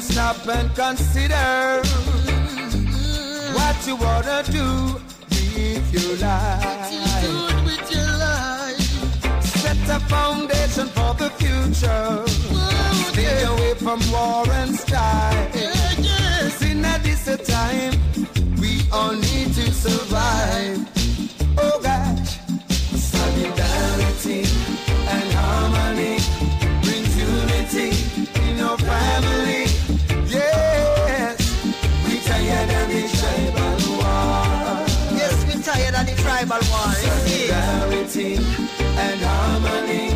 to stop and consider what you wanna do with your life. What you doing with your life? Set a foundation for the future. Stay yeah. away from war and strife. Yeah, yeah. Cause in a time, we all need to survive. worldwide. Solidarity and harmony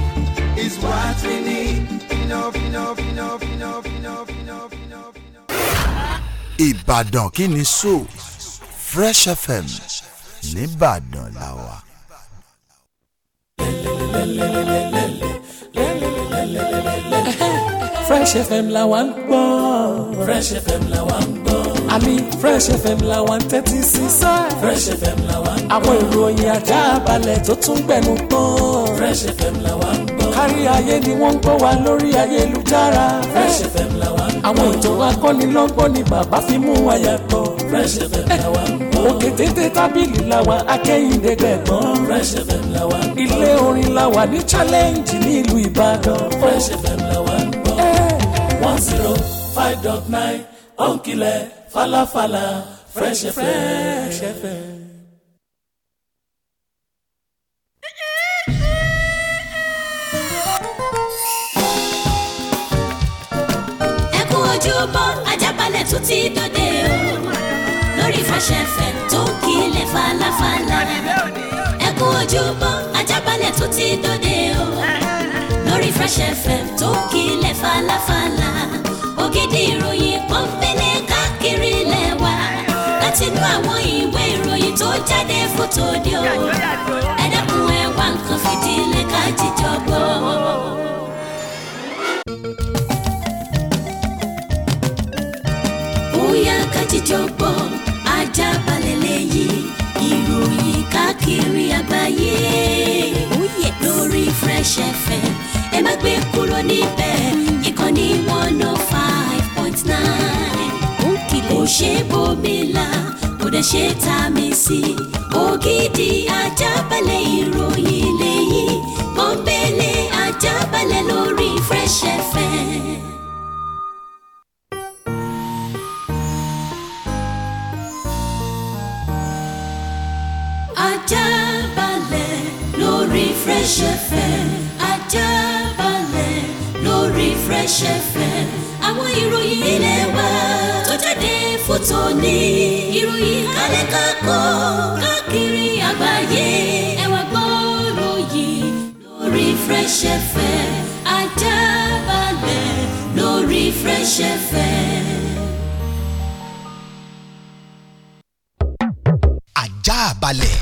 is what we need. Enough, enough, enough, enough, enough, enough, enough, enough. Ìbàdàn kí ni so Fresh FM nìbàdàn la wà. Fresh FM la wà ń gbọ́. Fresh FM la wà ń gbọ́. àmì Fresh FM la wà ń tẹ́tí sí Fresh FM la wà ń gbọ́. àwọn ìròyìn ajá balẹ̀ tó tún gbẹnu tán. Fresh FM la wà ń kárí ayé ni wọ́n ń gbọ́ wa lórí ayélujára. Fresh FM la wà ń gbọ́. àwọn ìtàn akọ́nilọ́gbọ́n ni bàbá fi mú wa yàtọ̀. Fresh FM la wà ń gbọ́. òkè tètè tábìlì la wà akẹ́yìndé gbẹ̀gbọ́n. Fresh FM la wà ń gbọ́. ilé orin la wà ní challenge ní ìlú Ìbàdàn. Fresh FM la wà ń eh. one zero five dot nine òǹkìlẹ̀ falafala fresh fm. ojúbọ ajábalẹ̀ tún ti dòde o lórí Fresh FM tó ń kílẹ̀ falafala ẹ kú ojúbọ ajábalẹ̀ tún ti dòde o lórí Fresh FM tó ń kílẹ̀ falafala ògidì ìròyìn pọ́ńpẹ́ látinú àwọn ìwé ìròyìn tó jáde fótó ni o ẹ dẹ́kun wá nǹkan fìdílé ká jíjọ gbọ́. bóyá ká jíjọ gbọ́ ajá balẹ̀ lẹ́yìn ìròyìn káàkiri àgbáyé oh, lórí Fresh FM ẹ má gbé kúrò níbẹ̀ ìkànnì one oh five point nine kò ṣe bòmílà kò dẹ̀ ṣe ta mi sí ògidì ajábalẹ̀ ìròyìn lẹ́yìn pọ́npẹ́lẹ́ ajábalẹ̀ lórí Fresh FM. Ajábalẹ̀ lórí Fresh FM Ajábalẹ̀ lórí Fresh FM àwọn ìròyìn ilé wa jáde fótó ní ìròyìn kálẹ̀ kákọ́ káàkiri àgbáyé ẹ wá gbọ́rọ̀ yìí lórí Fresh FM ajá balẹ̀ lórí Fresh FM. ajá balẹ̀.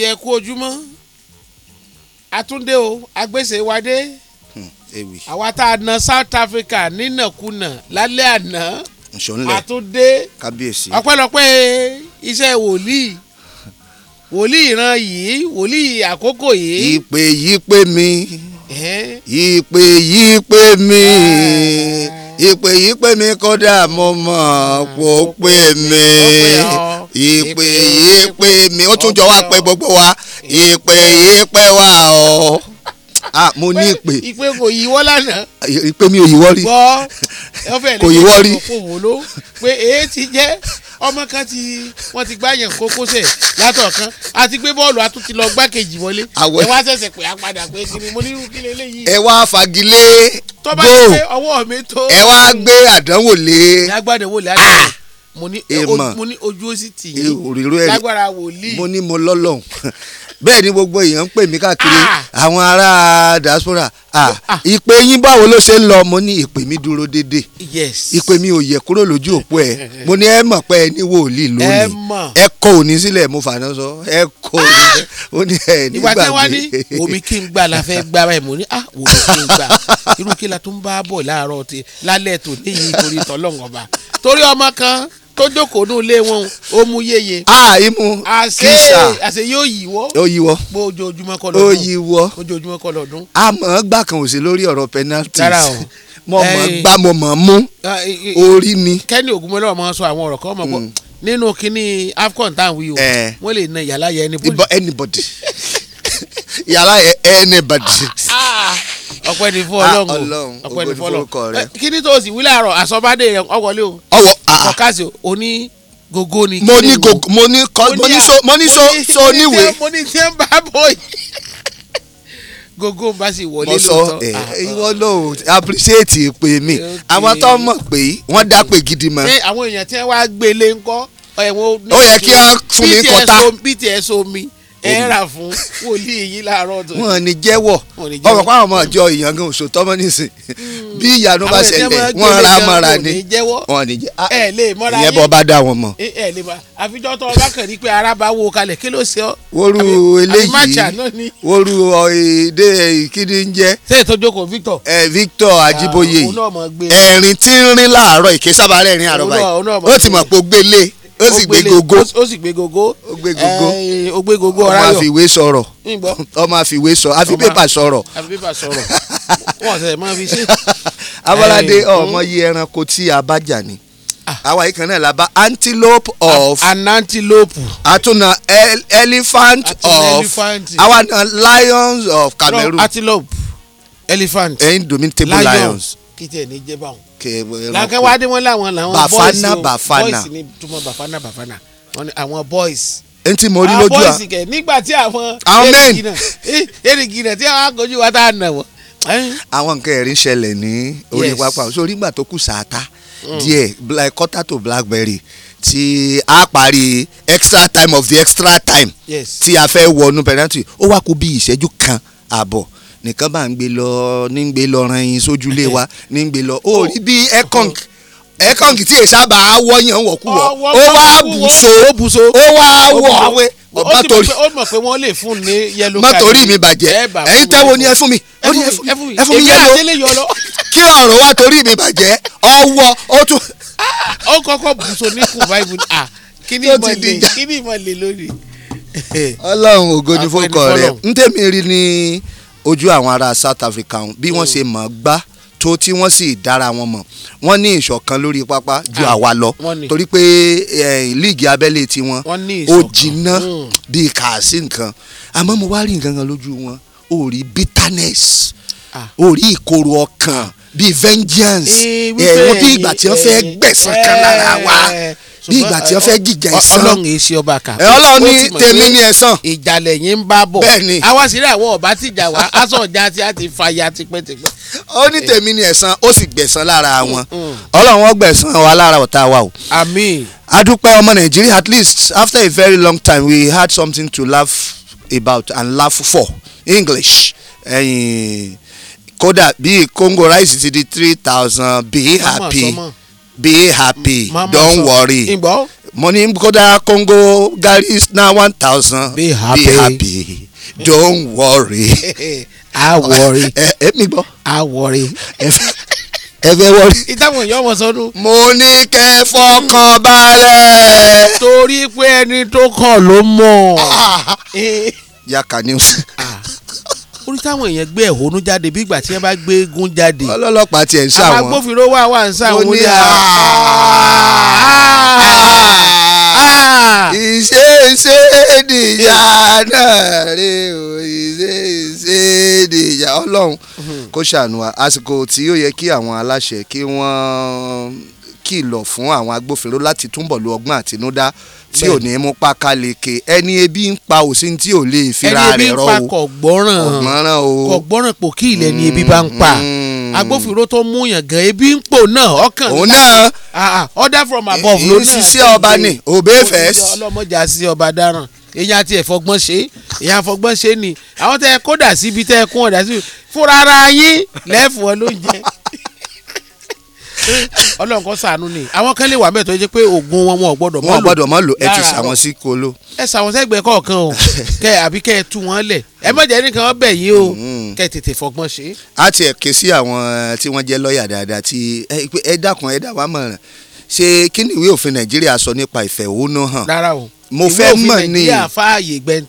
yìí kú ojúmọ́ àtúndé o agbèsè wa hmm, àwa tá a na South Africa nínàkunà lálẹ́ àná àtúndé ọpẹ́lọpẹ́ iṣẹ́ wòlíì wòlíì ìran yìí wòlíì àkókò yìí. ìpè yìí pè mí ìpè yìí pè mí. Ah ìpè yìí pè mí kódà mo mọ̀ kó pè mí ìpè yìí pè mí ó tún jọ wá pé gbogbo wa ìpè yìí pè wá o ah mo ní ìpè. ìpè kò yíwọ́ lánàá. ìpè mi ò yíwọ́ rí. gbọ́ ọ̀fẹ́ lè fi ọ̀pọ̀ fòwò ló pé èé ti jẹ́ ọmọ kan ti wọ́n ti gbáyàn kókósẹ̀ látọ̀kan àti pé bọ́ọ̀lù a tún ti lọ gbákejì wọlé ẹ wá ṣẹ̀ṣẹ̀ pé a padà pé kiri mo nírú kí lélẹ́ yìí. ẹ wá fagilé góò ẹ wá gbé àdánwò lé. mo ní ojú ó sì tì yín lágbára wòlíì. mo ní mo lọ́lọ́hùn bẹ́ẹ̀ ni gbogbo èèyàn ń pè mí káàkiri ah. àwọn ará diaspora ah, ah, ìpè yín báwo ló ṣe ń lọ mo ní ìpè mi dúró dédé ìpè mi ò yẹ kúrò lójú òpó ẹ mo ní ẹ mọ̀ pé ẹ ní wòlíì lónìí ẹ kọ òní sílẹ̀ mo fàánà sọ ẹ kọ òní ó ní ẹ ní ìwà tí ní omi kí n gbà la fẹ́ gbà báyìí mo ní ah omi kí n gbà irú kí la tún bá bọ̀ láàárọ̀ lálẹ́ tòní yìí torí tọ́lọ́ tó jókòó ní ilé wọn ó mú yéye. a imú kìsà àṣe yóò yíwọ́. yóò yíwọ́. bó ojoojúmọ́ kọ́ lọ́dún. ó yíwọ́. ojoojúmọ́ kọ́ lọ́dún. a mọ̀ ọ́ gbà kan ò sí lórí ọ̀rọ̀ penalties. rárá o mo mọ̀ gbà mo mọ̀ mú orí mi. kẹ́ni ògúnmọ́lá máa sọ àwọn ọ̀rọ̀ kan mọ̀ pọ̀ mm. nínú kínní AFCON táwọn wí o wọ́n lè na ìyàlá yẹ anybody. yàrá yẹ anybody. Ah, ah. ọpẹ́ ní ah, fún Ọlọ́run ọpẹ́ ní fún Ọlọ́run kí ni tó o sì wílẹ̀ àrọ̀ àsọ̀bádé ọwọ́lé o ọkàsí o ní gogo ni. mo ní gogo mo ní kọ mo ní so mo ní so so níwèé. mo ní tí ń bá bọ̀ yìí gogo bá sì wọlé lóòótọ́. mo sọ ẹ eh, ìwọ ló appreciate pé mi àwọn tó mọ̀ pé wọ́n dápè gidi mọ́. ṣé àwọn èèyàn tí wọ́n wá gbélé ńkọ́ ẹ̀wọ̀n. ó yẹ kí wọ́n fún mi kọta. bts omi ẹ rà fún wòlíì yìí láàárọ̀ tó. wọn ni jẹ́wọ́ ọ̀rọ̀ pàwọn ọmọ ìjọ ìyàngàn oṣù tọ́mọ nísìn hmm. bí ìyanu bá ṣẹlẹ̀ wọn ra mọ́ra ni wọn ni jẹ́ ah, ẹ lè mọ́ra yẹn bá dá wọn mọ̀. ẹ lè mọ àfijọ́ tó ọba kàn rí pé ara bá wo kalẹ̀ kí ló ṣe ọ́. woru eléyìí woru èdè kíni ń jẹ́. ṣé ìtọ́jú kò Victor. ẹ Victor ah, Ajiboye ẹ̀rín tí ń rín láàárọ̀ ìkésábà rẹ̀ àrọ̀ báyìí ó ti mọ̀ pé ó gbélé ó sì gbé gogo ó sì gbé gogo ó gbé gogo ó gbé gogo ọ̀ráyọ̀ ọmọ àfiwé sọ̀rọ̀ ọmọ àfiwé sọ̀rọ̀ àfi pépà sọ̀rọ̀ àfi pépà sọ̀rọ̀ wọ́n ṣe máa fi ṣe. Abọ́ládé ọmọ yìí ẹranko tí a bá jà ni ah. àwa yìí kan náà la bá antelope of an antelope àtúnà elephant of àwa náà lions of Cameroon no, antelope elephant indomitable lions. lions kí tiẹ̀ ní jẹ́ báwọn. làkẹ́ wá dé wọn láwọn làwọn boys o boys ni túmọ̀ bàfánà bàfánà wọn àwọn boys. n tí mo rí lójú à àwọn boys kẹ nígbà tí àwọn erigi náà eh, erigi náà tí àwọn akọjú wa tá a nà wọ. Eh. àwọn nǹkan ẹ̀rí ṣẹlẹ̀ ní orí pápá sórí ìgbà tó kù sàátà mm. díẹ̀ like quarter blackberry tí a parí extra time of the extra time yes. tí a fẹ́ wọnú penalty ó wá kú bí ìṣẹ́jú kan àbọ̀ nìkan bá ń gbé lọ ní ń gbé lọ ran yín wa ní ń gbé lọ ó rí bí ekong ekong tí èsì àbá wọ́yàn ó wá bùso ó bùso ó wá wọ̀ ọba torí ó mọ̀ pé wọ́n lè fún ní yẹlo káyọ̀ mọ́tòrí mi bàjẹ́ ẹ̀yin tẹ́wọ́ ni ẹ fún mi ẹ fún mi yẹlo kí ọ̀rọ̀ wa torí mi bàjẹ́ ọwọ́ ó tún. ó kọ́kọ́ ní ah lórí. ògo ni rí ni. ojú àwọn ará South Africa bí wọ́n mm. ṣe mọ̀ gbá tó tí wọ́n sì dára wọn mọ̀ wọ́n ní ìṣọ̀kan lórí pápá ju ah, àwa lọ torí pé líìgì abẹ́lé tiwọn ó jìnnà bíi kàásì nǹkan àmọ́ mo wá rí nǹkan kan lójú wọn ó rí bitterness ah. ó rí ìkorò ọkàn bíi vengeance ẹ̀wọ̀n eh, eh, bí ìgbà tí wọ́n fẹ́ eh, gbẹ̀sán kan lára wa bí ìgbà tí wọ́n fẹ́ jìjà ẹ̀sán ọlọ́run èsì ọba kà ọlọ́run ní tèmi ní ẹ̀sán ìjàlẹ̀ yìí ń bá bọ̀ bẹ́ẹ̀ni àwa sílẹ̀ àwọ̀ ọba ti jà wá aṣọ ọjà tí a ti fa ya tipẹ́tipẹ́. ó ní tèmi ní ẹ̀sán ó sì gbẹ̀sán lára wọn mm, mm. ọlọ́run gbẹ̀sán wa lára ọ̀tá wa o. àmín. adúpẹ́ ọmọ nàìjíríà at least after a very long time we had something to laugh about and laugh for english. Ẹyin kódà bí Congo rice ti di three thousand be happy be happy don't worry mo ní kódà Congo garri now one thousand be happy Be happy. don't worry. a worry. ẹ mi gbọ́. a worry ẹ fẹ́ wọlé. ìtàwọn èèyàn wọn sọdún. mo ní kẹ́ fọkàn balẹ̀. torí pé ẹni tó kàn ló mọ̀. Ah, ah, ah. Eh. yaka news ó ní táwọn èèyàn gbé ẹ̀hónú jáde bí ìgbà tí wọ́n bá gbé eégún jáde. ọlọ́lọ́pàá tiẹ̀ ń sá wọn. àwọn agbófinró wà wà ń sá wọn. mo ní ìṣe ìṣe ìdìyà náà rè o ìṣe ìṣe ìdìyà ọlọ́run mhm. kó ṣàánú àsìkò tí ó yẹ kí àwọn aláṣẹ kí wọ́n kìlọ̀ fún àwọn agbófinró láti túnbọ̀ lo ọgbọ́n àtinúdá tí ò ní mú páká leke ẹni ebi ń pa òsì tí ò lè fira rẹ̀ rọ o ẹni ebi ń pa kọ̀gbọ́ràn kọ̀gbọ́ràn pò kí ilẹ̀ ni ebi bá ń pa hmm. agbófinró tó mú yàn gan ebi ń pò náà ọkàn òun náà ah, ah, order from above ló náà ìṣiṣẹ́ ọba ni obey first ọlọ́mọjà sí ọba dáràn èyàn àti ẹ̀fọ́gbọ́n ṣe èyàn àfọ́gbọ́n ṣe ni àwọn tẹ kódà síbi tẹ kún ọ̀dà síbi fúnra ara yín lẹ́fọ̀ọ́ ló ọlọ́run kan ṣàánú ni àwọn kan lè wà mẹ́tọ́ jẹ́ pé oògùn wọn wọn ò gbọ́dọ̀ mọ́ lò wọn ò gbọ́dọ̀ mọ́ lò ẹ ti ṣàwọn sí kolo. ẹ ṣàwọn sẹ́gbẹ̀ẹ́ kọ̀ọ̀kan o kẹ àbí kẹ ẹ tú wọn lẹ̀ ẹ má jẹ́ nìkan ọbẹ̀ yìí o mm-hmm. kẹ tètè fọgbọ́n ṣe. a tiẹ̀ ké sí àwọn tí wọ́n jẹ́ lọ́ọ̀yà dáadáa tí ẹ dákun ẹ dá wa mọ̀ràn ṣé kí ni ìwé òfin nàìjíríà sọ nípa ìfẹ̀hónú hàn. rárá o mo fẹ́ mọ̀ ìwé òfin nàìjíríà fààyè gbẹ̀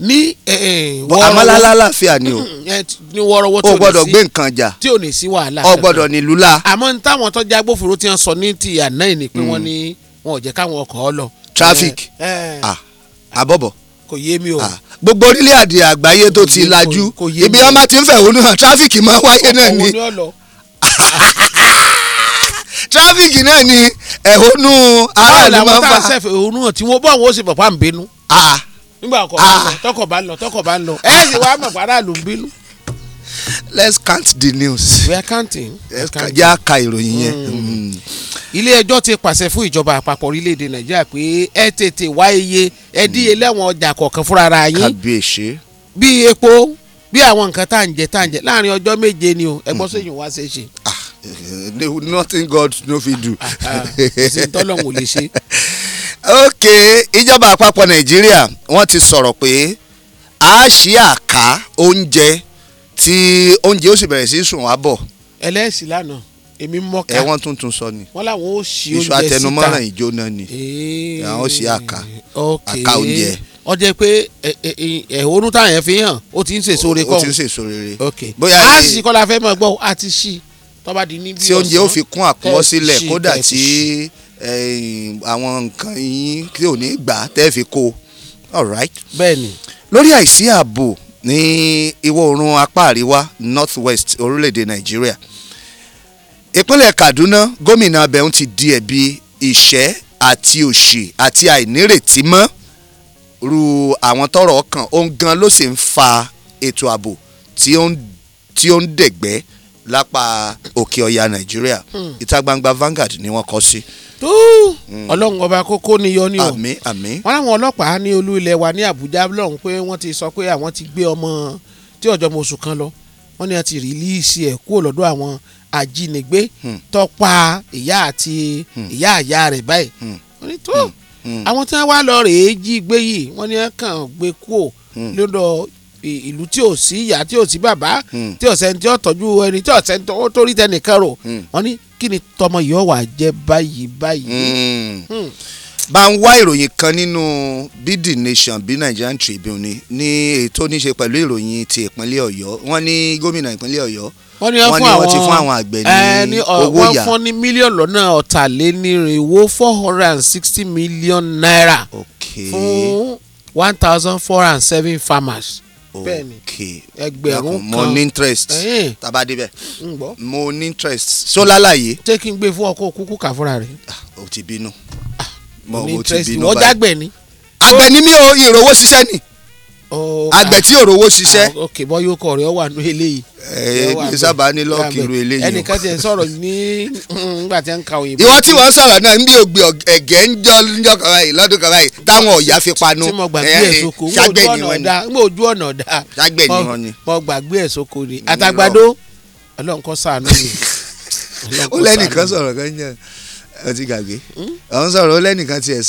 ní eh, eh, wọ́ọ́rọ́wọ́ àmàlálá láàfíà ni o mm, eh, ní wọ́ọ́rọ́wọ́ tí o gbọ́dọ̀ gbé nǹkan jà tí o ní sí wàhálà o gbọ́dọ̀ nílùú la. àmọ́ ní táwọn tọ́jú agbófinró ti hàn sọ ní ti àná ẹ̀ ni pé wọ́n mm. ní wọn ò jẹ́ káwọn ọkọ̀ ọ lọ. traffic ah, àbọ̀bọ̀ kò yé mi o. Ah, gbogbo orílẹ̀-èdè àgbáyé tó ti lajú ibi ọmọ ti ń fẹ̀hónú hàn traffic máa wáyé náà ni traffic náà ni ẹ̀hónú aráàlú máa ń fà. báwo làwọn táwọn sẹ́fẹ̀ ẹ̀hónú hàn tí wọ́n bọ́ àwọn ó sì bàbá ń bínú. Ah, nígbà ọkọ̀ tọkọ̀ bá ń lọ ah. tọkọ̀ bá ń lọ eh. ẹ̀ sì wá mọ̀ padà ló ń bínú. let's count the news. we are counting. Eh, yà á ka ìròyìn yẹn. Mm. Mm. ilé ẹjọ́ ti pàṣẹ fún ìjọba àpapọ̀ orílẹ̀-èdè nàìjíríà pé ẹ tètè wá iye ẹ díye mm. lẹ́wọ̀n ọjà kọ̀ọ̀kan fúnra ara yín. kàbíyèsí. bí epo bí àwọn nǹkan tá à ń jẹ tá à ń jẹ láàrin ọjọ́ méje ni o ẹgbọ́n sẹ́yìn wá ṣe é ṣe. Ah, eh, nothing God no fit do. ṣe tọ́lọ̀ wò lè ṣe. ok ìjọba àpapọ̀ nàìjíríà wọ́n ti sọ̀rọ̀ pé a ṣí àká oúnjẹ tí oúnjẹ ó sì bẹ̀rẹ̀ sí sùn wá bọ̀. ẹlẹ́sìn lánàá èmi mọ́ka ẹ wọ́n tuntun sọ ni wọ́n làwọn ó ṣí oúnjẹ síta iṣu àtẹnumọ́ràn ìjó náà ni àwọn ó ṣí àká àká oúnjẹ. ó jẹ́ pé ẹ̀hónú táwọn yẹn fi hàn ó ti ń sèso rere kọ́ ó ti ń sèso rere. ok a sì kọ́ la fẹ́ mọ̀ gbọ́ àti sí tọ́ba di níbi ọ̀sán tí oúnjẹ ó fi kún àkúnwọ́sílẹ̀ kódà tí àwọn nǹkan yín tí ò ní gbà tẹ́ fi kó alright. bẹ́ẹ̀ni. lórí àìsí ààbò ní ìwọ̀ oòrùn apá àríwá north west orílẹ̀-èdè nàìjíríà ìpínlẹ̀ kaduna gómìnà abẹ́hùn ti di ẹ̀bi ìṣẹ́ àti òṣì àti àìnírètí mọ́ ru àwọn tọ́rọ̀ kàn òun gan ló sì ń fa ètò ààbò tí ó ń dẹ̀gbẹ́ lápá òkè ọya nàìjíríà hmm. ìta gbangba Vanguard ni wọ́n kọ sí. Hmm. ọlọ́run ọba kókó ni yọ ni o àmín àmín. wọ́n láwọn ọlọ́pàá ní olú ilẹ̀ wa ní Àbújá lọ́hùn pé wọ́n ti sọ pé àwọn ti gbé ọmọ tí ọjọ́ mọ̀ oṣù kan lọ wọ́n ní a ti rìlíìsì ẹ̀ kúrò lọ́dọ̀ àwọn ajínigbé hmm. tọ́pa ìyá àti ìyá àyá rẹ̀ báyìí àwọn tí wọ́n wá lọ rèé jí gbé yìí wọ́n ní kàn gbé kúrò lọ́dọ̀ ìlú tí ò sí ìyá tí ò sí bàbá hmm. tí ò sẹ́ni tí ò tọ́jú ẹni tí ò sẹ́ni tó rí tẹnìkan rò hmm. wọ́n ní kí ni tọmọ yìí ọ̀wà jẹ́ báyìí báyìí. Hmm. bá ń wá ìròyìn kan nínú bd nation bí Nigerian Tribune ni ní ètò níṣe pẹ̀lú ìròyìn ti ìpínlẹ̀ Ọ̀yọ́ wọ́n ní gómìnà ìpínlẹ̀ Ọ̀yọ́ wọ́n ní wọ́n ti fún àwọn àgbẹ̀ ní owó yá wọ́n fún ní mílíọ̀nù lọ́nà ọ̀tàlénírínwó four hundred and sixty million naira fún one thousand four hundred and seven farmers ok ẹgbẹ̀rún kan mo ní interest taba débẹ̀ mo ní interest sólà láàyè. ṣé kí n gbé fún ọkọ kúkú kà fúnra rẹ. Ah, o ti bínú. Ah, mo ní interest wọ́n jágbẹ̀ ni. àgbẹ̀ ni mí o ìrówó ṣiṣẹ́ ni. Oh, àgbẹ̀ tí òrówó ṣiṣẹ́. Ah, ok bọ́yọ̀ ọkọ wà nù eléyìí. Eh, ẹ sábà ní lọ́ọ̀kì irú eléyìí. ẹnìkan ti sọ̀rọ̀ ní mm, nígbà tí ń ka òyìnbó. ìwọ tí wọ́n sọ̀rọ̀ náà nbí ògbé ẹ̀gẹ́ ńjọ lọ́dún kaba yìí táwọn ọ̀yà fi tí mo gbàgbé eh, soko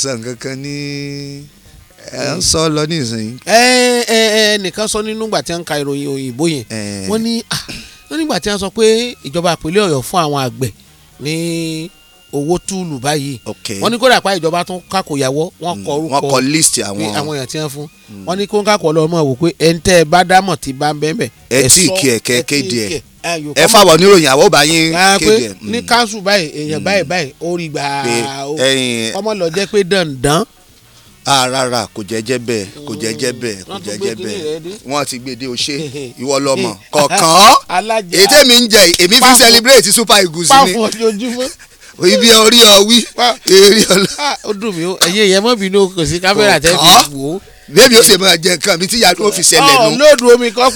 n ọ̀nà ọ̀dà ẹ ń sọ lọ nísìnyí. ẹ ẹ ẹ nìkan sọ nínú ìgbà tí wọn ń ka ìròyìn òyìnbó yẹn wọn ní ah, wọn nígbà tí wọn sọ pé ìjọba àpèlé Ọ̀yọ́ fún àwọn àgbẹ̀ ní owó túùlù báyìí wọn ní kódà pa ìjọba tó kákò yàwọ wọn kọ orúkọ wọn kọ list àwọn àwọn èèyàn tí wọn fún hmm. wọn ní kó ń kákò ọlọmọ wò pé ẹ ń tẹ ẹ bá dámọ̀ tí bá ń bẹ́ẹ̀ bẹ́ẹ̀ ẹ tí kì ẹ kẹ kéde ẹ ẹ fáwọn oníròyìn àwọn ọba yín ah, kéde ẹ. ní káńsù báyìí èèyàn hmm. báyìí báyìí ó rí gbàá ọmọ lọ jẹ́ pé dandan a ah, rárá kò jẹ́jẹ́ bẹ́ẹ̀ kò jẹ́jẹ́ bẹ́ẹ̀ kò jẹ́jẹ́ bẹ́ẹ̀ wọ́n ti gbé dé o ṣe ìwọ lọ́mọ kọ̀ọ̀kan èyí tẹ́mi ń jẹ èmi fi celebrate super egusi ni ibi orí ọwí eré ọlá. Ah, ó dùn mí o ẹ̀yin ìyẹn mọ́ bínú kò sí kámẹ́rà tẹ́ fi wò ó. bébí ó sì máa jẹ nǹkan mi tí yàrá ó fi ṣẹlẹ̀ ah, nù. olóòdù omi kọ́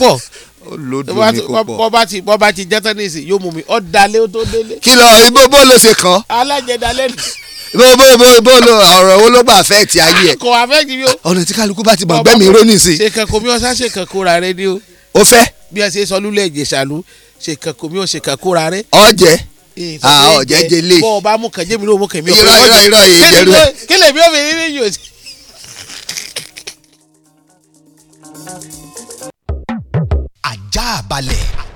pọ̀ bọ́ bá ti jẹ́ tán ní ìsìn yóò mú mi ọ́ dalé ó tó délé. kí lọ ibo bó ló ṣe kàn. alájẹdalẹ́nu bó bó bó bó lo ọ̀rọ̀ wo ló gbà affect ayé ẹ̀. kò affect mi o. ọ̀nà tí kálukú bá ti mọ̀ gbẹ́mi rónì sí. ṣe kankan mi ọ̀sán ṣe kankan ra rẹ ni o. o fẹ́. bí a ṣe sọ lulẹ̀ ìjẹ̀sàlú ṣe kankan mi ò ṣe kankan ra rẹ. ọ̀jẹ̀ ọ̀jẹ̀ jẹ lé. bọ́ ọ bá mú kàn jẹ́mi ló mú kàn mí. irọ́ irọ́ irọ́ yìí jẹ́rú ẹ̀. kílè mi ò fi rí yòó sí. àjà balẹ̀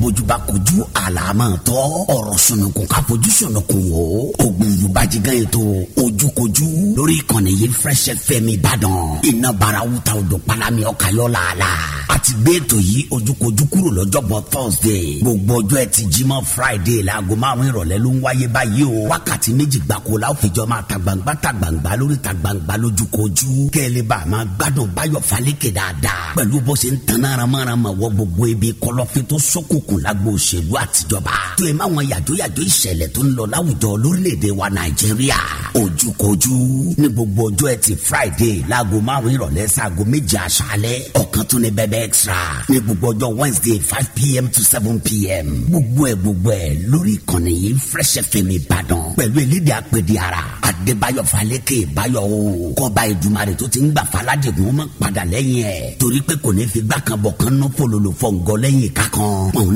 bójúbá kojú àlàmọ́tọ́ ọ̀rọ̀ sunukun ká fojú sunukun wò ògùn yorùbá jigan ètò ojúkojú lórí ìkànnì yìí fresh fm ìbàdàn iná bara wuta odò palami ọ̀kayọ̀ làálà àti gbé ètò yìí ojúkojú kúrò lọ́jọ́bọ̀ thursday gbogbo ọjọ́ ẹtì jímọ̀ friday láago márùn-ún ìrọ̀lẹ́ ló ń wáyé báyìí o wákàtí méjì gbáko la ó fìjọ máa ta gbangba ta gbangba lórí ta gbangba lójúkojú kẹ́lẹ́ bá a máa gbádùn báyọ̀ falẹ́kẹ̀ dáadáa pẹ̀lú bó ṣe ń tan náramárama gbogbo ibi kọlọ́fin tó sọ́kù jókòó lágbo òṣèlú àtijọba tó ẹ máa wọn yàjóyàjó ìṣẹ̀lẹ̀ tó ń lọ láwùjọ lórílẹ̀ wa nàìjíríà ojúkojú ní gbogbo ọjọ́ ẹtì friday láago márùn-ún ìrọ̀lẹ́ sáago méje àṣálẹ́ ọ̀kan tún ní bẹ́bẹ́ extra ní gbogbo ọjọ́ wednesday five pm to seven pm gbogbo ẹ̀ gbogbo ẹ̀ lórí ìkànnì yìí fresh fm ìbàdàn pẹ̀lú elédè apèdè ara adébáyọ̀ falẹ́kẹ̀ ìbáyọ̀ o kọ́ba ìdùmarè tó ti ń gbà faládìgún mọ́ padà lẹ́yìn ẹ̀ torí pé kò ní fi gbà kan bọ̀ kan ná fòlòlò fọ̀ ǹgọ́ lẹ́yìn ìka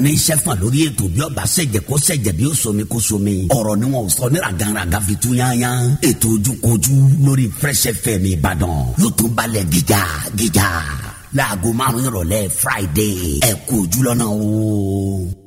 ní iṣẹ́ fà lórí ètò bí ọba ṣẹ̀jẹ̀ kó ṣẹ̀jẹ̀ bí ó somi kó somi ọ̀rọ̀ ni wọn sọ ní ragaraga fi tún yáyá ètò ojúkojú lórí Fresh FM Ìbàdàn yóò tún balẹ̀ gíga gíga láago márùn-ún ìrọ̀lẹ́ Friday ẹ kú ojú lọ́nà o.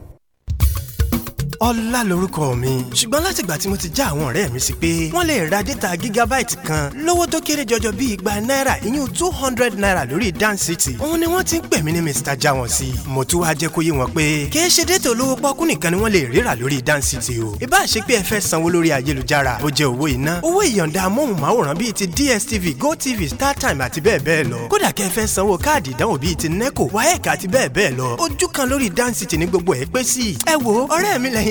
ọlá lorúkọ mi ṣùgbọ́n láti ìgbà tí mo ti já àwọn ọ̀rẹ́ mi sí pé wọ́n lè ra dẹ́ta gígábáìtì kan lówó tó kéré jọjọ bíi igba náírà ìyún two hundred naira lórí dan city òun ni wọ́n ti ń pè mí ní mr jawon sí i mo tún wáá jẹ́ kó yé wọn pé kì í ṣe dẹ́tà olówó pọ́kú nìkan ni wọ́n lè ríra lórí dan city o ìbá ṣe pé ẹ fẹ́ sanwó lórí ayélujára ó jẹ́ owó iná owó ìyọ̀ǹda amóhùnmáwòrán bíi ti dstv gotv startime àti bẹ́ẹ̀ bẹ́ẹ̀ lọ kódà kẹ́ ẹ fẹ́ sanwó káàdì ìdánwò bíi ti neco waec àti bẹ́ẹ̀ bẹ́ẹ̀ lọ ojú kan lórí dan city ní gbogbo ẹ̀ pé sí i mi lẹ́yìn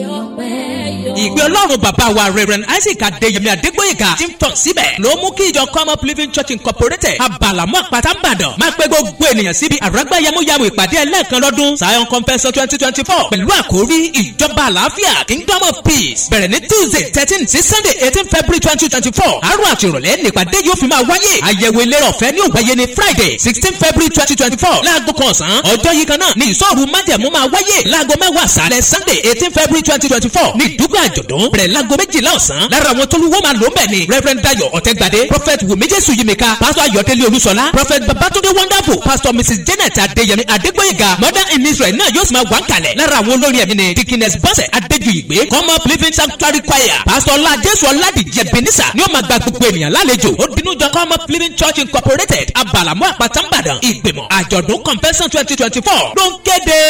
your way. ìgbé ọlọ́run bàbá wa Reverend Isaac Adéyẹmí Adégbóyèga ti ń tọ̀ síbẹ̀ ló mú kí ìjọ Come Up Living Church Incorporated abàlámọ́ àpáta ń bàdàn máa pé gbogbo ènìyàn síbi àràgbá yamuyamu ìpàdé ẹlẹ́ẹ̀kan lọ́dún Zion Convention twenty twenty four pẹ̀lú àkórí ìjọba àlàáfíà Kingdom of Peace bẹ̀rẹ̀ ní Tuesday thirteen sí Sunday eighteen February twenty twenty four àárọ̀ àtìrọ̀lẹ́ nípàdé yóò fi máa wáyé àyẹ̀wò ìlera ọ̀fẹ́ ní òwáyé ní Friday sixteen February twenty twenty four láago kan ọ̀sán ọjọ́ yìí kan náà ní ìsọ̀rù májẹ̀mú máa wáyé láago mẹ́wàá sálẹ̀ Sunday eighteen February twenty twenty four ní ìdúg ẹgbẹ́ àjọ̀dún bẹ̀rẹ̀ láago méjìlá ọ̀sán lára àwọn tó lówó máa lò ń bẹ̀ ni reverend dayo ọ̀tẹ́gbadé prophet wùmíjésù yimika pastor ayọ̀délé olúṣọlá prophet babatunde wonderful pastor mrs janet adéyẹmí adégbóyèga mother in israel náà yóò sì máa wà ń kalẹ̀ lára àwọn olórin ẹ̀mí ni dikines bọ́sẹ̀ adéjúyìgbé come up living sanctuary choir pastor ọlá jésù ọládìjẹ benisa ni ó máa gba gbogbo ènìyàn lálejò ó dinú jọ come up living church incorporated abalamu àpáta ńbàdàn ìgbìmọ̀ àjọ̀dún convention twenty twenty four ló ń kéde.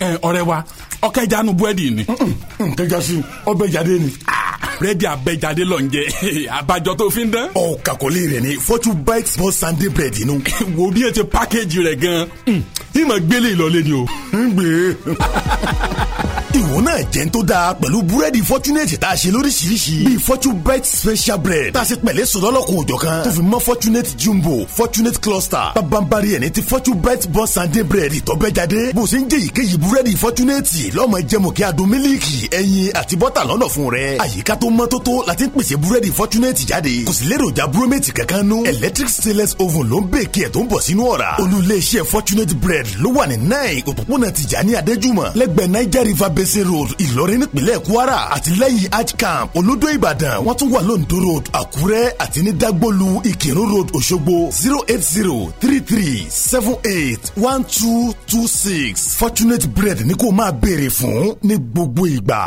Ah, ọ̀rẹ́ wa ọkẹjà nu búrẹ́dì ni. nkẹjà sí ọbẹ̀ ni. Ah, búrẹ́dì abẹ́jáde lọ ń jẹ abajọ tó fi ń dán. ọ kàkọ́lé rẹ̀ ni fortune bites bọ́ sunday bread inú. wo bí ẹ ti pákéjì rẹ̀ gan-an hmm, ìmọ̀ gbélé ìlọlẹ́ ni o. ń gbé ìwọ náà jẹ́ tó dáa pẹ̀lú búrẹ́dì fọ́túnẹ̀tì tá a ṣe lóríṣiríṣi bíi fortune bite special bread tá a ṣe pẹ̀lẹ́ sọ̀dọ́lọ́kun òjọ̀ kan tó fi mọ́ fortunate jumbo fortunate cluster pabambari ẹni tí fortune bite bọ́ sàndé bread tọ́bẹ́jáde bó ṣe ń jẹ́ ìkéyìí búrẹ́dì fọ́túnẹ̀tì lọ́mọ jẹ́mu kí adùn mílíkì ẹyin àti bọ́tà lọ́nà fún rẹ àyíká tó mọ́ tótó la ti ń pèsè búrẹ́dì fọ́túnẹ́tì jáde kò sì léròjà búrómẹ́tì kankan nú electric stainless oven ló ń bèkì ẹ̀ tó ń bọ̀ sínú ọ̀rá olú fortunate bread ló wà ní nine òpópónà Tìjání Adéjùmọ̀ lẹ́gbẹ̀ẹ́ niger river basin road Ìlọrin nípínlẹ̀ Kwara àti lẹ́yìn hajj camp olódó Ìbàdàn wọ́n tún wà lóńdó road Àkúrẹ́ àti ní Dagbolu Ìkírun road Òṣogbo zero eight zero three three seven eight one two two six fortunate bread ni kò máa béèrè fún ní gbogbo ìgbà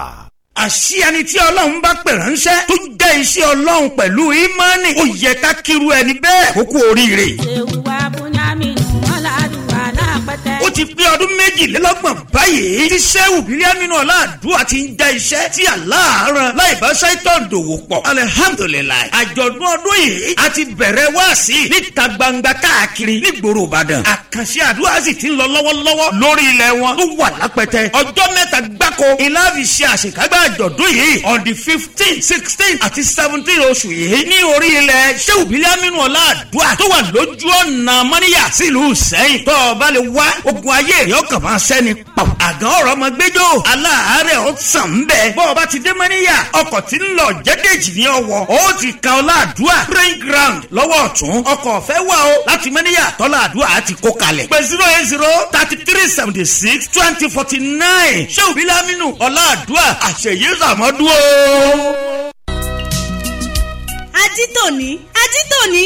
àṣì ẹni tí ọlọ́run bá pè ránṣẹ́ tó jẹ́ iṣẹ́ ọlọ́run pẹ̀lú ìmánì ó yẹ ká kírú ẹni bẹ́ẹ̀ kókó oríire. ṣé wàá bùnà mi nù la ti pé ọdún méjìlélọ́gbọ̀n báyìí tí sẹ́wù bíríàmínú ọ̀làdúrà ti ń jẹ́ iṣẹ́ tí àlàárọ̀ láì bá ṣáìtàn dòwò pọ̀ alihamudulilayi àjọ̀dún ọdún yìí a ti bẹ̀rẹ̀ wáàsí níta gbangba káàkiri nígboro ìbàdàn àkànṣe àdúrà sì ti ń lọ lọ́wọ́lọ́wọ́ lórí ilẹ̀ wọn tó wà lápẹtẹ ọjọ́ mẹ́ta gbáko ìlàfi àṣekágbá àjọ̀dún yìí on the fifteen sixteen àti seventeen oṣù yìí ní orí ilẹ̀ sẹ́wù bíríàmínú ọ̀làdúrà tó wà lójú ọ̀nà mọ́níyà sílùú sẹ́yìn tó o bá ẹranko ayé rẹ̀ ọkàn máa sẹ́ni pọ̀. àgàn ọ̀rọ̀ ọmọ gbẹ́jọ́ aláàárẹ̀ ó sàn ń bẹ̀. bọ́ ọ ti dé mọ́níyà ọkọ̀ tí ń lọ jẹ́dẹ̀jì ní ọwọ́ ó ti ka ọlá àdúrà praying ground lọ́wọ́ ọ̀tún ọkọ̀ ọ̀fẹ́ wà ó láti mọ́níyà tọ́lá àdúrà ti kó kalẹ̀. pé zero eight zero thirty three seventy six twenty forty nine ṣé òbí lámínú ọlá àdúrà àṣeyé sàmọ́dúró. ajítòní ajítòní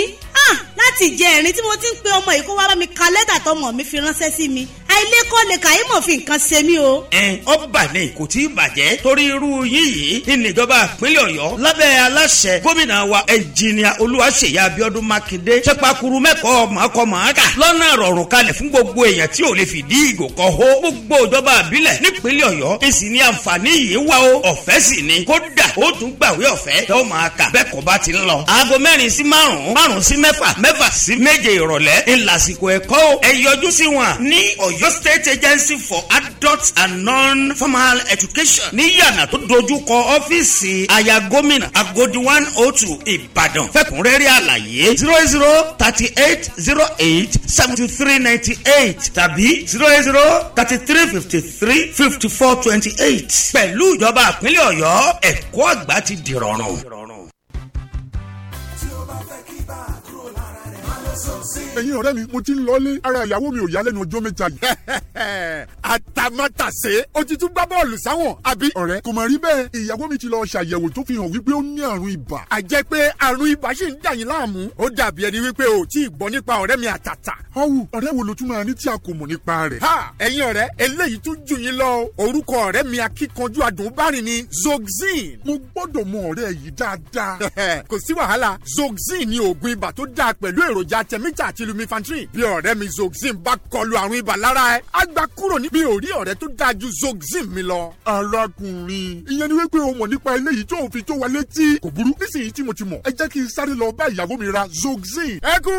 láti ìjẹrin tí mo ti ń pe ọmọ yìí kó wá bá mi ka lẹ́tà tọmọ mi fi ránṣẹ́ sí mi àìlẹ́kọ́ lè kàyí mọ̀ fi nǹkan ṣe mí o. ẹ ọ bà ní kò tí ì bàjẹ́ torí irú yín yìí ní ìjọba ìpínlẹ̀ ọ̀yọ́ lábẹ́ aláṣẹ gómìnà wa ẹnjìnìà olúwaṣeyẹ abiodun makinde sẹpakuru mẹ́kọ̀ọ́ mọ̀ọ́kọ̀mọ̀ọ́kà lọ́nà rọrùn kalẹ̀ fún gbogbo èèyàn tí ò lè fìdí ìgò kọ́ ho gbogbo ìjọba ìbílẹ̀ nípínlẹ̀ ọ̀yọ́ èsì o ọ̀fẹ́ sì ni kódà ó tún gbàwé ọ̀fẹ́ tó máa kà bẹ́ẹ̀ mẹ́fà mẹ́fà sí méje ìrọ̀lẹ́ ńlásìkò ẹ̀kọ́ o ẹ yọjú sí wọn ní Ọ̀yọ́ State Agency for Adult and Non-Formal Education ní yàrá tó dojú kọ ọ́fíìsì aya gómìnà Agodi one oh two Ìbàdàn fẹ́kùnrẹ́rẹ́ àlàyé zero zero thirty eight zero eight seventy three ninety eight tàbí zero zero thirty three fifty three fifty four twenty eight pẹ̀lú ìjọba ìpínlẹ̀ Ọ̀yọ́ ẹ̀kọ́ àgbà ti dìrọ̀rùn. so ẹ̀yin ọ̀rẹ́ mi mo ti ń lọlé ara ìyàwó mi ò yá lẹ́nu ọjọ́ mẹ́ta yìí. àtàmátàsé ó ti tún gbá bọ́ọ̀lù sáwọn àbí. ọ̀rẹ́ kò mà rí bẹ́ẹ̀ ìyàwó mi ti lọ ṣàyẹ̀wò tó fi hàn wípé ó ní àrùn ibà. a jẹ́ pé àrùn ibà ṣì ń dà yín láàmú. ó dàbí ẹni wípé o tí ì gbọ́ nípa ọ̀rẹ́ mi àtàtà. ọ̀wù ọ̀rẹ́ wo ló tún máa ní tí a kò mọ̀ nípa rẹ̀. ha ẹ̀yin ọ̀rẹ́ eléyìí tún jù yín lọ orúkọ ọ̀rẹ́ mi akíkanjú adùnbárin ni Zoxyn. mo gbọ́dọ̀ mọ ọ̀rẹ́ yìí dáadáa. kò sí wàhálà Zoxyn ni oògùn ibà tó dáa pẹ̀lú èròjà tẹ̀mítà dókítà àti lumifantrin bí ọ̀rẹ́ mi zoxyn bá kọlu àrùn ibà lára ẹ á gba kúrò ní. mi ò rí ọ̀rẹ́ tó dáa ju zoxyn mi lọ. arákùnrin ìyẹn ni wípé o mọ̀ nípa eléyìí tó fi tó wa létí. kò burú nísìnyí tí mo ti mọ̀ ẹ jẹ́ kí n sáré lọ bá ìyàwó mi ra zoxyn. ẹ kún.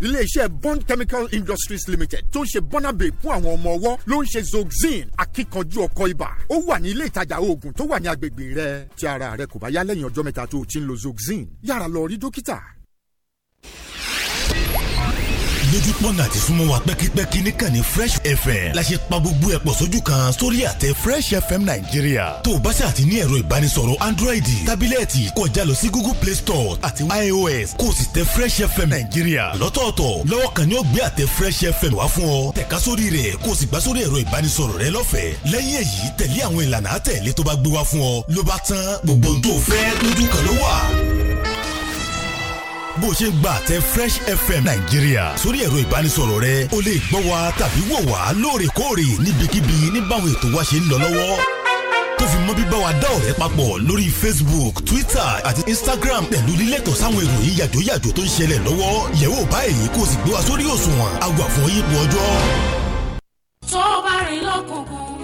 iléeṣẹ́ bond chemical industries limited tó ń ṣe bọ́nàbè fún àwọn ọmọ ọwọ́ ló ń ṣe zoxyn akíkanjú ọkọ ibà. ó wà ní ilé ìtajà oògùn tó wà ní agbègbè rẹ. tí ara rẹ kò bá yá lẹ́yìn lójú pọ́nà àti súnmọ́ wa pẹ́kípẹ́kí níkànnì fresh fm la ṣe pa gbogbo ẹ̀ pọ̀ sójú kan sórí àtẹ fresh fm nàìjíríà tó o bá ṣe àti ní ẹ̀rọ ìbánisọ̀rọ̀ android tábílẹ̀tì kọjá lọ sí google play store àti ios kó o sì tẹ fresh fm nàìjíríà lọ́tọ̀ọ̀tọ̀ lọ́wọ́ kan ni ó gbé àtẹ fresh fm wá fún ọ tẹ̀ka sórí rẹ̀ kó o sì gbà sórí ẹ̀rọ ìbánisọ̀rọ̀ rẹ lọ́fẹ̀ẹ́ lẹ́yìn èyí tẹ̀lé àwọn ìlànà àtẹ̀lé tó bá gbé wá fún ọ ló bá tán gbogbo ohun tó fẹ́ lójú kan bó ṣe ń gba fresh fm nàìjíríà sórí ẹ̀rọ ìbánisọ̀rọ̀ rẹ o lè gbọ́ wa tàbí wò wá lóòrèkóòrè níbikíbi níbàwọn ètò wa ṣe ń lọ lọ́wọ́ tó fi mọ́ bíbá wa dá ọ̀rẹ́ papọ̀ lórí facebook twitter àti instagram pẹ̀lú lílẹ̀tọ̀ sáwọn ìròyìn yàjóyàjó tó ń ṣẹlẹ̀ lọ́wọ́ yẹ̀wò báyìí kó o sì gbé wa sórí òṣùwọ̀n àgbà yípo ọjọ́. tó bá rìn lọ́kùnkùn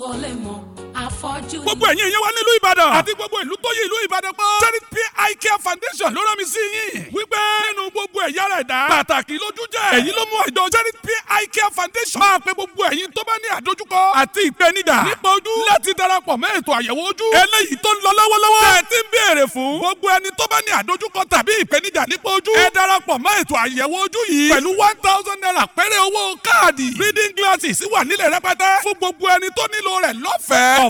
kò lè mọ̀ àfọ́jú ni. gbogbo ẹ̀yin ìyẹn wá nílùú ìbàdàn àti gbogbo ìlú tó yí ìlú ìbàdàn pọ̀. charity pi care foundation ló rán mi sí yín. wípé nínú gbogbo ẹ̀yà ara ẹ̀dá pàtàkì lójú jẹ́. èyí ló mú àjọ charity pi care foundation máa pe gbogbo ẹ̀yin tó bá ní àdójúkọ àti ìpènijà nípa ojú láti darapọ̀ mẹ́ ètò àyẹ̀wò ojú. eléyìí tó ń lọ lọ́wọ́lọ́wọ́. ẹ ti ń béèrè fún. gbogbo ẹni tó bá ní àdójúkọ tàbí ìpènijà nípa ojú. ẹ darapọ̀ mẹ́ ètò àyẹ̀wò ojú yìí. pẹ̀lú one thousand naira péré owó káàdì. reading glasses wà nílẹ̀ rẹpẹtẹ. fún gbogbo ẹni tó nílò rẹ̀ lọ́fẹ̀ẹ́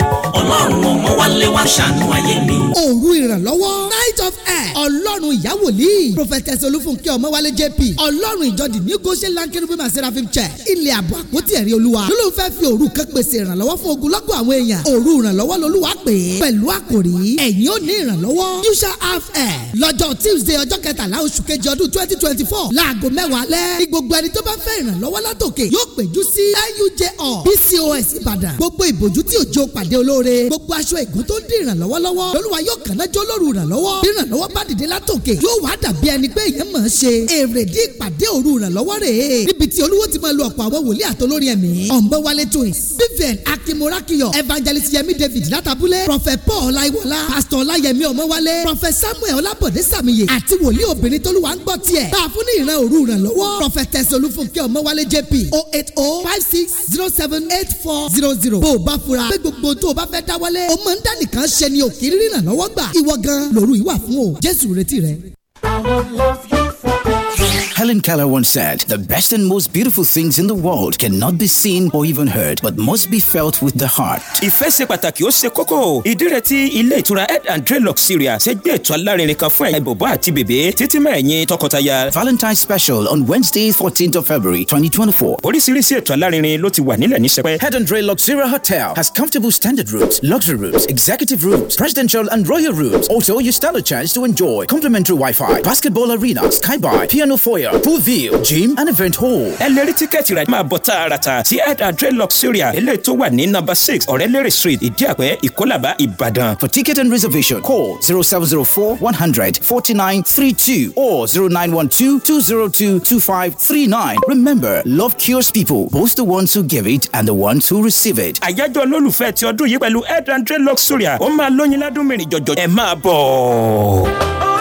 ọlọ́run ọmọ wálé wá ṣàánú ayé mi. òru ìrànlọ́wọ́ night of air ọlọ́run ìyàwó lì prophetess olúfúnkẹ́ ọmọwálé jp ọlọ́run ìjọdì ní goshen lankin women seraphim church ilẹ̀ àbọ̀ àpótí ẹ̀rí olúwa ló ló ń fẹ́ fi òru kan pèsè ìrànlọ́wọ́ fún ogunlọ́gọ̀ àwọn èèyàn òru ìrànlọ́wọ́ lolúwa pè é pẹ̀lú àkòrí ẹ̀yin ò ní ìrànlọ́wọ́ you shall have air lọ́jọ́ tuesday ọjọ́ kẹtàlá oṣù kejì ọdún twenty twenty four láago mẹ́wàá lẹ́ ní gbogbo ẹni tó bá fẹ́ ìrànlọ́wọ́ látòkè yóò péjú sí nujr pcos ìbàdàn gbogbo ìbòjú tí òjò pa pàdé olóore gbogbo aṣọ ègún tó ń di ìrànlọ́wọ́ lọ́wọ́ lọ́lúwa yóò kànáà jó lóru ìrànlọ́wọ́ bí ìrànlọ́wọ́ bá dìde látòkè yóò wá dàbí ẹni pé èèyàn mọ̀ ọ́n ṣe èrè ìpàdé òru ìrànlọ́wọ́ rèé níbi tí olówó ti máa lo ọ̀pọ̀ àwọn wòlíì àtolórí ẹ̀mí ọ̀nbẹ́wálé twins vivian akimorakiyo evangelist yemi david látàbúlẹ̀ prophet paul ọláyíwọlá pastor ohun tó o bá fẹ́ dáwọ́lé o máa ń dá nìkan ṣe ni òkè rírìnà lọ́wọ́ gbà ìwọ gan lóru ìwà fún o Jésù retí rẹ. I will love you. Helen Keller once said, The best and most beautiful things in the world cannot be seen or even heard, but must be felt with the heart. Ìfẹ́ ṣe pàtàkì ó ṣe kókó. Ìdí rẹ̀ tí ilé ìtura Head and Dreadlock Syria ṣe gbé ètò alárinrin kan fún ẹ̀yin bòbá àti bèbè títí mẹ́ẹ̀yìn tọkọtaya. Valentine special on Wednesday fourteenth of February twenty twenty four. Oríṣiríṣi ètò alárinrin ló ti wà nílẹ̀ ní sẹpẹ́. Head and Dreadlock Syria Hotel has comfortable standard rooms, luxury rooms, executive rooms, presidential and royal rooms. Also, you stand a chance to enjoy complimentary Wi-Fi, basketball arena, sky bar, piano foyer, Stadium, Poolville, Gym and Event Hall. Ẹ lè rí tíkẹ́ẹ̀tì rà máa bọ̀ tààràtà sí Head and Dreadlock Syria eléyìí tó wà ní number six Ọ̀rẹ́lérè Street, Ìdíàpẹ́, Ìkólàbá, Ìbàdàn. For ticket and reservation, call zero seven zero four one hundred forty nine three two or zero nine one two two zero two two five three nine. Remember, love cures people, both the ones who give it and the ones who receive it. Àyájọ́ olólùfẹ́ ti ọdún yìí pẹ̀lú Head and Dreadlock Syria, ó máa lóyin ládùn mìíràn jọ̀jọ̀ ẹ máa bọ̀.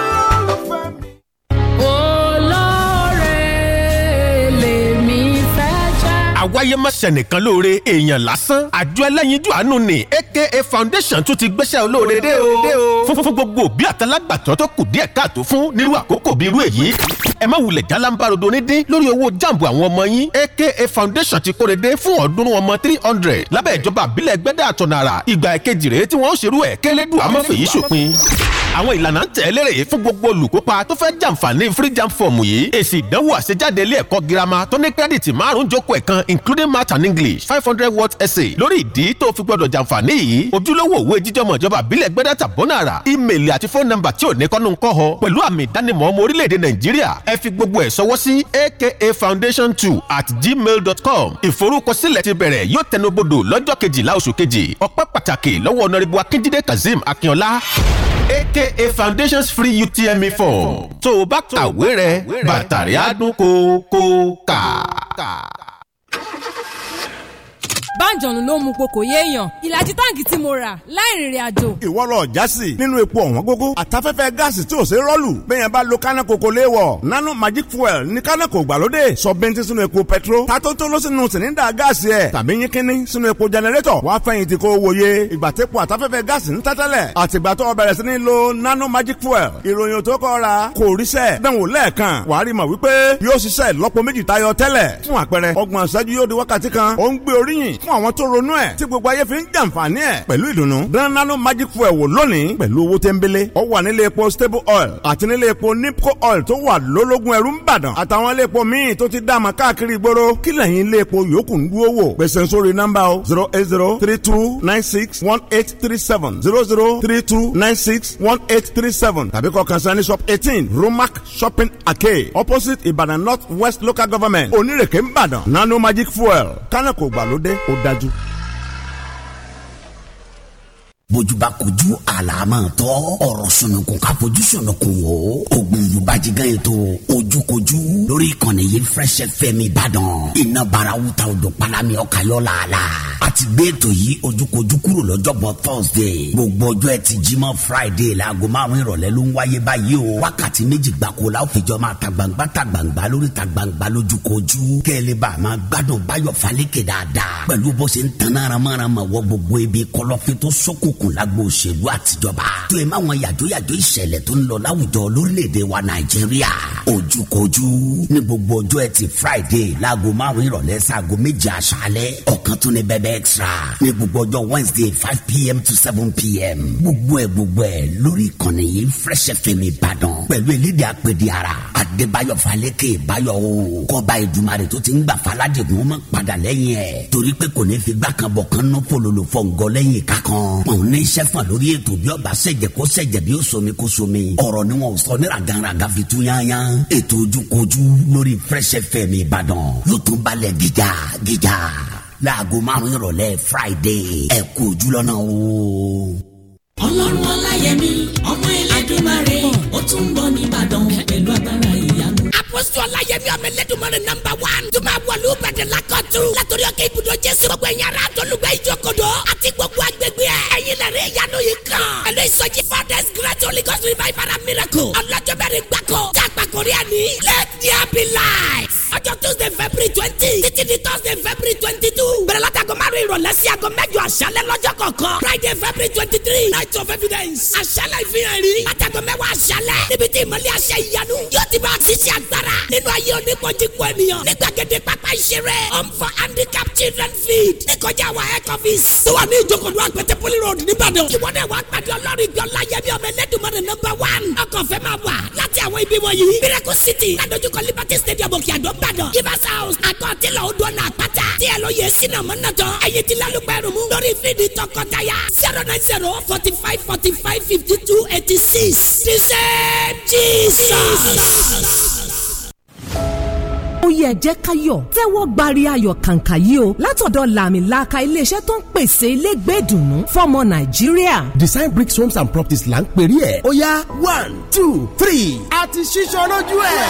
táyé má ṣẹnìkan lóore èèyàn lásán àjọ ẹlẹ́yinjú àánú ni aka foundation tún ti gbéṣẹ́ olóore dé o fún fún gbogbo òbí àtàlágbàtọ́ tó kù díẹ̀ káàtó fún nírú àkókò bíi irú èyí ẹ má wulẹ̀ jálámbárodo nídìí lórí owó jàǹbù àwọn ọmọ yín aka foundation ti kóre dé fún ọ̀ọ́dúnrún ọmọ three hundred lábẹ́ ìjọba àbílẹ̀ gbẹ́dẹ́ àtọ̀nàrà ìgbà ìkejì rèé tí wọ́n ó ṣerú ẹ̀ kélédùn àmọ́fẹ̀yí ṣòpin àwọn ìlànà ń tẹ̀lére fún gbogbo olùkópa tó fẹ́ jàǹfààní free jam fọ́ọ̀mù yìí èsì ìdánwò àṣejáde ilé ẹ̀kọ́ girama tó ní kírẹ́dìtì márùn-ún jókòó ẹ̀kan including math and english five hundred words essay lórí ìdí tó fi gbọdọ̀ jàǹfààní yìí ojúlówó òwe jíjọmọ̀ ìjọba àbílẹ̀ gbẹ́dẹ́ tàbọ́nàrà Email àti phone number tí ò ní kọ́nu ń kọ́ ọ pẹ̀lú àmì ìdánimọ̀ ọmọ orílẹ̀-èdè nàìjíríà ẹ fi gbogbo ẹ̀ sọwọ́ sí aka foundation two at gmail dot com ìforúkọsílẹ̀ ti bẹ̀rẹ̀ yóò tẹnubodò lọ́jọ́ kejìlá oṣù kejì ọpẹ́ pàtàkì lọ́wọ́ ọ̀nàrẹ́bù akíndídé kazeem akínọlá aka foundations free utme form tó o bá kàwé rẹ bàtàrí á dún kó kó kà báńjọ̀nù ló mú pokò yéèyàn ìlàjì táǹkì tí mo rà láì rìnrìn àjò. ìwọ lọ jásì nínú epo ọ̀wọ́n gógó àtafẹ́fẹ́ gáàsì tí ò ṣe rọ́ọ̀lù bẹ́ẹ̀ bá lo kánà kòkó léwọ̀ nano magic fuel ní kánà kò gbàlódé sọ bẹ́ntì sínú epo petro tatótó ló sínú sìnínda gáàsì ẹ̀ tàbí yín kínní sínú epo jẹnẹrétọ̀ wàá fẹ̀yìntì kó wòye ìgbàtẹ́pọ̀ àtafẹ́fẹ́ gáàsì ń lo nano magic fuel ìròyìn tó kọ́ ra kò ríṣẹ́ dánwò lẹ́ẹ̀kan wàá rí mọ̀ wípé yóò ṣiṣẹ́ lọ́pọ̀ méjì tayọ tẹ́lẹ̀ fún àpẹẹrẹ ọgbọ̀n ìṣẹ́jú fún àwọn tó ronú ẹ̀ tí gbogbo ayé fi ń jàǹfààní ẹ̀ pẹ̀lú ìdùnnú. dán magic fuel wò lónìí pẹ̀lú owó tẹ́ńbélé. ó wà nílé epo stable oil àti nílé epo nipco oil tó wà lólógún ẹrú ńbàdàn àtàwọn ilé epo míì tó ti dáàmà káàkiri ìgboro kí lẹ́yìn ilé epo yòókù ń dúró wò. gbèsè sórí nọ́mbà o zero eight zero three two nine six one eight three seven zero zero three two nine six one eight three seven tàbí kọ kansani shop eighteen romac shopping arcade opposite Ibadan north west local government onírèké ńbàdàn nano magic fuel kánà kò gbàlódé ó dájú. bójúba kojú àlàmọ́tọ́ ọ̀rọ̀ sunukun ká fojú sunukun o ògùn yorùbájígán yẹn tó ojúkojú lórí ìkànnì yìí fresh fm ìbàdàn iná bara wuta odò palami ọ̀kayọ̀ làálà àti gbé ètò yìí ojúkojú kúrò lọ́jọ́bọ̀ thursday gbogbo ọjọ́ ẹtì jímọ̀ friday láago márùn ìrọ̀lẹ́ ló ń wáyé báyìí o wákàtí méjì gbáko la ó fi jọ máa ta gbangba ta gbangba lórí ta gbangba lójúkojú kẹ́lẹ́bà máa gbádùn báyọ̀ falẹ́kẹ̀ dáadáa pẹ̀lú bó ṣe ń tan náà ramárama wọ gbogbo ibi kọlọ́fin tó sókùk òkùnkùn lágbo òṣèlú àtijọba tó ẹ máwọn yàjóyàjó ìṣẹ̀lẹ̀ tó ń lọ láwùjọ lórílẹ̀‐èdè wa nàìjíríà ojúkojú ní gbogbo ọjọ́ ẹtì friday láago márùn-ún ìrọ̀lẹ́ sáago méje àṣálẹ́ ọ̀kan tún ní bẹ́bẹ́ extra ní gbogbo ọjọ́ wednesday five pm to seven pm gbogbo ẹ̀ gbogbo ẹ̀ lórí ìkànnì yìí fresh fm ìbàdàn pẹ̀lú elédè àpèdè ara adébáyọ̀ falẹ́kẹ̀ ìbáyọ̀ o kọba ìdùmarè tó ti ń gbà faládìgún mọ́ padà lẹ́yìn ẹ̀ torí pé kò ní fi gbà bọ̀ kan ná pololo fọ ǹgọ́ lẹ́yìn ká kan òun ní iṣẹ́ fún lórí ètò bí ọba ṣẹ̀jẹ̀ kó ṣẹ̀jẹ̀ bí ó somi kó somi ọ̀rọ̀ ni wọn sọ ní ragaraga fi tú yányán ètò ojúkojú lórí Fresh FM Ìbàdàn yóò tún ọlọ́run ọláyẹmí ọmọ ẹlẹ́dùnmarè tún ń bọ̀ nìbàdàn pẹ̀lú agbára ìyanu. àpòsù ọláyẹmí ọmọ ẹlẹ́dùnmọ́rin nọ́mbà wán tó máa wọlé ìbàdàn lákọ̀tún látọ̀rí ọkẹ́ ibùdó jésù gbogbo ẹ̀yìn ara àtọ́lùgbẹ́ ìjókòdó àti gbogbo agbègbè ẹ̀yìn lẹ́rìí ìyanu yìí kan. pẹ̀lú ìsọjí fathers great holy gods revival and miracle. ọlọ́jọ́ bẹ̀rẹ̀ gbàkọ́. jágba kórè àní. let there be light. ọjọ́ tuesday february twenty. títí di thursday february twenty two. bẹ̀rẹ̀ látago márùn-ún ìrọ̀lẹ́ sí aago mẹ́jọ àṣálẹ́ lọ́jọ́ kọ̀ọ̀kan. friday february twenty three. night of evidence. àṣálẹ́ ìfihàn rí. látago mẹ́wàá àṣálẹ́. níbi tí ìmọ̀lẹ́ àṣẹ ìyanu. yóò ti bá a ti ṣe agbára. nínú ayé onípojìpọ̀ ènìyàn. ní gbàgede pápá ìṣeré. home for handicapped children feed. ní kọjá wa head office. tó wà ní ìjókòó olódùmarè nọ́mbà one ọkọ̀ fẹ́ máa wà láti àwọn ibi wọ̀nyí miracle city ládojúkọ liberty stadium òkè àdó gbàdàn givers house àtọ̀ tilọ̀ odò ọ̀nà àpáta díẹ̀ ló yẹ sínú ọmọ náà tán ẹ̀yìn ti lálùpẹ̀ rùmú lórí fídì tọkọtaya zero nine zero forty five forty five fifty two eighty six. jesus. jesus yẹ ẹ jẹ́ káyọ̀ tẹ́wọ́ gbari ayọ̀ kàǹkà yìí o látọ̀dọ̀ làmìlaka iléeṣẹ́ tó ń pèsè ilégbè ìdùnnú fọmọ nàìjíríà. design bricks homes and properties là ń pèrè ẹ̀ ó yá one two three àti ṣíṣọ́ lójú ẹ̀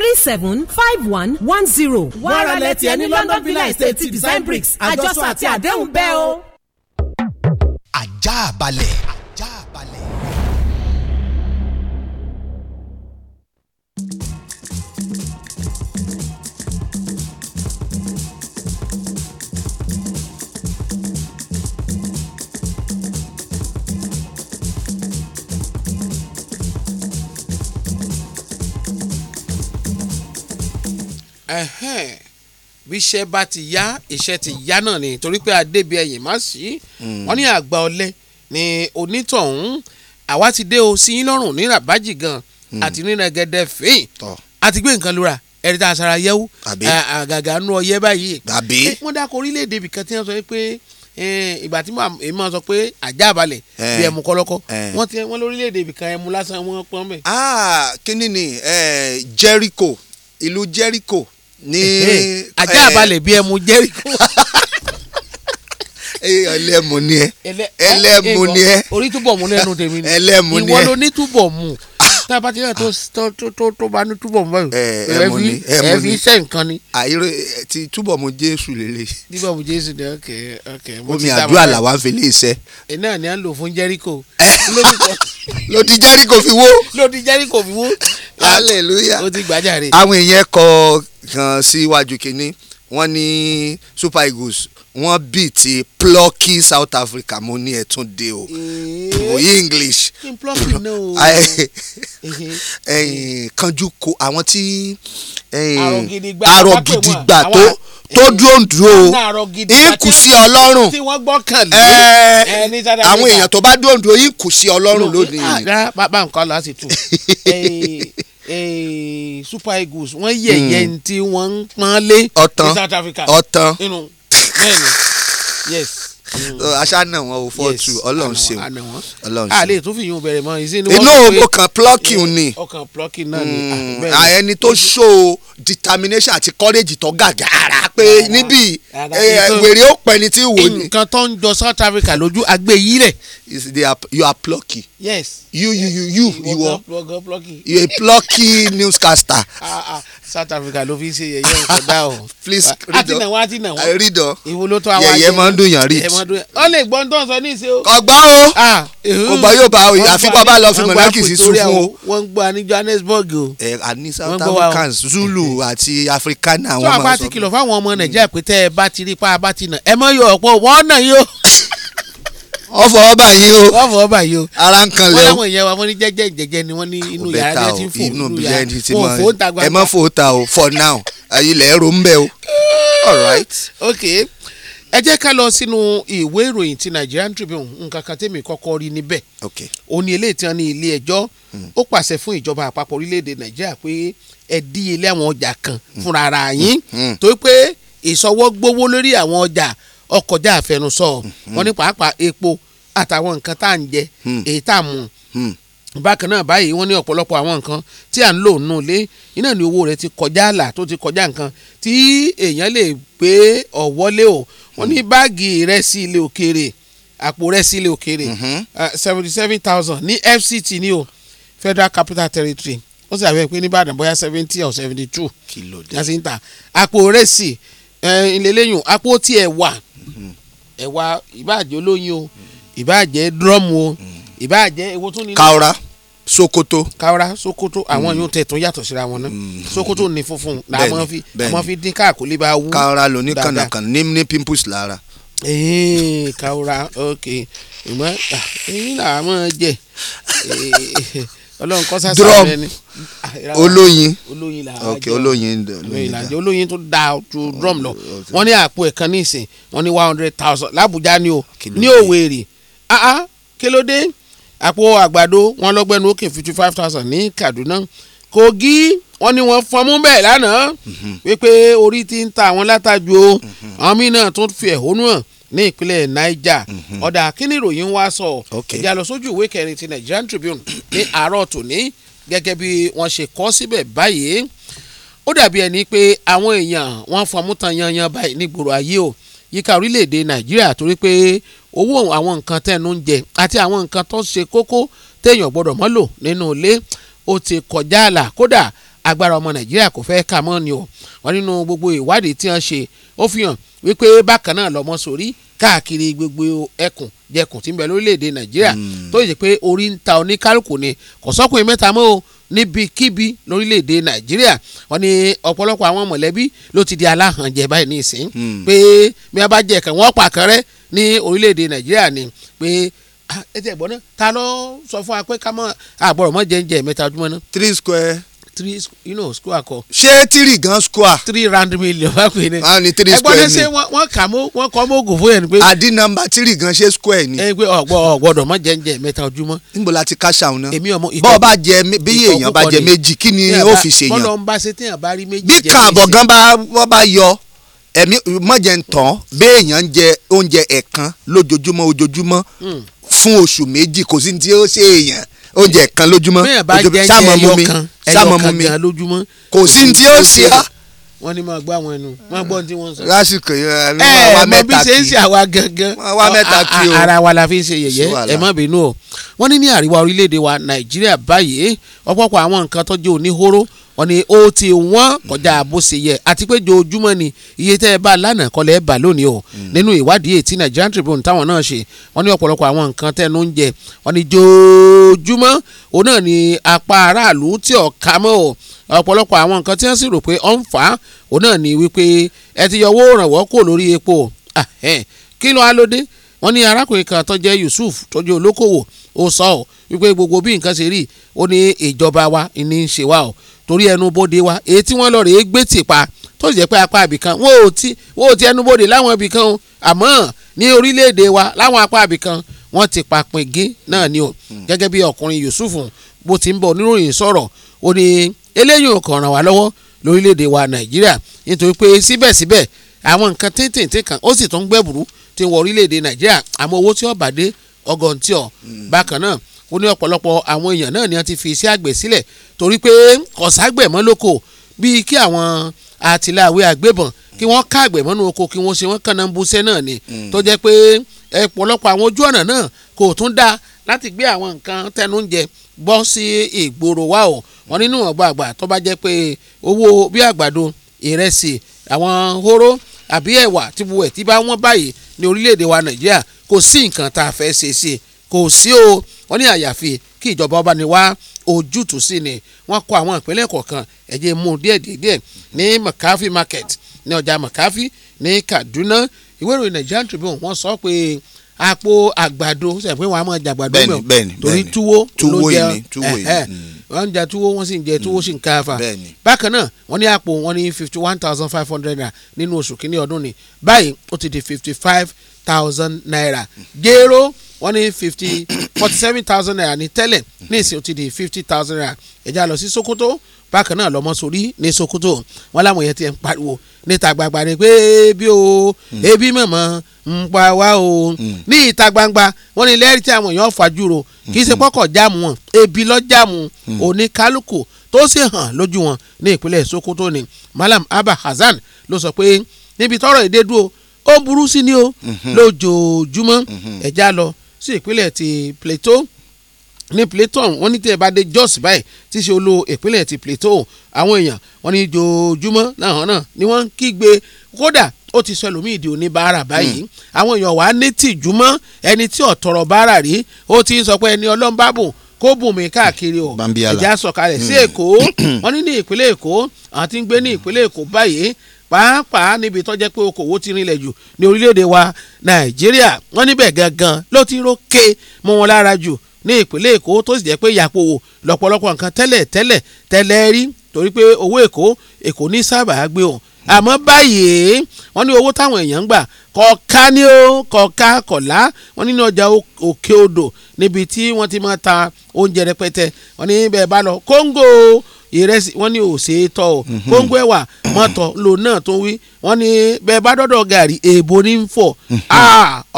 three seven five one one zero. wàrálẹ̀ tiẹ̀ ní London Villa Estate ti design bricks àjọsọ àti àdéhùn bẹ́ẹ̀ o. ajá balẹ̀. bí iṣẹ́ bá ti yá iṣẹ́ ti yá náà ni torí pé adébí ẹ̀yìn má sí hmm. wọ́n ní àgbà ọ̀lẹ ni onítọ̀hún àwa ti dé o sí yín lọ́rùn ní ràbájì gan hmm. àti ní rẹ̀gẹ̀dẹ̀ fín àti gbé nǹkan lura ẹ̀rí tá a sara yẹ́wò àgàgà nú ọyẹ́ báyìí wọ́n dákọ̀ orílẹ̀-èdè ibìkan tí wọ́n sọ pé ìgbà tí màá sọ pé ajá balẹ̀ bí ẹmu kọ́lọ́kọ́ wọ́n ti wọ́n lórílẹ̀‐èdè ibìkan ẹmu lásán wọ́n pọ́n bẹ́ẹ̀. Ah, kínní ni Jericho ìlú Jericho ní. ajá àbálẹ̀ eh, bí ẹmu jẹ́ríkò. ẹlẹ́mu ni ẹ ẹlẹ́mu eh, eh, ni ẹ. orí túbọ̀ mu lẹ́nu tèmi ni ìwọ ló ní túbọ̀ mu tá a bá ti rẹ̀ ah. tó tó tó bá ní túbọ̀ mú báyìí ẹ fi iṣẹ́ nǹkan ni. àìrè eh, ti túbọ̀ mu jésù lélẹ̀. túbọ̀ mu jésù ni ok ok. omi àdúrà làwọn fi lè iná eh, ni à ń lò fún jẹ́ríkò. Eh, ló ti jẹ́ríkò fi wó. ló ti jẹ́ríkò fi wó. Ah, hallelujah. ó ti gbàjáre. àwọn èèyàn kọ kan síwájú kínní. Si wọ́n ní super eagles wọ́n bì ti plucky south africa mo ní ẹ̀tún dé o eh. mo english eh, kanju ko àwọn tí eh, arọgidigba tó tó dúró dúró ikù sí ọlọ́run àwọn èèyàn tó bá dúró dúró ikù sí ọlọ́run lónìí. Ah, bá nǹkan lọ super eagles wọ́n yẹ̀yẹ́ hmm. ní tí wọ́n ń pọ́n lé ní south africa ọ̀tán inú bẹ́ẹ̀ni yes. Hmm. aṣá náà wọn ò fọ́ tu ọlọ́run ṣeun ọlọ́run ṣeun. àlè tó fi yún bẹ̀rẹ̀ mọ́ ìsìn ni wọ́n sọ pé inú ọkàn plucking hmm. ni ọkàn plucking náà ni. Ah, ẹni tó show determination àti courage tó gàgàrà pé níbí eh, wèrè ó pẹ́ ni tí wò ni. nǹkan tó ń jọ south africa lójú agbè yìí rẹ̀. you are plucky yes you you you you you ìwọ you a plucky newscaster. ah ah South Africa ló fi ń ṣe yẹ̀yẹ́ òkúta o. please ah, read on àti nàwọn àti nàwọn eh, read on èwo ló tọ́ àwa jẹ́ yẹ̀yẹ́ máa ń dùn yàn read. ó lè gbọ́ tó ń sọ ní ìṣe o. ọgbà o ọgbà ah, eh, yóò bá àfikún bá lọ fi mọ̀nàkì sí sún fún o. wọ́n ń gbọ́ ní Johannesburg o. ẹ eh, àní South Africans Zulu àti Afrikaner wọ́n máa sọ. tó àpá ti kìlọ̀ fáwọn ọmọ Nàìjíríà pé tẹ́ ẹ bá ti rí pa abá ti nà ẹ mọ́ yọ ọ̀pọ̀ wọ́n náà yóò. ọ̀fọ̀ ọba yìí o ọ̀fọ̀ ọba yìí o ara ń kan lẹ o wọ́n láwọn èèyàn wa wọ́n ní jẹ́jẹ́ jẹ́jẹ́ ni wọ́n ní inú yàrá ni wọ́n ti ń fò inú yàrá wọ́n fò ó ta gbangba ẹ má fò ta o for now ilẹ̀ ẹ̀rọ ń bẹ o all right. ok ẹ jẹ́ ká lọ sínú ìwé ìròyìn ti Nigerian Tribune nǹkan kan tèmi kọ́kọ́ rí níbẹ̀ ó ní eléyìí tí wọ́n ní ilé ẹjọ́ hmm. ó pàṣẹ fún ìjọba àpapọ̀ orílẹ̀-èdè Nàìjíríà pé ẹ dí ilé àwọn ọjà kan hmm. fúnra ara yín hmm. tó pé ìsọwọ́ gbówó lórí àwọn ọjà ọkọjá àfẹnusọ mm-hmm. wọn ní pàápàá epo àtàwọn nǹkan tá à ń jẹ mm-hmm. èyí tá à mú mm-hmm. bákan náà báyìí wọ́n ní ọ̀pọ̀lọpọ̀ àwọn nǹkan tí à ń lò nù lé iná ní owó rẹ̀ ti kọjá àlà tó ti kọjá nǹkan tí èèyàn lè gbé ọ̀wọ́lé o wọ́n ní báàgì ìrẹsì ilé òkèèrè àpò ìrẹsì ilé òkèèrè seventy seven thousand ní FCT ní o Federal Capital Territory ó sì àfihàn pé ní bóyá seventy or seventy two kìlódé ní a sì ń ta àpò ìrẹsì ilé lẹ́yìn àpò tiẹ̀ wà ẹ̀wà ìbàjẹ́ olóyin o ìbàjẹ́ dúrọ́mù o ìbàjẹ́ ewo tún ni. kaura sokoto. kaura sokoto àwọn mm. yóò tẹ̀ tún yàtọ̀ síra wọn náà mm. sokoto ní funfun la máa fi máa fi dín káàkólé bá wú. kaura ló ní kànàkàn ní ní pimples lára. Eh, kaura ok ìmọ̀ ah, èyí làwọn jẹ. Ọlọ́run kọ sá drum ah, olóyin olóyin la ok olóyin olóyin la olóyin tó da ju drum lọ wọ́n ní àpò ẹ̀kan ní ìsìn wọ́n ní one hundred thousand làbújá ni o ní Òwèrè ah ah kílódé àpò àgbàdo wọ́n lọ́gbẹ́nu òkè fifty five thousand ní Kaduna Kogi wọ́n ní wọ́n fọmú bẹ́ẹ̀ lánàá mhm. wípé orí ti ń ta àwọn látàjú o mhm. àwọn míì náà tún fi ẹ̀hónú hàn ní ìpínlẹ̀ Niger mhm. ọ̀dà kíní ìròyìn wá sọ ìjà lọ sójú ìwé kẹrin ti Nigerian Tribune ní àárọ̀ tòní gẹ́gẹ́ bí wọ́n ṣe kọ síbẹ̀ báyìí ó dàbí ẹni pé àwọn èèyàn wọ́n fọmú tan yanyan báyìí nígboro ayé o yíká orílẹ̀-èdè Nàìjíríà torí pé owó àwọn nǹkan tẹnu ń jẹ àti àwọn nǹkan tó ṣe kókó téèyàn gbọ́dọ̀ mọ́ lò nínú ilé ó ti kọjá àlà kódà agbára ọmọ Nàìjíríà kò fẹ́ kà mọ́ ni o wọ́n nínú gbogbo ìwádìí tí wọ́n ṣe ó fi hàn wípé bákan náà lọ́mọ sórí káàkiri gbogbo ẹkùn jẹkùn tí ń bẹ lórílẹ̀‐èdè nàìjíríà hmm. tó yẹ pé orí ń ta oníkálukú ni kò sọ́kùnrin mẹ́ta mọ́ o níbikíbi lórílẹ̀‐èdè nàìjíríà wọ́n ní ọ̀pọ̀lọpọ̀ àwọn mọ̀lẹ́bí ló ti di aláhànjẹ báyìí ní ìsín hmm. pé bí wọ́n bá jẹ ẹ̀kẹ́ wọ́n pa kan rẹ́ ní orílẹ̀‐èdè nàìjíríà ni pé ah, ẹ tẹ̀ gbọ́n náà ta ló sọ fún wa pé ká mọ́ àgbọ̀rọ̀ mọ́ jẹ́ ń jẹ́ mẹ́ta ojúmọ́ náà. three square three you know square kọ. ṣé tírì gan square. three round million bá pè ní. a ní three square ni. ẹgbọ́n ṣé wọ́n kà mọ́ wọ́n kọ́ mọ́ ògùn fún yẹn ni pé. àdí nọ́mbà tírì gan ṣé square ni. ẹ pé ọgbọ ọgbọdọ mọ jẹnjẹ mẹ́ta ojúmọ́. níbo la ti káṣà òun náà. èmi ọmọ ìtọ́ bọ́ọ̀ bá jẹ bí èèyàn bá jẹ méjì kí ni ó fi ṣèyàn. bọ́lọ̀ ń bá ṣe téèyàn bá rí méjì jẹ méjì. bí kààbọ̀ gan bá bá yọ ẹ̀mí mọ̀jẹ̀ ń tán béèyàn ń jẹ oúnjẹ ẹ̀kan lójoojúmọ́ ojoojúmọ́ hmm. fún oṣù méjì kò sí ní ó ṣe èèyàn oúnjẹ kan lójúmọ́ ojoojúmọ́ sáàmọ̀ mú mi sáàmọ̀ mú mi kò sí ní tí ó ṣe á wọ́n ní máa gbọ́ àwọn ẹnu máa gbọ́ tí wọ́n sọ. lásìkò yẹn wá mẹ́ta kí ẹ mọ bí ṣe ń ṣe àwa gangan wá mẹ́ta kí o ara wa la fi ń ṣe yẹ̀yẹ́ ẹ má bínú o wọ́n ní ní àríwá orílẹ̀-èdè wa nàìjíríà báyìí ọ̀pọ̀pọ̀ àwọn nǹkan tó jẹ́ wọ́n ní ó ti wọ́n kọjá mhm. bó ṣe yẹ àti pé jojúmọ́ ni iye tẹ́ ẹ bá lánàá kọlẹ̀ ẹ bá lónìí o mhm. nínú ìwádìí ètí Nigerian Tribune táwọn náà ṣe wọ́n ní ọ̀pọ̀lọpọ̀ àwọn nǹkan tẹ́nu ń jẹ wọ́n ní jojúmọ́ òun náà ni apá aráàlú tí ọ̀ka mọ́ o ọ̀pọ̀lọpọ̀ àwọn nǹkan tí wọ́n sì rò pé ó ń fà á òun náà ni wípé ẹ ti yọwọ́ òrànwọ́ kò lórí epo ah, kí ló á lóde wọ́n ní arákùnrin kan tó jẹ́ Yusuf tó jẹ́ olókòwò ó sọ ọ wípé gbogbo bí nǹkan ṣe rí ó ní ìjọba wa ní í ṣe wa o torí ẹnubodè wa èyí tí wọ́n lọ rèé gbé tìpa tó sì jẹ́ pé apá àbìkan wọn ò ti wọn ò ti ẹnubodè láwọn ibìkan o àmọ́ ní orílẹ̀-èdè wa láwọn apá àbìkan wọ́n ti pa pingin náà ni o hmm. gẹ́gẹ́ bí ọkùnrin Yusuf bó ti ń bọ̀ oníròyìn sọ̀rọ̀ ó ní eléyìí kàn ràn wá lọ́wọ́ lórílẹ̀-èdè wa Nàìjíríà nítorí pé síbẹ̀síbẹ̀ àwọn nǹkan tíntìntín kan ó sì tún gbẹ̀bùrú ti wọ orílẹ̀-èdè Nàìjíríà àmọ́ owó tí ó bàdé ọgọ́ntì ọ̀ hmm. bákan náà ó ní ọ̀pọ̀lọpọ̀ àwọn èèyàn náà ni wọ́n ti fi iṣẹ́ àgbẹ̀ sílẹ̀ torí pé kọ̀ságbẹ̀ mọ́ lóko bíi kí àwọn àtìláwé àgbébọn kí wọ́n ká àgbẹ̀ mọ́nú oko kí wọ́n ṣe wọ́n kànáà ń buṣẹ́ náà ni hmm. tó jẹ́ pé ọ̀pọ̀lọpọ̀ àwọn ojú ọ̀nà náà kò tún dáa láti gbé àwọn nǹkan tẹnu ń jẹ bọ́ sí ìgboro wa o wọn nínú ọgbà àgbà tó bá jẹ́ pé owó bí àgbàdo ìrẹsì àwọn hóró àbí ẹ̀wà tí bu ẹ̀ tí bá wọ́n báyìí ní orílẹ̀-èdè wa nàìjíríà kò sí nǹkan tá a fẹ́ ṣe sí i kò sí o wọ́n ní àyàfi kí ìjọba ọba ni wá ojútùú sí ni wọ́n kọ àwọn ìpínlẹ̀ kọ̀ọ̀kan ẹ̀jẹ̀ mú díẹ̀ díẹ̀ ní mccaffey market ní ọjà mccaffey ní kaduna ìwé ìròyìn nigerian tribune wọ́n sọ pé àpò àgbàdo ṣe pé wọ́n á máa jẹ àgbàdo mẹ́wọ̀n torí túwó ló jẹ hmm. wọ́n ń jẹ túwó wọ́n sì ń jẹ túwó hmm. sì ń ká fa bákan náà wọ́n ní àpò wọ́n ní fifty one thousand five hundred naira nínú oṣù kínní ọdún ni báyìí ó ti di fifty five thousand naira hmm. jéró wọ́n ní fifty forty seven thousand naira ní tẹ́lẹ̀ ní ìsìn ó ti di fifty thousand naira ẹ̀já lọ sí Sokoto bákan náà lọ́mọ sórí ní Sokoto wọ́n láwọn yẹn ti ń pariwo níta gbangba ni pé ebi o hmm. ebi mọ̀mọ́ ń pa wá o hmm. ní ìta gbangba wọ́n ní lẹ́rìí tí àwọn èèyàn fàjúrò kì í ṣe hmm. pọ́kọ̀ jáàmù wọn ebi lọ́ jáàmù oníkálukú tó sì hàn lójú wọn ní ìpínlẹ̀ Sokoto ni Malam Abba Hasan ló sọ pé níbi tọ́rọ̀ èdè dúró ó burú sí ni o lójoojúmọ́ ẹ̀já lọ sí ìpínlẹ̀ ti Plateau ní Plateau wọ́n ní tẹ́ ẹ bá dé Jos báyìí tí ṣe olú ìpínlẹ̀ ti Plateau àwọn èèyàn wọ́n ní jòjúmọ́ náà náà ni wọ́n ń kígbe kódà ó ti sọ ẹlòmíì di oníbàárà báyìí hmm. àwọn èèyàn wà á ní tìjúmọ́ ẹni tí ò tọrọ bàárà rí ó ti sọ pé ẹni ọlọ́mbàbùn kó bùn mí káàkiri o ìjà sọ̀kalẹ̀ sí hmm. èkó wọ́n ní ní ìpínlẹ̀ èkó àwọn tí ń gbé ní ìpínlẹ̀ èkó báyìí pàápàá níbi tó jẹ́ pé okòwò ti rinlẹ̀ jù ní orílẹ̀-èdè wa nàìjíríà wọ́n níbẹ̀ gangan ló ti rókè mọ́ wọn lára jù ní ìpínlẹ̀ èkó tó sì jẹ́ pé ìyàpò wò lọ́pọ̀lọpọ̀ nǹkan tẹ́lẹ̀ tẹ́lẹ̀ tẹ́lẹ̀ rí torí pé owó èkó èkó ní sábà gbé òun àmọ́ báyìí wọ́n ní owó táwọn èèyàn ń gbà kọ̀ọ̀ká ní ó kọ̀ọ̀ká kọ̀lá wọ́n ní ọjà òkè odò níbi tí wọ́n ti máa ta oúnjẹ rẹpẹtẹ wọ́n ní bẹ́ẹ̀ bá lọ kóńgò ìrẹsì wọ́n ní òsè tọ́ o mhm. kóńgó ẹ̀wà mọ́tọ̀ lò náà tó wí wọ́n ní bẹ́ẹ̀ bá dọ́dọ̀ gàrí èèbò ní ń fọ̀ mhm.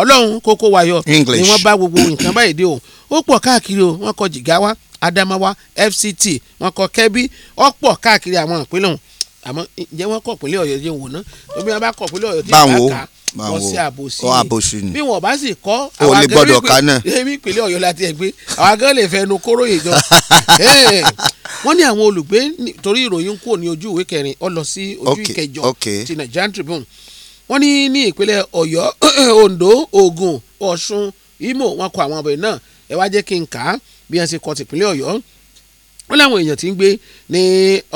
ọlọ́run kókó wayọ ni wọ́n bá gbogbo nǹkan báyìí dé o ó pọ̀ káàkiri o wọ́n kọ jìgáwá adamawa fct wọ́n kọ kẹ́bí ó pọ̀ káàkiri àwọn ìpínlẹ̀ ọ̀hún àmọ́ ǹjẹ́ wọ́n kọ̀ pínlẹ̀ ọ̀yọ́ jẹun wò ná kọ́ sí àbòsí bí wọn bá sì kọ́ àwọn agẹ́rẹ́ mi ìpínlẹ̀ láti ẹgbẹ́ àwọn agẹ́rẹ́ lè fẹnu kóró yìí jọ wọ́n ní àwọn olùgbé torí ìròyìn kúrò ní ojú ìwé kẹrin ó lọ sí ojú ìkẹjọ ti Nigerian Tribune wọ́n ní ní ìpínlẹ̀ ọ̀yọ́ ondo ògùn ọ̀ṣun imo wọn kọ àwọn ọbẹ̀ náà ẹ wá jẹ́ kí n kà á bí wọ́n ṣe kọ tìpínlẹ̀ ọ̀yọ́ wọ́n láwọn èèyàn ti ń gbé ní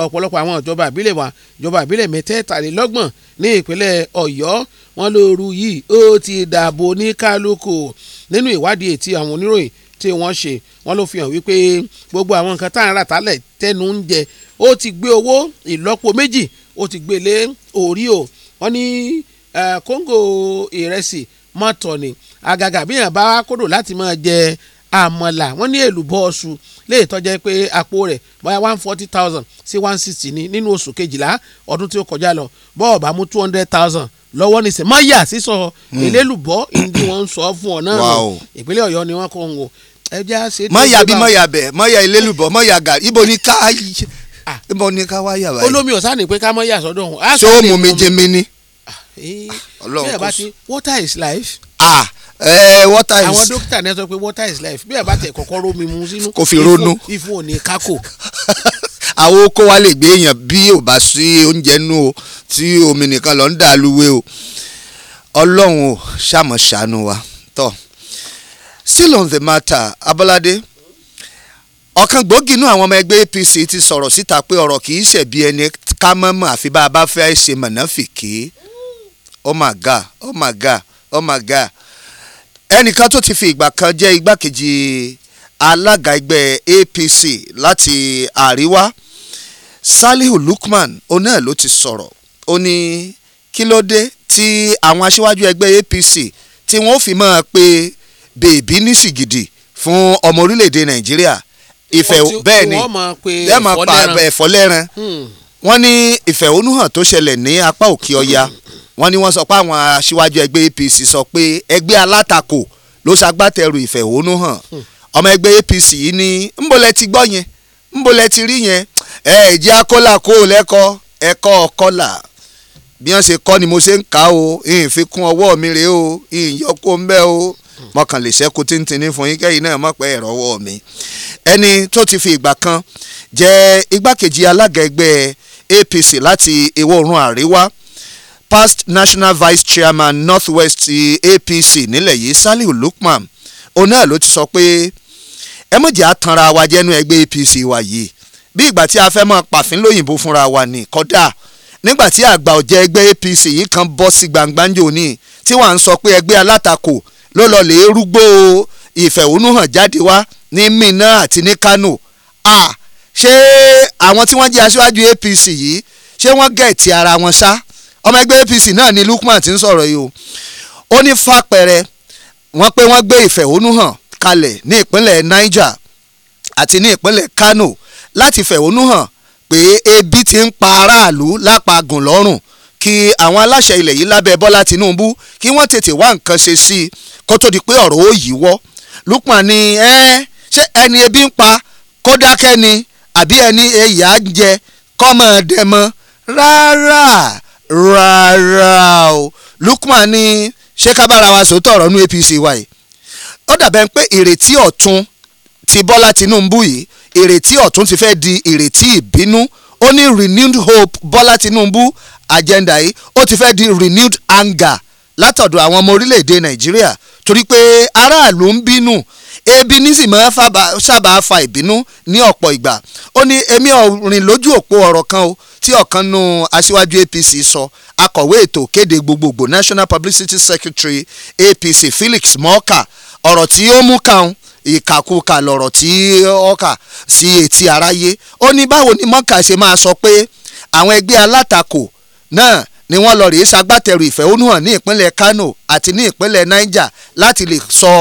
ọ̀pọ̀lọpọ̀ àwọn ìjọba àbílẹ̀ wa ìjọba àbílẹ̀ mẹ́tẹ́ẹ̀tàlélọ́gbọ̀n ní ìpínlẹ̀ ọ̀yọ́ wọ́n lóoru yìí ó ti dààbò ní kálukú nínú ìwádìí ètí àwọn oníròyìn tí wọ́n ṣe wọ́n ló fi hàn wípé gbogbo àwọn nǹkan tá à ń rà tálẹ̀ tẹnu ń jẹ ó ti gbé owó ìlọ́po méjì ó ti gbé lé orí o wọ́n ní kóńgò ìrẹsì mọ́tọ̀ ni àgàgà bí yàn bá kódò láti máa jẹ àmọ̀là wọ́n ní èlùbọ́ ọ̀ṣù lè tọ́jẹ́ pé àpò rẹ̀ bóyá one forty thousand sí one sixty ni nínú oṣù kejìlá ọdún tí ó kọjá lọ bọ́ọ̀ bá mú two hundred thousand lọ́wọ́ ní sẹ́máyà sísọ elélùbọ́ hmm. ìdí wọn ń sọ fún ọ náà ìpínlẹ̀ ọ̀yọ́ ni wọ́n kọ́ ń wò ẹja ṣe tó bá mọ̀yà bí mọ̀yà bẹ̀ mọ̀yà elélùbọ́ mọ̀yà gàrí ibo ni ká ibo ni ká wáyà báyìí. olómi ọ̀sán ni pé ká mọ̀yà sọ́dọ̀ ọ̀hún. ṣé ó mú mi jẹ mi ni. ọlọ́run kò sí. water is life. ah Eh, water is. àwọn dókítà náà sọ pé water is life bí ẹ bá tẹ kọ́kọ́ rómi mu sínú. kò fi ronú. ìfún òní kákò àwọn oko wa lè gbé èèyàn bí ò bá sí oúnjẹ nú o tí omi nìkan lọ ń dà lúwẹ̀ o ọlọ́run ò ṣàmọ̀ wa tọ́ still on the matter Abọ́ládé ọ̀kan gbòógì inú àwọn ọmọ ẹgbẹ́ APC ti sọ̀rọ̀ síta pé ọ̀rọ̀ kì í ṣẹ̀bi ẹni ká mọ́mọ́ àfi bá a bá fẹ́ ṣe mọ̀nàfìkì oh, oh, oh my god ẹnìkan tó ti fi ìgbà kan jẹ́ igbákejì alága ẹgbẹ́ APC láti àríwá Salihu Lukman òun náà ló ti sọ̀rọ̀ ó ní kí ló dé tí àwọn aṣíwájú ẹgbẹ́ APC tí wọ́n fi máa pe bèbí ní sìgìdì fún ọmọ orílẹ̀-èdè Nàìjíríà ìfẹ́ bẹ́ẹ̀ ni bẹ́ẹ̀ máa pa ẹ̀fọ́ lẹ́ran hmm. wọ́n ní ìfẹ̀hónúhàn tó ṣẹlẹ̀ ní apá òkè ọya wọ́n ní wọ́n sọ pé àwọn aṣíwájú ẹgbẹ́ APC sọ pé ẹgbẹ́ alátakò ló ṣagbátẹrù ìfẹ̀hónúhàn hmm. ọmọ ẹgbẹ́ APC yìí ní ńbọ̀lẹ́ ti gbọ́ yẹn ńbọ̀lẹ́ ti rí yẹn ẹ ìjẹ́ akọ́là kó o lẹ́kọ́ ẹ̀kọ́ ọ̀kọ́là bí wọ́n ṣe kọ́ ni mo ṣe ń kà o ìyìn fi kún ọwọ́ mi rèé o ìyìn yọ kó ń bẹ́ o mọ̀kànlélẹ́sẹ̀kù tíntìní fún yín kẹ́yìn náà mọ̀ ẹ̀rọ ọwọ́ mi ẹni tó ti fi ìgbà kan jẹ́ igbákejì alága ẹgbẹ́ APC láti ìwọ̀ oòrùn àríwá past national vice chairman northwest APC nílẹ̀ yìí Saliu Lukman òun náà ló ti sọ pé ẹ mọ̀jẹ̀ àtànra wa jẹ́nu ẹgbẹ́ APC wa yìí bí ìgbà tí a fẹ́ mọ́ pàfin lóyìnbó fúnra wa ní kọ́dà nígbà tí àgbà ọ̀jẹ̀ ẹgbẹ́ APC yìí kan bọ́ sí gbangba ń jò ní tí wàá ń sọ pé ẹgbẹ́ alátakò ló lọ lè rúgbó ìfẹ̀hónúhàn jáde wá ní Minna àti ní Kano ah ṣé àwọn tí wọ́n jẹ́ aṣíwájú APC yìí ṣé wọ́n gẹ̀ẹ́tì ara wọn ṣá ọmọ ẹgbẹ́ APC náà ni Lukman ti ń sọ̀rọ̀ yìí o ó ní fàpẹ̀rẹ̀ wọ́n pé wọ́n gbé ìfẹ̀hónúhàn kalẹ̀ ní ìpínlẹ̀ Niger àti ní ìpínlẹ̀ Kano láti fẹ̀hónú hàn pé ebi ti ń pa aráàlú lápagùn lọ́rùn kí àwọn aláṣẹ ilẹ̀ yìí lábẹ́ Bọ́lá Tinubu kí wọ́n tètè wá nǹkan ṣe sí i kó tó di pé ọ̀rọ̀ ó yíwọ́ Lukman ni ẹ́ ṣé ẹni ebi ń pa kó dákẹ́ ni àbí ẹni ẹ̀yà ń jẹ kọ́mọ dẹmọ rárá rárá o Lukman ni ṣé ká bára wa sòótọ́ ọ̀rọ̀ nú APC wa yìí ó dàbẹ̀ pé ìrètí ọ̀tun ti Bọ́lá Tinubu yìí ìrètí ọ̀tún ti fẹ́ di ìrètí ìbínú ó ní renewed hope Bọ́lá Tinubu agenda yìí ó ti fẹ́ di renewed anger látọ̀dọ̀ àwọn ọmọ orílẹ̀-èdè Nàìjíríà torí pé aráàlú ń bínú ebi ní sì máa sábà fa ìbínú ní ọ̀pọ̀ ìgbà ó ní èmi ọ̀rìn lójú òpó ọ̀rọ̀ kan o tí ọ̀kan nu aṣíwájú APC sọ akọ̀wé ètò kéde gbogbogbò National Publicity Secretary APC Felix Morka ọ̀rọ̀ tí ó mú kan ìkàkùkà lọ̀rọ̀ tí ọkà sí etí aráyé ó ní báwo ni mọ́kà ṣe máa sọ pé àwọn ẹgbẹ́ alátakò náà ni wọ́n lọ rèé ṣagbátẹrù ìfẹ̀hónúhàn ní ìpínlẹ̀ Kano àti ní ìpínlẹ̀ Niger láti lè sọ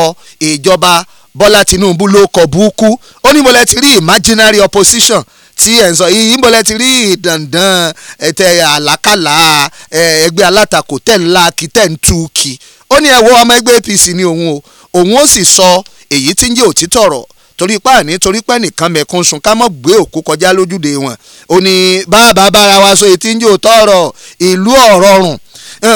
ìjọba Bọ́lá Tinubu ló kọ búkú ó ní mọ̀lẹ́ ti rí imaginary opposition tí ẹ̀ ń sọ yìí mọ̀lẹ́ ti rí dandan ẹ̀tẹ̀ àlákàlà ẹgbẹ́ alátakò tẹ̀ ńlá kí tẹ̀ ń tú kí ó ní ẹ wo ọmọ ẹgbẹ́ APC ni òun o òun ó sì sọ èyí tí ń jẹ́ òtítọ́ ọ̀rọ̀ torí pa àní torí pẹ́ nìkan mẹ̀kún sùn ká mọ̀ gbé òkú kọjá lójúde wọn ò ní bàbá bára wa so èyí tí ń jẹ́ òtọ́ ọ̀rọ̀ ìlú ọ̀rọ̀ rùn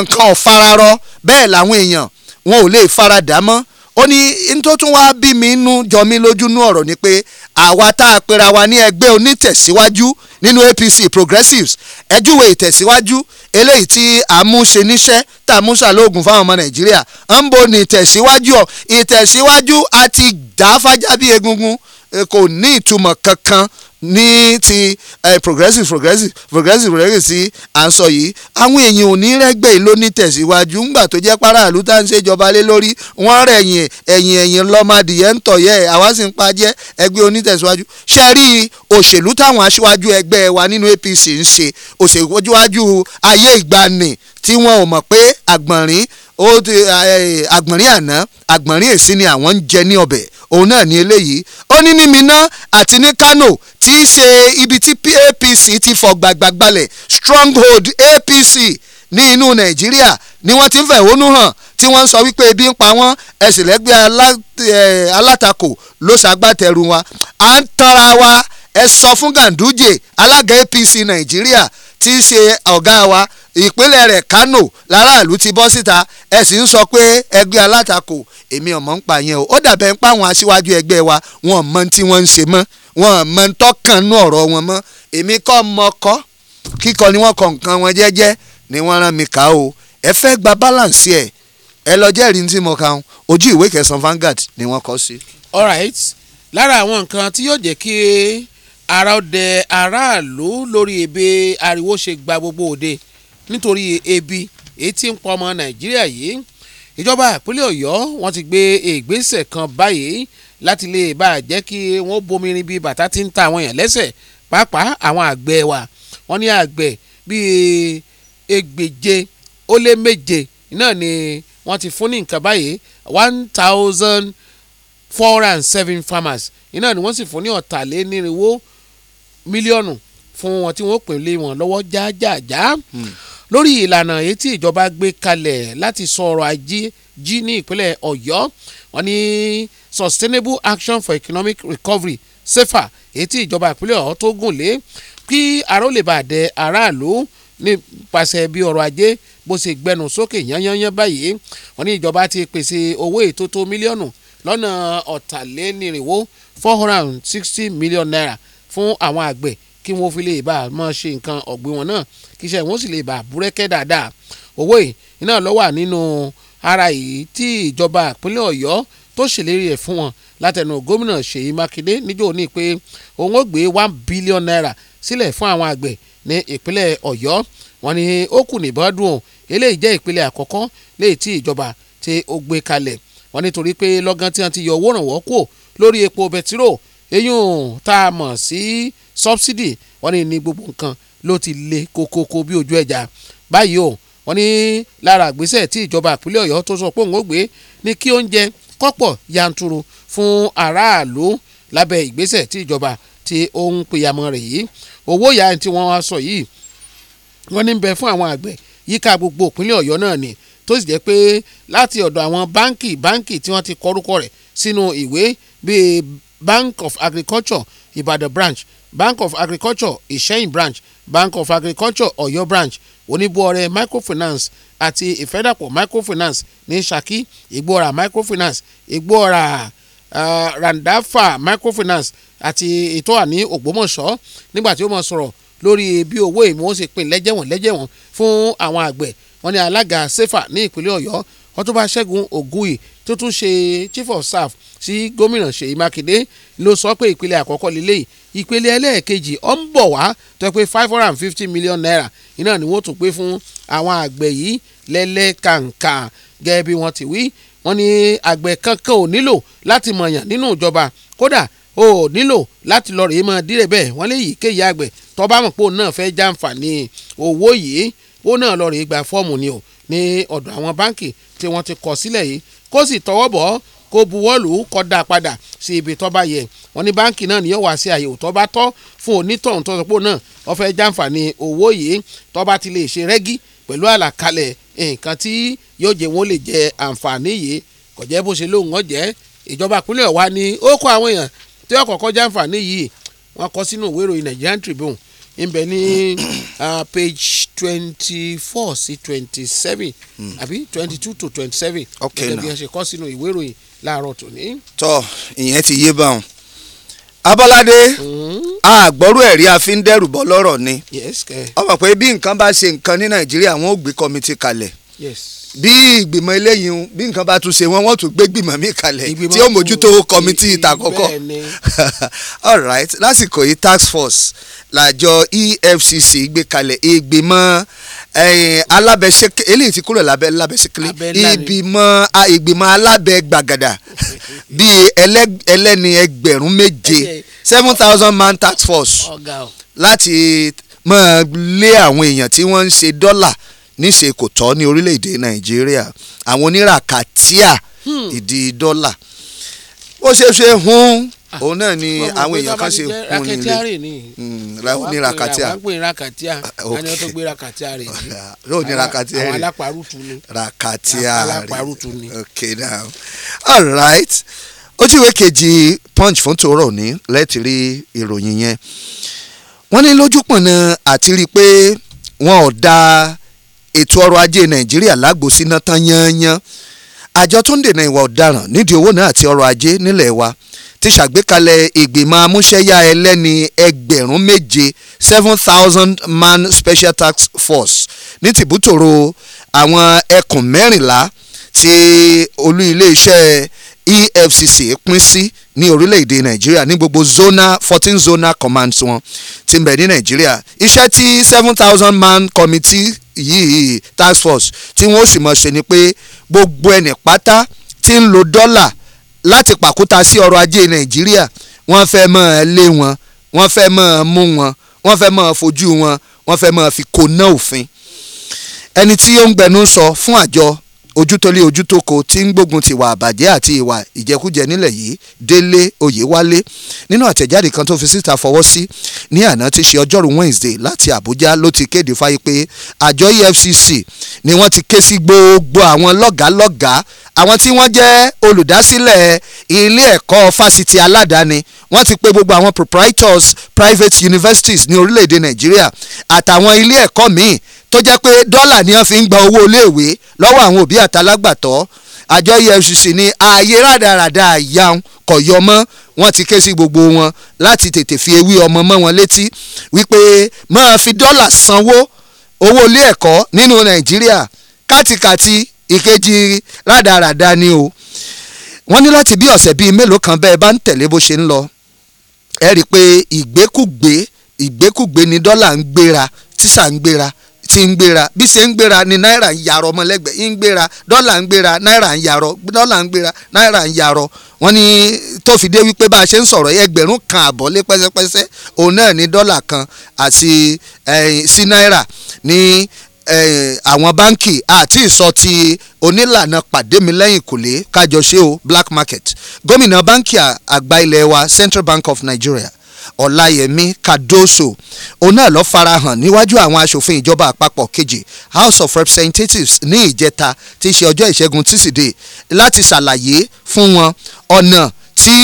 nǹkan ọ̀fararọ bẹ́ẹ̀ làwọn èèyàn wọn ò lè faradà mọ́ ó ní n tó tún wáá bí mi nú jọ mí lójú nú ọ̀rọ̀ ni pé àwa tá a pera wa ní ẹgbẹ́ onítẹ̀síwájú nínú APC progressives ẹjúwe ìtẹ̀síwájú eléyìí tí àmúṣe níṣẹ́ tá a múṣà lóògùn fáwọn ọmọ nàìjíríà ń bo ní ìtẹ̀síwájú ọ̀ ìtẹ̀síwájú àti dáfájá bíi egungun e kò ní ìtumọ̀ kankan ní ti eh, progressive progressive progressive progressive tí à ń sọ yìí àwọn èèyàn ò ní rẹ́gbẹ́ ìlú ní tẹ̀síwájú ńgbà tó jẹ́ paráàlú tá à ń ṣèjọba lé lórí wọ́n rẹ̀ ẹ̀yìn ẹ̀yìn ẹ̀yìn lọ́mọdìyẹ ń tọ̀ yẹ àwa sì ń pajẹ́ ẹgbẹ́ onítẹ̀síwájú ṣe rí òṣèlú táwọn aṣíwájú ẹgbẹ́ wa nínú APC ń ṣe òṣèwájú ayé ìgbani tí wọn ò mọ̀ pé àgbọ̀nrín àgbọ̀nrín àná àgbọ̀nrín èsì ni àwọn ń jẹ ní ọbẹ̀ òun náà ní eléyìí ó ní ní Minna àti ní Kano tí í ṣe ibi tí APC ti fọ̀gbàgbà stronghold APC ní inú Nàìjíríà ni wọ́n ti ń fẹ̀hónú hàn tí wọ́n ń sọ wípé ebi ń pa wọ́n ẹ̀sìnlẹ́gbẹ́ alátakò ló ṣàgbàtẹ̀rù wa à ń tanra wa ẹ sọ fún Ganduje alága APC Nàìjíríà tí í ṣe ọ̀gá wa ìpínlẹ̀ rẹ̀ Kano láràlú ti bọ́ síta ẹ sì ń sọ pé ẹgbẹ́ alátakò èmi ọ̀mọ́ ń pa yẹn o ó dàbẹ̀ ń pa àwọn aṣíwájú ẹgbẹ́ wa wọn mọ tí wọ́n ń ṣe mọ́ wọn mọ tọkànnú ọ̀rọ̀ wọn mọ́ èmi kọ́ mọ kọ́ kíkọ ni wọ́n kọ nǹkan wọn jẹ́jẹ́ ni wọ́n rán mi ká o ẹ fẹ́ gba balance ẹ̀ ẹ lọ jẹ́rìí tí mo kàn ojú ìwé kẹsàn-án Vanguard ni wọ́n kọ sí. all right lára àwọn nǹkan tí yóò jẹ́ kí ara ọdẹ aráàlú lórí ebe ariwo ṣe gba gbogbo òde nítorí ebi èyí tí ń pa ọmọ nàìjíríà yìí ìjọba ìpínlẹ̀ ọ̀yọ́ wọ́n ti gbé ìgbésẹ̀ kan báyìí láti lè bá a jẹ́ kí wọ́n bomirin bíi bàtà tí ń ta àwọn èèyàn lẹ́sẹ̀ pàápàá àwọn àgbẹ̀ wa wọ́n ní àgbẹ̀ bíi ẹgbẹ̀je ó lé méje náà ni wọ́n ti fún ní nǹkan báyìí one thousand four and seven farmers iná ni wọ́n sì fún ní ọ̀tàlénírínwó mílíọ̀nù fún wọn tí wọ́n pè lé wọn lọ́wọ́ jájájá. Hmm lórí ìlànà èyí tí ìjọba gbé kalẹ̀ láti sọ ọrọ̀ ajé jí ní ìpínlẹ̀ ọ̀yọ́ wọn ní sustainable action for economic recovery sefa èyí tí ìjọba ìpínlẹ̀ ọ̀hún tó gùn lé kí aró lè bàa dẹ aráàlú nípasẹ̀ bí ọrọ̀ ajé bó ṣe gbẹnu sókè yányányán báyìí wọn ní ìjọba ti pèsè owó ètò tó mílíọ̀nù lọ́nà ọ̀tàlénírínwó four hundred and sixty million naira fún àwọn àgbẹ̀ kí wọ́n fi lè bá a máa ṣe nǹkan ọ̀gbìn wọn náà kí iṣẹ́ wọn sì lè bá a búrẹ́kẹ́ dáadáa owó iná ló wà nínú ara yìí tí ìjọba ìpínlẹ̀ ọ̀yọ́ tó ṣèlérí ẹ̀ fún wọn látẹnu gómìnà ṣèyí mákindé níjó ní pé òun ó gbé one billion naira sílẹ̀ fún àwọn àgbẹ̀ ní ìpínlẹ̀ ọ̀yọ́ wọn ni ó kù níbọn dùn eléyìí jẹ́ ìpínlẹ̀ àkọ́kọ́ léyìí tí ìjọba tí ó gbé kalẹ̀ wọn nítorí pé lọ́gán tí wọ́n ti yọ owó rànwọ́ kù lórí epo bẹtiró eyín tá mọ̀ sí si, subsidy wọ́n ní ní gbogbo nǹkan ló ti le kókókó bí ojú ẹja báyìí o wọ́n ní lára àgbésẹ̀ tí ìjọba ìpínlẹ̀ ọ̀yọ́ tó sọ pé òun ó gbé ní kí oúnjẹ kọ́pọ̀ yanturu fún aráàlú lábẹ́ ìgbésẹ̀ tí ìjọba tí ó ń pèyàmọ́ rẹ̀ yìí owó ìyá tí wọ́n wá sọ yìí wọ́n ní bẹ fún àwọn àgbẹ̀ yíká gbogbo ìpínlẹ̀ ọ̀yọ́ náà ni tó sì jẹ́ pé láti ọ̀dọ̀ àwọn báǹkì báǹkì tí wọ́n ti kọ́rúkọ rẹ̀ sínú ìwé bíi Bank of Agriculture Ìbàdàn branch bank of agriculture ìṣẹ́yìn branch bank of agriculture ọ̀yọ́ branch oníbúọrẹ microfinance àti ìfẹ́dàpọ̀ microfinance ní ṣakí ìgbọ́ra microfinance ìgbọ́ra uh, randafa microfinance àti ìtọ́wà ní ògbómọ̀ṣọ́ nígbà tí ó mọ̀ sọ̀rọ̀ lórí bí owó ìmúwó ṣe pín lẹ́jẹ̀wọ̀n lẹ́jẹ̀wọ̀n fún àwọn àgbẹ̀ wọn ni alága sefa ní ìpínlẹ̀ ọ̀yọ́ ọtúnba ṣẹ́gun ògùyì tó tún ṣe chief of staff sí gómìnà ṣèyí mákindé ló sọ pé ìpínlẹ̀ àkọ́kọ́ lélẹ́yìí ìpele ẹlẹ́ẹ̀kejì ọ̀ ń bọ̀ wá tó pé five hundred and fifty million naira iná ni wọ́n tún pé fún àwọn àgbẹ̀ yìí lẹ́lẹ́kàǹkà gẹ́gẹ́ bí wọ́n ti wí wọ́n ní àgbẹ̀ kankan ò nílò láti mọ̀yàn nínú ìjọba kódà ò nílò láti lọ rèé mọ́ dírẹ̀ bẹ́ẹ̀ wọ́n lè yí kéyìí àgbẹ̀ tó bá mọ̀ pé òun náà fẹ́ jàǹfààní owó yìí ó náà lọ rèé gba fọ́ọ̀mù ni o ní ọ̀dọ̀ àwọn báǹkì tí wọ́n ti kọ̀ sílẹ̀ yìí kó sì tọwọ́ bọ̀ kó buwọ́lù kó dá padà sí ibi tó bá yẹ wọ́n ní báǹkì náà ni yóò wá sí àyẹ̀wò tó bá tọ́ fún onítọ̀hún tó sọ pé náà wọ́n fẹ́ jàǹfààní owó yìí tó bá ti lè ṣe rẹ́gí pẹ̀lú àlàkalẹ̀ nǹkan tí yóò jẹ́ wọ́n lè jẹ àǹfààní yìí kò jẹ́ bó ṣe lóhùn ọ́ jẹ́ ìjọba ìpínlẹ̀ wa ni ó kọ́ àwọn èèyàn tí ó kọ́kọ́ jàǹfààní yìí wọ́n kọ sínú ìwé ìròyìn Nigerian Tribune ìbẹ̀ ní hmm. page twenty four sí twenty seven hmm. àbí twenty two to twenty seven gẹ́gẹ́ bí ẹ ṣe kọ sínú ìwé ìròyìn láàárọ̀ tòní. tọ́ ìyẹn ti yé báwọn abọ́ládé àgbọ́rú hmm? ẹ̀rí àfíndẹ́rùbọ́ lọ́rọ̀ ni ọmọ pé bí nǹkan bá ṣe nǹkan ní nàìjíríà wọn ò gbé kọ́mítì kalẹ̀ bí ìgbìmọ̀ eléyìí bí nǹkan bá tún ṣe wọ́n wọ́n tún gbé gbìmọ̀ mi kalẹ̀ tí ó mójútó kọ́mítì ìtàkọ́kọ́ all right lásìkò yìí task force làjọ EFCC gbé kalẹ̀ ìgbìmọ̀ eh, alábẹ́sẹ̀kẹ́ eléyìí ti kúrò lábẹ́ lábẹ́sẹ̀kẹ́lẹ́ ìgbìmọ̀ ìgbìmọ̀ alábẹ́ gbàgàdà bíi ẹlẹ́ni ẹgbẹ̀rún méje seven thousand man task force láti máa lé àwọn èèyàn tí wọ́n ń ṣe dọ́là níṣe kò tọ́ ní orílẹ̀-èdè nàìjíríà àwọn oníràkàtíà hmm. ìdí dọ́là ó ṣe ṣe hun ah. òun náà ni àwọn èèyàn kan ṣe hun nílé oníràkàtíà hmm, àwọn ah, tó gbé ràkàtíà rè ní àwọn alápàrútu ni ràkàtíà rè okay now all right ojú ìwé kejì punch fún tòrọ ní lẹ́tì rí ìròyìn yẹn wọ́n ní lójúpọ̀nà àti rí i pé wọ́n ò dáa ètò ọrọ̀ ajé nàìjíríà lágbòsíná tán yányán àjọ tó ń dènà ìwà ọ̀daràn nídìí owó náà àti ọrọ̀ ajé nílẹ̀ wa ti ṣàgbékalẹ̀ ìgbìmọ̀ amúṣẹ́yá ẹlẹ́ni ẹgbẹ̀rún méje seven thousand man special task force ní tìbútòrò àwọn ẹkùn mẹ́rìnlá tí olú iléeṣẹ́ EFCC pín sí ní orílẹ̀-èdè Nàìjíríà ní gbogbo zona fourteen zona commands wọn ti ń bẹ ní Nàìjíríà iṣẹ́ tí seven thousand man committee yìí task force tí wọ́n sì mọ̀ ṣe ni pé gbogbo ẹnì pátá tí ń lo dọ́là láti pàkúta sí ọrọ̀ ajé nàìjíríà wọ́n fẹ́ mọ̀ ẹ́ lé wọn wọ́n fẹ́ mọ̀ ẹ́ mú wọn wọ́n fẹ́ mọ̀ ẹ́ fojú wọn wọ́n fẹ́ mọ̀ ẹ́ fi kóná òfin ẹni tí ó ń gbẹnu sọ fún àjọ ojútólé ojútóko tí ń gbógun tiwa àbàjẹ́ àti ìwà ìjẹkújẹ nílẹ̀ yìí délé oyèwálé nínú àtẹ̀jáde kan tó fi síta fọwọ́ sí ní àná tí ṣe ọjọ́rú wednesday láti àbújá ló ti kéde fáyé pé àjọ efcc ni wọ́n ti ké sí gbogbo àwọn lọ́gàálọ́gàá àwọn tí wọ́n jẹ́ olùdásílẹ̀ ilé ẹ̀kọ́ fásitì aládàáni wọ́n ti pè gbogbo àwọn proprietors private universities ní orílẹ̀-èdè nàìjíríà àtàwọn ilé ẹ̀kọ́ míì tó jẹ́ pé dọ́là ni wọ́n fi ń gba owó iléèwé lọ́wọ́ àwọn òbí àtàlágbàtọ́ àjọ EFCC ní ààyè rádaràda àyàn kò yọ mọ́ wọ́n ti ké sí gbogbo wọn láti tètè fi ewì ọmọ mọ́ wọn létí wípé máa fi dọ́là sanwó owó ilé ẹ̀kọ́ nínú Nàìjíríà kàtìkàtì ìkejì rádaràda ni o wọ́n ní láti bí ọ̀sẹ̀ bíi mélòó kan bẹ́ẹ̀ bá ń tẹ̀lé bó ṣe ń lọ ẹ rí i pé ìgbékùgbé ìgbékùgbé ni dọ́là ń gbéra tísà ń gbéra ti ń gbéra bí ṣe ń gbéra ni náírà ń yarọ ọmọlẹ́gbẹ̀ẹ́ ń gbéra dọ́là ń gbéra náírà ń yarọ dọ́là ń gbéra náírà ń yarọ wọ́n ní tó fi dé wípé bá a ṣe ń sọ̀rọ̀ ẹgbẹ̀rún kan àbọ̀ lé pẹ́sẹ́pẹ́sẹ́ òun náà ní dọ́là kan àti sí náírà ní àwọn báǹkì àti ìsọ ti onílànà pàdémilẹ́yìn kòlé kájọ ṣe o black market gómìnà báǹkì àgbà ilé wa Central Bank of Nigeria ọláyẹmí Kadoso, òun náà lọ farahàn níwájú àwọn aṣòfin ìjọba àpapọ̀ kejì house of representatives ní ìjẹta tí í ṣe ọjọ́ ìṣẹ́gun tísídẹ̀ẹ́ láti ṣàlàyé fún wọn ọ̀nà tí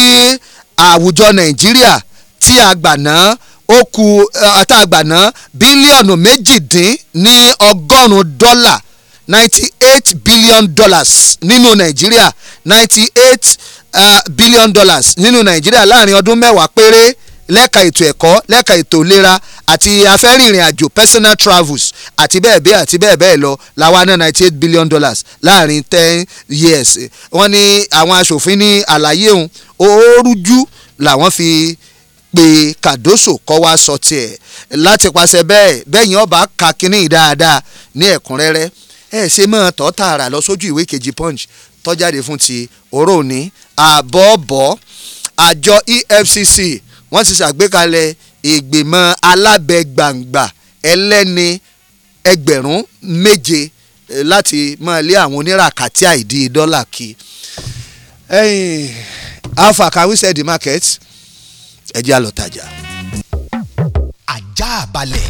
àwùjọ nàìjíríà tí a gbà náà ó ku àtàgbàná eh, bílíọ̀nù méjìdín ní ọgọ́rùn-ún dọ́là ninety eight billion dollars nínú nàìjíríà ninety eight eh, billion dollars nínú nàìjíríà láàrin ọdún mẹ́wàá péré lẹ́ka ètò ẹ̀kọ́ lẹ́ka ètò ìlera àti afẹ́rìnrìn àjò personal travels àti bẹ́ẹ̀ bẹ́ẹ̀ àti bẹ́ẹ̀ bẹ́ẹ̀ lọ làwa ná ninety eight billion dollars láàrin ten years wọ́n ní àwọn aṣòfin ní àlàyé òun òórùjú làwọn fi pé kàdóso kọ́ wá sọ tiẹ̀ láti paṣẹ bẹ́ẹ̀ bẹ́ẹ̀ yẹn ọba ka kínní dáadáa ní ẹ̀kúnrẹ́rẹ́ ẹ̀ ṣe mọ́ tọ́ tààrà lọ sójú ìwé kejì punch tọ́jáde fún ti òróòní àbọ̀bọ̀ àjọ EFCC wọ́n ti ṣàgbékalẹ̀ ìgbìmọ̀ alábẹ́gbàǹgbà ẹlẹ́ni ẹgbẹ̀rún méje eh, láti máa lé àwọn oníràkàtì àìdí dọ́là kí. alpha can we sell the market? ẹ jẹ́ àlọ́tajà. ajá balẹ̀.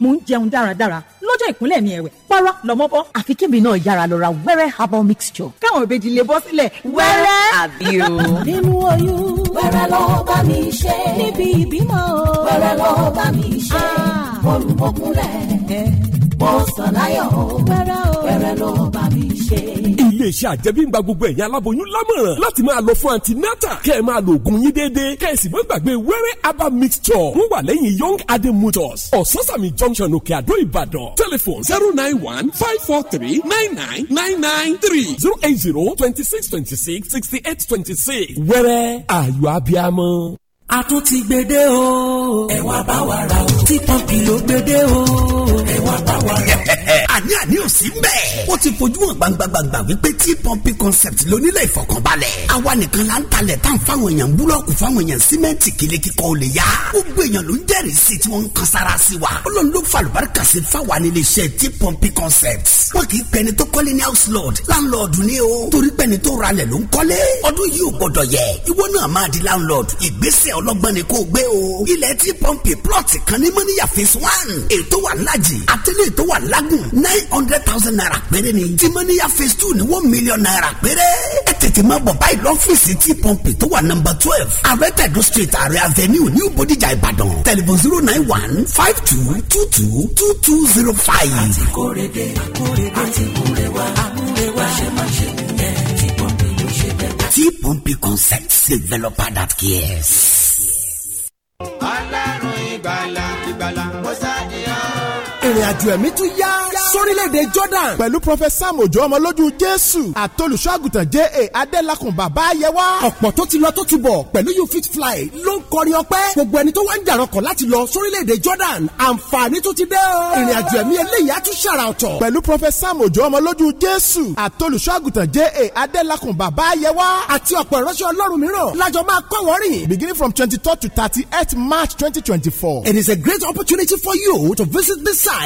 mo ń jẹun dáradára lọ́jọ́ ìkúnlẹ̀ mi ẹ̀wẹ̀ para lọ́mọ bọ́. àfi kébì náà yára lọ ra wẹ́rẹ́ herbal mixture. káwọn ìbejì lè bọ́ sílẹ̀ wẹ́rẹ́. àbí o. nínú oyún wẹ́rẹ́ lọ bá mi ṣe. níbi ìbímọ wẹ́rẹ́ lọ bá mi ṣe. Ah. mo rù mọ́kúnlẹ̀ mo sọ láyọ̀ o bá mi ṣe. iléeṣẹ́ àjẹmíngba gbogbo ẹ̀yin aláboyún lámọ̀ràn láti máa lọ fún antinata kẹ́ ẹ̀ máa lo oògùn yín déédéé kẹ́ ẹ̀ sì mọ́ gbàgbé wẹ́rẹ́ herbal mixture wọ́n wà lẹ́yìn young adé motors ososami junction òkè àdó ìbàdàn telephone zero nine one five four three nine nine nine nine three zero eight zero twenty six twenty six sixty eight twenty six wẹ́rẹ́ ayọ̀ abiamọ a tún ti gbede o. ẹ wá bá wa ra o. tí pọ́ǹpì ló gbede o. ẹ wá bá wa ti fojú hàn gbangbangba wípé tí pọ́ǹpì concept lónílẹ̀ ìfọ̀kànbalẹ̀ àwa nìkan la ń talẹ̀ tán fáwọn èèyàn búlọ́ọ̀kù fáwọn èèyàn símẹ́ǹtì kílé kíkọ́ ó lè yá gbogbo èèyàn ló ń jẹ́rìí sí tí wọ́n ń kan sára sí wa ọlọ́run ló sí fáwa nílé iṣẹ́ concept wọn kì í pẹni tó kọ́lé ní house lord landlord ni o torí pẹni tó ralẹ̀ ló ń kọ́lé ọdún yìí ò gbọ́dọ̀ di landlord ìgbésẹ̀ ọlọ́gbọ́n ni kò o ilẹ̀ tí pọ́ǹpì plot kan phase one ètò wà lájì àtẹ́lẹ̀ ètò nine hundred thousand naira lónìí tí mọ́níyà phase two ní one million naira péré ẹ tètè máa bọ̀ báyìí lọ́fíìsì tí pọ́ǹpì tó wà nọ́mbà twelve àrẹ street àrẹ avenue new bodijà ìbàdàn tẹlifon zero nine one five two two two two two zero five. àti kórede àti kúrewa àmúrewa ṣe máa ṣe nìyẹn tí pọ́ǹpì ló ṣe bẹ́ẹ̀. tí pọ́ǹpì concept developer that cares. ọlọ́run ìgbàlà ìgbàlà mọ́sáàdì ọ́ ìrìn àjò ẹ̀mí tún yá sórílẹ̀-èdè Jordan pẹ̀lú Prophet Sam ọmọlójú Jésù àtolùṣọ́àgùtàn J.A. Adélakùn bàbá ayẹwà. ọ̀pọ̀ tó ti lọ tó ti bọ̀ pẹ̀lú You Fit Fly ló ń kọrin ọpẹ́ gbogbo ẹni tó wá ń jàrọ̀kọ̀ láti lọ sórílẹ̀-èdè Jordan àǹfààní tó ti dé o. ìrìn ẹ̀mí eléyìí á tún ṣàrà ọ̀tọ̀. pẹ̀lú Prophet Sam ọmọlójú Jésù àtolùṣọ́àgùtàn J.A. a great opportunity for you to visit this site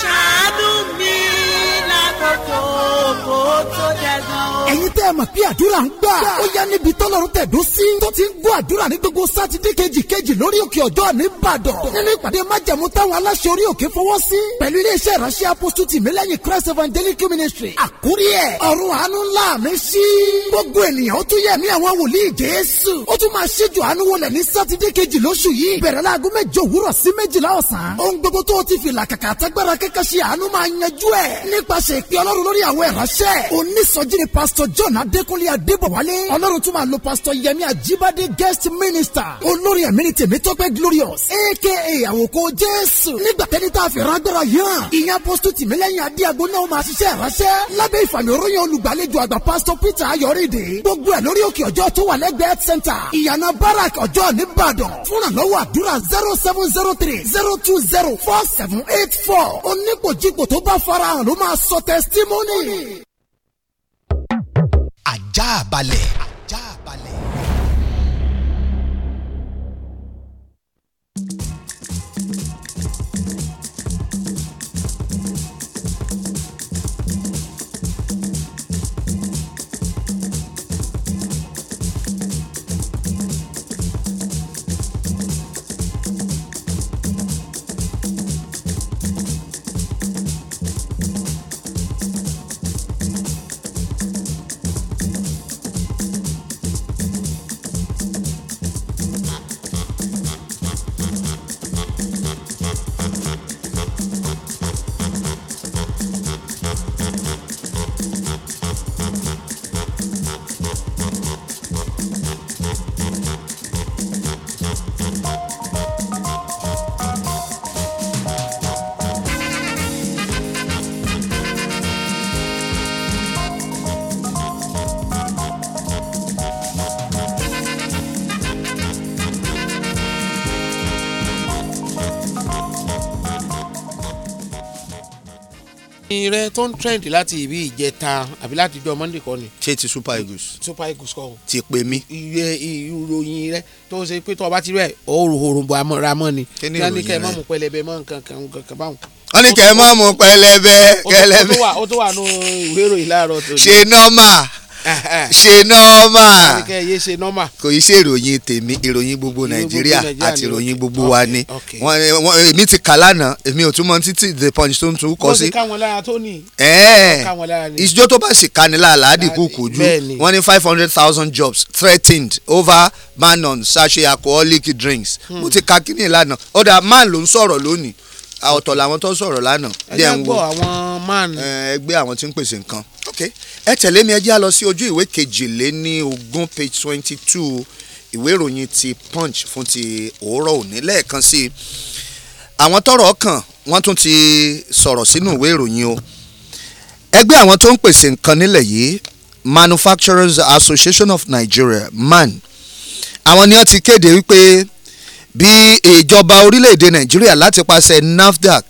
ṣàánú mi lákòókò kò tó dẹ̀gàn o. ẹ̀yin tẹ́ ẹ mọ̀ pé àdúrà ń gbà ó yá níbi tọ́lọ́run tẹ̀dó sí tó ti ń gbọ́ àdúrà ní gbogbo sátidé kejì kejì lórí òkè ọjọ́ nìbàdàn nínú ìpàdé májẹ̀mú táwọn aláṣẹ orí òkè fọwọ́ sí pẹ̀lú iléeṣẹ́ ìránṣẹ́ apostol tìmílẹ́yìn Christ Evangelical Ministry àkórí ẹ̀ ọ̀run àánú ńlá mi sí gbogbo ènìyàn ó tún yẹ mí àwọn wòlíì Jésù ó tún máa ṣíjú àánú wọlé ní sátidé kejì lóṣù yìí bẹ̀rẹ̀ agbára kẹ́kẹ́ ṣe àánú máa yanjú ẹ̀ nípasẹ̀ ìpè ọlọ́run lórí àwọn ìránṣẹ́ onísọjí pásítọ̀ John Adékúnlé Adébọ̀wálé ọlọ́run tún máa lo pásítọ̀ Yẹmi Àjíbádé guest minister olórí ẹ̀mí ni Tèmítọ́pẹ́ Glorious aka àwòkọ́ Jésù nígbà tẹ́ni tá a fi rágbára yàn ìyẹn apostol tìmílẹ́yìn adíago náà máa ṣiṣẹ́ ìránṣẹ́ lábẹ́ ìfàmì oróyìn olùgbàlejò four seven eight four bọ̀ onípòjìpò tó bá farahàn ló máa sọ tẹsítímọ́nì. ajá balẹ̀ ìròyìn rẹ tó ń trend láti ibi ìjẹta àbí láti jọ monday kọ́ ni. ṣé ti super eagles. super eagles kọ́. ti pè mí. iye ìròyìn rẹ tó ṣe pé tó o ti rẹ òòrùn bò àmọ́ ni. kí ni ìròyìn rẹ kí ni kẹ́ ẹ mọ̀ mú pẹlẹbẹ mọ́ nǹkan kan nǹkan báwọn wọ́n ní kẹ́ ẹ mọ́ mú pẹlẹbẹ kẹlẹbẹ. ó tó wà ó tó wà nù ìwé ìròyìn láàárọ̀ tó ṣe nọ́mà. Eh, eh. ṣe nọ́ọ̀mà kò í ṣe ìròyìn tèmi ìròyìn gbogbo nàìjíríà àti ìròyìn gbogbo wa ni èmi ti kà lánàá èmi ò tún mọ títí the punch tó ń tún kọ sí. ìṣjó tó bá sì kani láàlá àdìkú kojú wọ́n ní five hundred thousand jobs threatened over ban on sachet alcoholic drinks mo hmm. ti ka kí ni ìlànà ọ̀dà man ló ń sọ̀rọ̀ lónìí ọ̀tọ̀ làwọn tó sọ̀rọ̀ lánàá. ẹgbẹ́ gbọ́ àwọn man. ẹgbẹ́ àwọn tí ń pèsè nǹkan. ok ẹ tẹ̀lé mi ẹ jẹ́ á lọ sí ojú ìwé kejìléní ogún page twenty two ìwé ìròyìn ti punch fún ti òórọ̀ òní lẹ́ẹ̀kan sí i àwọn tọ́rọ̀ kàn wọ́n tún ti sọ̀rọ̀ sínú ìwé ìròyìn o ẹgbẹ́ àwọn tó ń pèsè nǹkan nílẹ̀ yìí manufacturers association of nigeria man àwọn ni wọ́n ti kéde wípé bí ìjọba orílẹ̀-èdè nàìjíríà láti pàṣẹ NAFDAC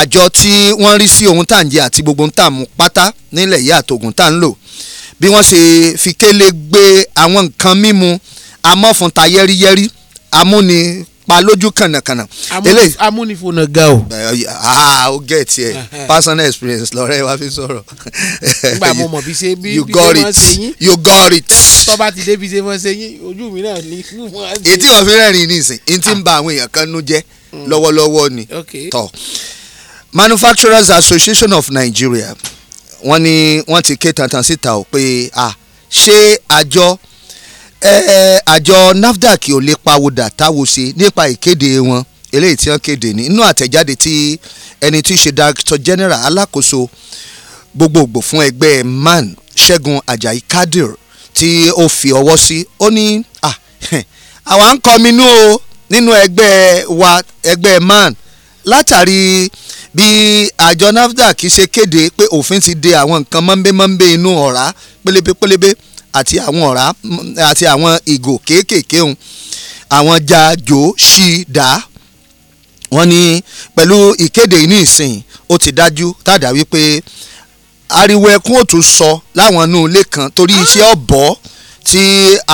àjọ tí wọ́n rí sí ohun tá à ń jẹ àti gbogbo ohun tá à mú pátá nílẹ̀ yìí àtògùn tá à ń lò bí wọ́n ṣe fi kélé gbé àwọn nǹkan mímu amọ́fun ta yẹ́ríyẹ́rí amúni pa lójú kànàkànà. amúnifòna ga o. aa o get here personal experience lọ́rẹ́ wa fi sọ̀rọ̀. nígbà mo mọ̀ bí ṣe bí bí ṣe wọ́n ṣe yín. you got it. tọ́ba ti dé bí ṣe wọ́n ṣe yín ojú mi náà ni. etí wọn fi rẹ́rìn nísìn n ti ń ba àwọn èèyàn kan nú jẹ́ mm. lọ́wọ́lọ́wọ́ ni tọ̀ manufacturers association of nigeria wọ́n ní wọ́n ti ké tantan síta o pé a ṣé àjọ. Ah, àjọ NAFDAC ò lè pawọ́dà táwo ṣe nípa ìkéde wọn eléyìí tí wọ́n kéde ní inú àtẹ̀jáde tí ẹni tí í ṣe Director General alákòóso gbogbogbò fún ẹgbẹ́ MAN Ṣẹ́gun Ajayi Kadir tí ó fi ọwọ́ sí ó ní àwa ń kọminú o nínú ẹgbẹ́ wa ẹgbẹ́ MAN látàrí bí àjọ NAFDAC ṣe kéde pé òfin ti de àwọn nǹkan mọ́nbé mọ́nbé inú ọ̀rá pélébépélébé pélébé àti àwọn ọ̀rá àti àwọn ìgò kéékèèké òun àwọn jaajo ṣìdá wọ́n ní pẹ̀lú ìkéde ní ìsìn ó ti dájú tàdá wípé ariwo ẹkún òtún sọ láwọn inú ilé kan torí iṣẹ́ ọ̀bọ̀ tí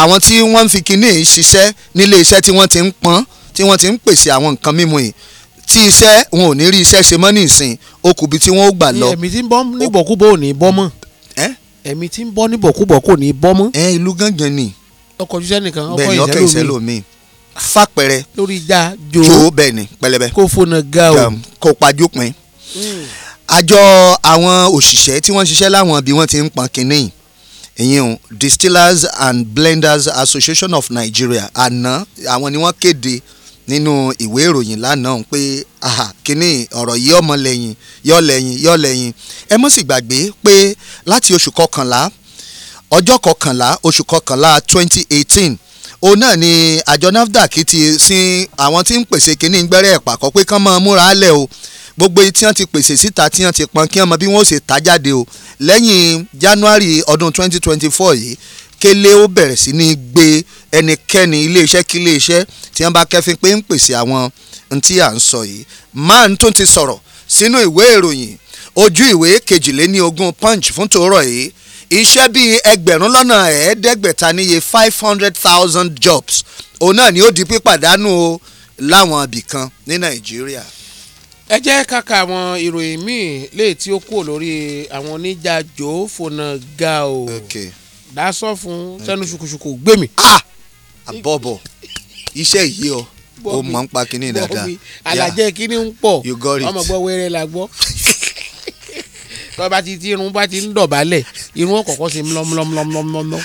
àwọn tí wọ́n ń fi kinní ṣiṣẹ́ nílé iṣẹ́ tí wọ́n ti ń pọ́n tí wọ́n ti ń pèsè àwọn nǹkan mímu yìí tí iṣẹ́ wọn ò ní rí iṣẹ́ ṣe mọ́ ní ìsìn okùnbi tí wọ́n ó gbà lọ. ẹ̀mí tí ń bọ́ níbọ̀kúbọ̀ ò ní bọ́ mọ́ ẹ̀mí tí ń bọ́ ní bọ̀kúbọ̀ kò ní bọ́ mọ́. ẹ ìlú gángan ni. ọkọ̀ jíṣẹ́ nìkan ọkọ̀ ìṣẹ́ lómi. Ah. fàpẹrẹ lórí ìjà jo jo bẹ́ẹ̀ ni pẹlẹbẹ. kó fona ga o kó pajó pin. Hmm. àjọ àwọn òṣìṣẹ́ tí wọ́n ṣiṣẹ́ láwọn bí wọ́n ti ń pọn kínní ìyẹn distillers and blenders association of nigeria àná àwọn ni wọ́n kéde nínú ìwé ìròyìn lánàá pé kínní ọ̀rọ̀ yìí ọmọ lẹ́yìn yọ lẹ́yìn yọ lẹ́yìn ẹ mọ̀ sì gbàgbé pé láti oṣù kọkànlá ọjọ́ kọkànlá oṣù kọkànlá twenty eighteen òun náà ni àjọ NAFDAC ti sin àwọn tí ń pèsè kínní gbẹ́rẹ́ ìpàkọ́ pé kán máa múra á lẹ̀ o gbogbo etí wọn ti pèsè síta tí wọn ti pọn kí wọn mọ bí wọn ó ṣe ta jáde o lẹ́yìn January ọdún twenty twenty four yìí kélé ó bẹ̀rẹ̀ sí ní gbé ẹnikẹ́ni iléeṣẹ́ kí iléeṣẹ́ tí wọ́n bá kẹ́fín pé ń pèsè àwọn ntí à ń sọ yìí máa ń tó ti sọ̀rọ̀ sínú ìwé ìròyìn ojú ìwé kejìléní punch fún tòórọ̀ yìí iṣẹ́ bíi ẹgbẹ̀rún lọ́nà ẹ̀ẹ́dẹ́gbẹ̀ta níye five hundred thousand jobs òun náà ni ó di pípàdánù o láwọn ibìkan ní nàìjíríà. ẹ jẹ́ ká ka àwọn ìròyìn míì léè tí ó kúrò lórí àwọn oníjà jòófò ga o. Okay dasọ fún sẹnu ṣukuṣuku gbé mi. àbọ̀bọ̀ ah! iṣẹ́ yìí ọ o mọ̀ ń pa kínní dáadáa. alajẹ kínní ń pọ̀ ọmọgbọ́ wẹ́rẹ́ la gbọ́ tọ́ba ti ti irun bá ti ń dọ̀bálẹ̀ irun ọ̀kọ̀ọ̀kan sí mlọmlọmlọmlọmlọ.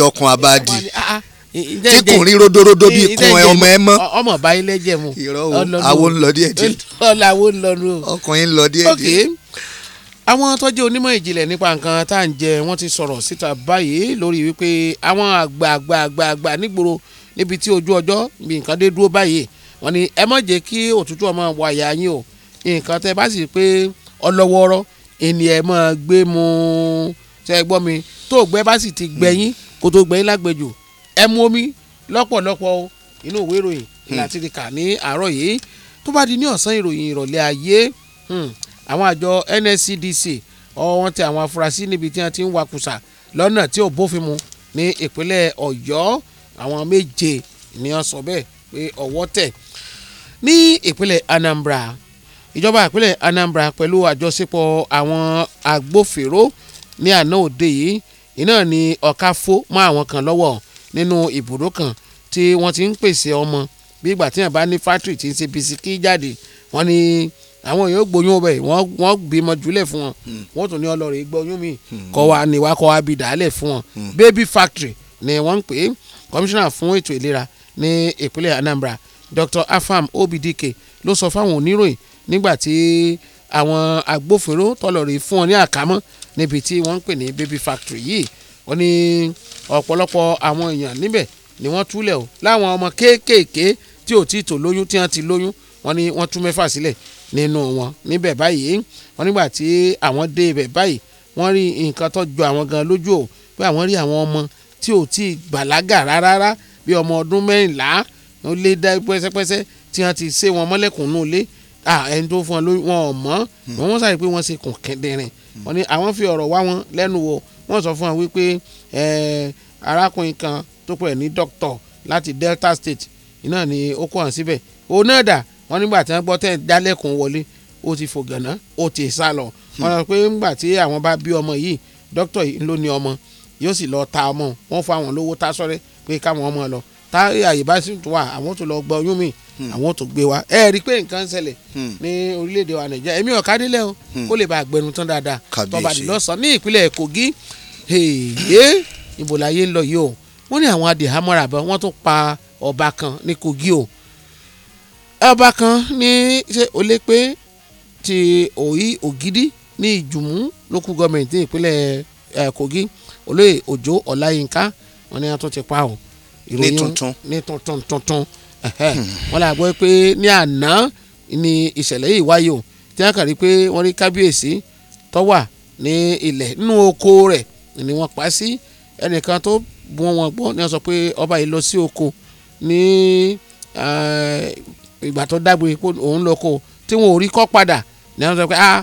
yọkun abadi tí ah, ah, kò rí ródóródó bíi kun ẹ ọmọ ẹ mọ. ọmọ báyìí lẹ́jẹ̀ mu. ìrọ̀ o awo ń lọ díẹ̀ díẹ̀. ọkùnrin ń lọ díẹ̀ díẹ̀ àwọn tó jẹ́ onímọ̀ ìjìnlẹ̀ nípa nǹkan tá à ń jẹ wọ́n ti sọ̀rọ̀ síta báyìí lórí wípé àwọn àgbààgbààgbà nígboro níbi tí ojú ọjọ́ bí nǹkan dé dúró báyìí wọ́n ní ẹ má jẹ́ kí òtútù ọmọ wà yà yín o nǹkan tẹ́ bá sì pé ọlọ́wọ́ọ́rọ́ ẹni ẹ máa gbé mu ṣe é gbọ́ mi tó gbẹ bá sì ti gbẹ yín kó tó gbẹ yín lágbèjò ẹ mu omi lọ́pọ̀lọpọ̀ inú ìwé ìròyìn láti rí kà ní àárọ̀ yìí tó bá di ní ọ̀sán ìròyìn ìrọ̀lẹ́ ayé hmm, àwọn àjọ NSCDC ọwọ́ wọn tẹ àwọn afurasí níbi tí wọ́n ti ń wakùsà lọ́nà tí ò bófin mu ní ìpínlẹ̀ Ọ̀yọ́ àwọn méje ni wọ́n sọ bẹ́ẹ̀ pé ọwọ́ tẹ̀ ní ìpínlẹ̀ Anambra ìjọba ìpínlẹ̀ Anambra pẹ̀lú àjọṣepọ̀ àwọn agbófinró ní àná òde yìí iná ni ọ̀ka fó mọ́ àwọn kan lọ́wọ́ nínú ibùdó kan tí wọ́n ti ń pèsè ọmọ bí ìgbà tí yàn bá ní fátìrì tí ń ṣe bisikì jáde wọ́n ní. Ni àwọn èèyàn gbóyún ọbẹ̀ wọ́n wọ́n bímọ jùlẹ̀ fún wọn hmm. wọ́n tún ní ọlọ́rẹ̀ gbóyún mi hmm. kọ́ wa ni wa kọ́ wa bí dàálẹ̀ fún wọn hmm. baby factory ni wọ́n ń pè é komisanna fún ètò ìlera ní ìpínlẹ̀ Anambra Dr. Afam Obidike ló sọ fáwọn oníròyìn nígbà tí àwọn agbófinró tọlọ̀rẹ̀ fún wọn ní àkámọ́ níbi tí wọ́n ń pè ní baby factory yìí ó ní ọ̀pọ̀lọpọ̀ àwọn èèyàn níbẹ̀ ni wọ́n túlẹ̀ o láwọn ọmọ kéékèèké tí ò tí tò lóyún tí wọ́n ti lóyún wọ́n ní wọ́n tú mẹ́fà sílẹ̀ nínú wọn níbẹ̀ báyìí wọ́n nígbà tí àwọn dé ibẹ̀ báyìí wọ́n rí nǹkan tó jọ àwọn gan lójú o pé àwọn rí àwọn ọmọ tí ò tí ì bàlágà rárá bí ọmọ ọdún mẹ́rìnlá ó lé dá pẹ́sẹ́pẹ́sẹ́ tí wọ́n ti ṣe wọn mọ́lẹ̀kùn nù lé ẹni tó fún wọn wọn ò mọ́ wọn hmm. wọ́n sáré pé wọ́n ṣe kùn kẹ́ndẹ̀rìn hmm. wọ́n ní àwọn fi ọ̀rọ̀ wá wọn lẹ́nu wò wọ́n sọ fún wọn wípé arákùnrin kan tó pẹ̀ ní dókítọ̀ láti Delta State iná ni ó kó hàn síbẹ̀ òun náà dà wọ́n nígbà tí wọ́n gbọ́ tẹ̀ dálẹ́kùn wọlé ó ti fò gànà ó ti sá lọ hmm. wọ́n sọ pé ńgbà tí àwọn bá bí ọmọ yìí dókítà yìí ló ní ọmọ yóò sì lọ ta ọmọ wọn fún àwọn lówó tá sọrẹ pé káwọn ọmọ lọ tá àyè bá sì tún wà àwọn tó lọ gbọ oyún mi hmm. àwọn tó gbé wa ẹ rí i pé nǹkan ń ṣẹlẹ̀ hmm. ní orílẹ̀-èdè wa nàìjíríà èmi ọ̀ká délẹ̀ o kó lè bá gbẹnu tán dáadáa tọba àdìlọ́sàn ní ìpínlẹ̀ kogi èyí ìbòláyé ń lọ yìí o wọ́n ní àwọn adìhámọ́ra bá wọ́n tún pa ọba kan ní kogi o ọba kan ní ṣe olè pé ti òyì ògidì ní ìjùmú lókù gọọmenti ìpínlẹ̀ Kogi olóyè Òjó Ọláyínká wọn ni wọn tún ti pa ọ. ní tuntun ní tuntun tuntun hmm. wọn là gbọ́ pé ní àná ni ìṣẹ̀lẹ̀ yìí wáyé o tí wọn kàn rí pé wọ́n rí kábíyèsí tó wà ní ilẹ̀ nínú oko rẹ̀ ni wọ́n pa sí ẹnìkan tó bú wọn gbọ́ ni wọ́n sọ pé ọba yìí lọ sí oko ní ìgbà tó dágbo epo òun lọ kó tí wọn ò rí kọ́ padà ní àwọn sọ pé ah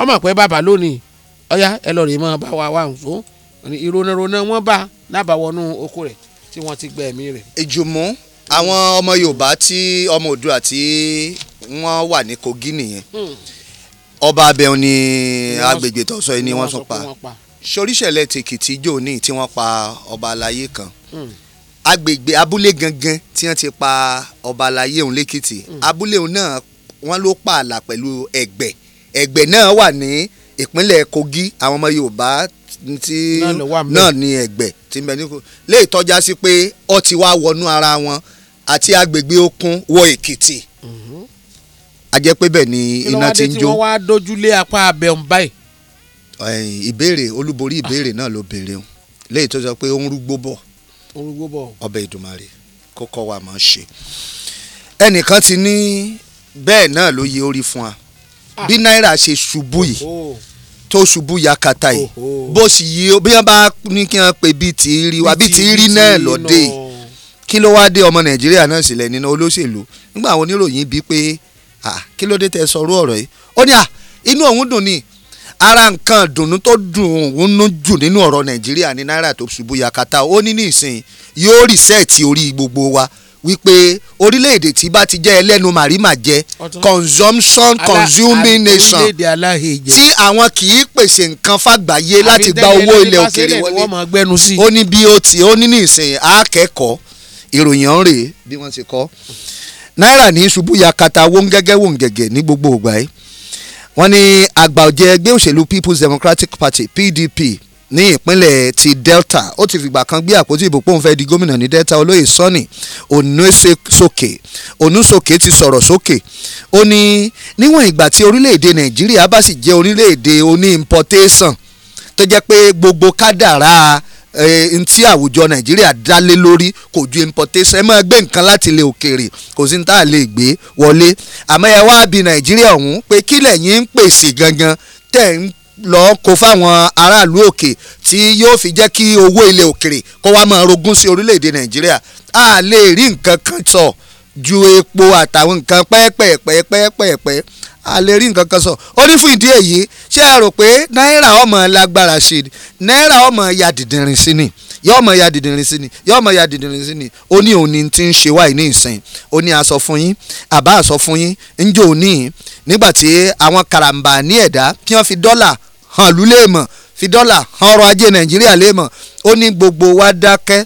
ọmọ pẹ́ bàbá lónìí ọ̀yá ẹ lọ rèé mọ́ bá wa wà nǹkan ìrònàrònà wọn bá lábàwọnú oko rẹ̀ tí wọ́n ti gbẹ ẹ̀mí rẹ̀. ìjùmọ̀ àwọn ọmọ Yorùbá tí ọmọ Oòduà tí wọ́n wà ní Kogi nìyẹn hmm. ọba abẹ́hùn ni agbègbè tó sọ yìí ni wọ́n sọ pa ṣoríṣẹ̀lẹ̀ tèkìtì jò ní tí pa ọba aláyé agbègbè abúlé gangan tí wọ́n ti pa ọba alayé òun lẹ́kìtì hmm. abúlé òun náà wọ́n ló pààlà pẹ̀lú ẹ̀gbẹ́ ẹ̀gbẹ́ náà wà ní ìpínlẹ̀ Kogi àwọn ọmọ Yorùbá tí náà ní ẹ̀gbẹ́ tí ń bẹ ní lè tọ́já sí pé ó ti wá wọnú ara wọn àti agbègbè Okun wọ Èkìtì mm-hmm. a jẹ́ pé bẹ́ẹ̀ ni iná ti ń jó. kí ló wá dé tí wọ́n wá dójúlé apá abẹ́ òun báyìí. ìbéèrè olúborí ah. ìbéèrè náà ló béèrè o tó sọ pé ó ń rúgbó bọ̀ orúgbó bọ̀. ọbẹ̀ ìdùmarè wa máa ń ṣe ẹnìkan ti ní bẹ́ẹ̀ náà ló yẹ orí fún wa ah. bí náírà ṣe ṣubú yìí tó ṣubú yakata yìí bó sì yí bí wọ́n bá ní kí wọ́n pe bíi ti rí wa bíi ti rí náà lọ́dẹ yìí kí ló wá dé ọmọ nàìjíríà náà sílẹ̀ nínú olóṣèlú nígbà àwọn oníròyìn bíi pé kí ló dé tẹ sọ̀rọ̀ ọ̀rọ̀ yìí ó ní à inú òun dùn ni ara nǹkan dùnú tó dùn òun nú jù nínú ọ̀rọ̀ nàìjíríà ní náírà tó ṣubú yakata ó ní nísìn yóò rìsẹ́ẹ̀tì orí gbogbo wa wípé orílẹ̀-èdè tí bá ti jẹ́ ẹlẹ́nu màrímà consumption consuming nation tí àwọn kì í pèsè nǹkan fàgbáyé láti gba owó ilẹ̀ òkèrè wọlé ó ní bí ó ti ó ní nísìn akẹ́kọ̀ọ́ ìròyìn ọ̀rẹ́ bí wọ́n ti kọ́ náírà ní ṣubú yakata wóńgẹ́gẹ́ wóńgẹ́gẹ́ ní gbogbo ìgbà yìí wọ́n ní àgbà ọ̀jẹ̀ ẹgbẹ́ òṣèlú People's Democratic Party PDP ní ìpínlẹ̀ ti Delta ó ti fìgbà kan gbé àpótí ìbò pòun fẹ́ di gómìnà ní Delta olóyè Sunny Onusoke Onusoke ti sọ̀rọ̀ sókè ó ní níwọ̀n ìgbà tí orílẹ̀-èdè Nàìjíríà bá sì jẹ́ orílẹ̀-èdè oní importation tó jẹ́ pé gbogbo kádàrá ntí àwùjọ nàìjíríà dálé lórí kò ju importation ẹ máa gbé nǹkan láti ilẹ̀ òkèèrè kò sí ní lè gbé wọlé àmọ́ ẹ wá bi nàìjíríà ọ̀hún pé kí lẹ́yìn ń pèsè gangan tẹ̀ ń lọ kó fáwọn aráàlú òkè tí yóò fi jẹ́ kí owó ilẹ̀ òkèrè kó wá máa rogún sí orílẹ̀-èdè nàìjíríà a lè rí nǹkan kan sọ ju epo àtàwọn nǹkan pẹ́ẹ́pẹ́ẹ́pẹ́ẹ́pẹ́ẹ́pẹ́ẹ́ a lè rí nǹkan kan sọ ó ní fún ìdí èyí ṣé ẹ rò pé náírà ọmọ lágbára ṣe náírà ọmọ ya dìdìrín sí ni yọ ọmọ ya dìdìrín sí ni yọ ọmọ ya dìdìrín sí ni ó ní òní tí ń ṣe wáyé ní ìsìn ó ní a fún yín àbá a fún yín ń jò ní nígbà tí àwọn karambà ní ẹ̀dá kí wọ́n fi dọ́là hàn lú léèmọ̀ fi dọ́là hàn ọrọ̀ ajé nàìjíríà léèmọ̀ ó ní gbogbo wa dákẹ́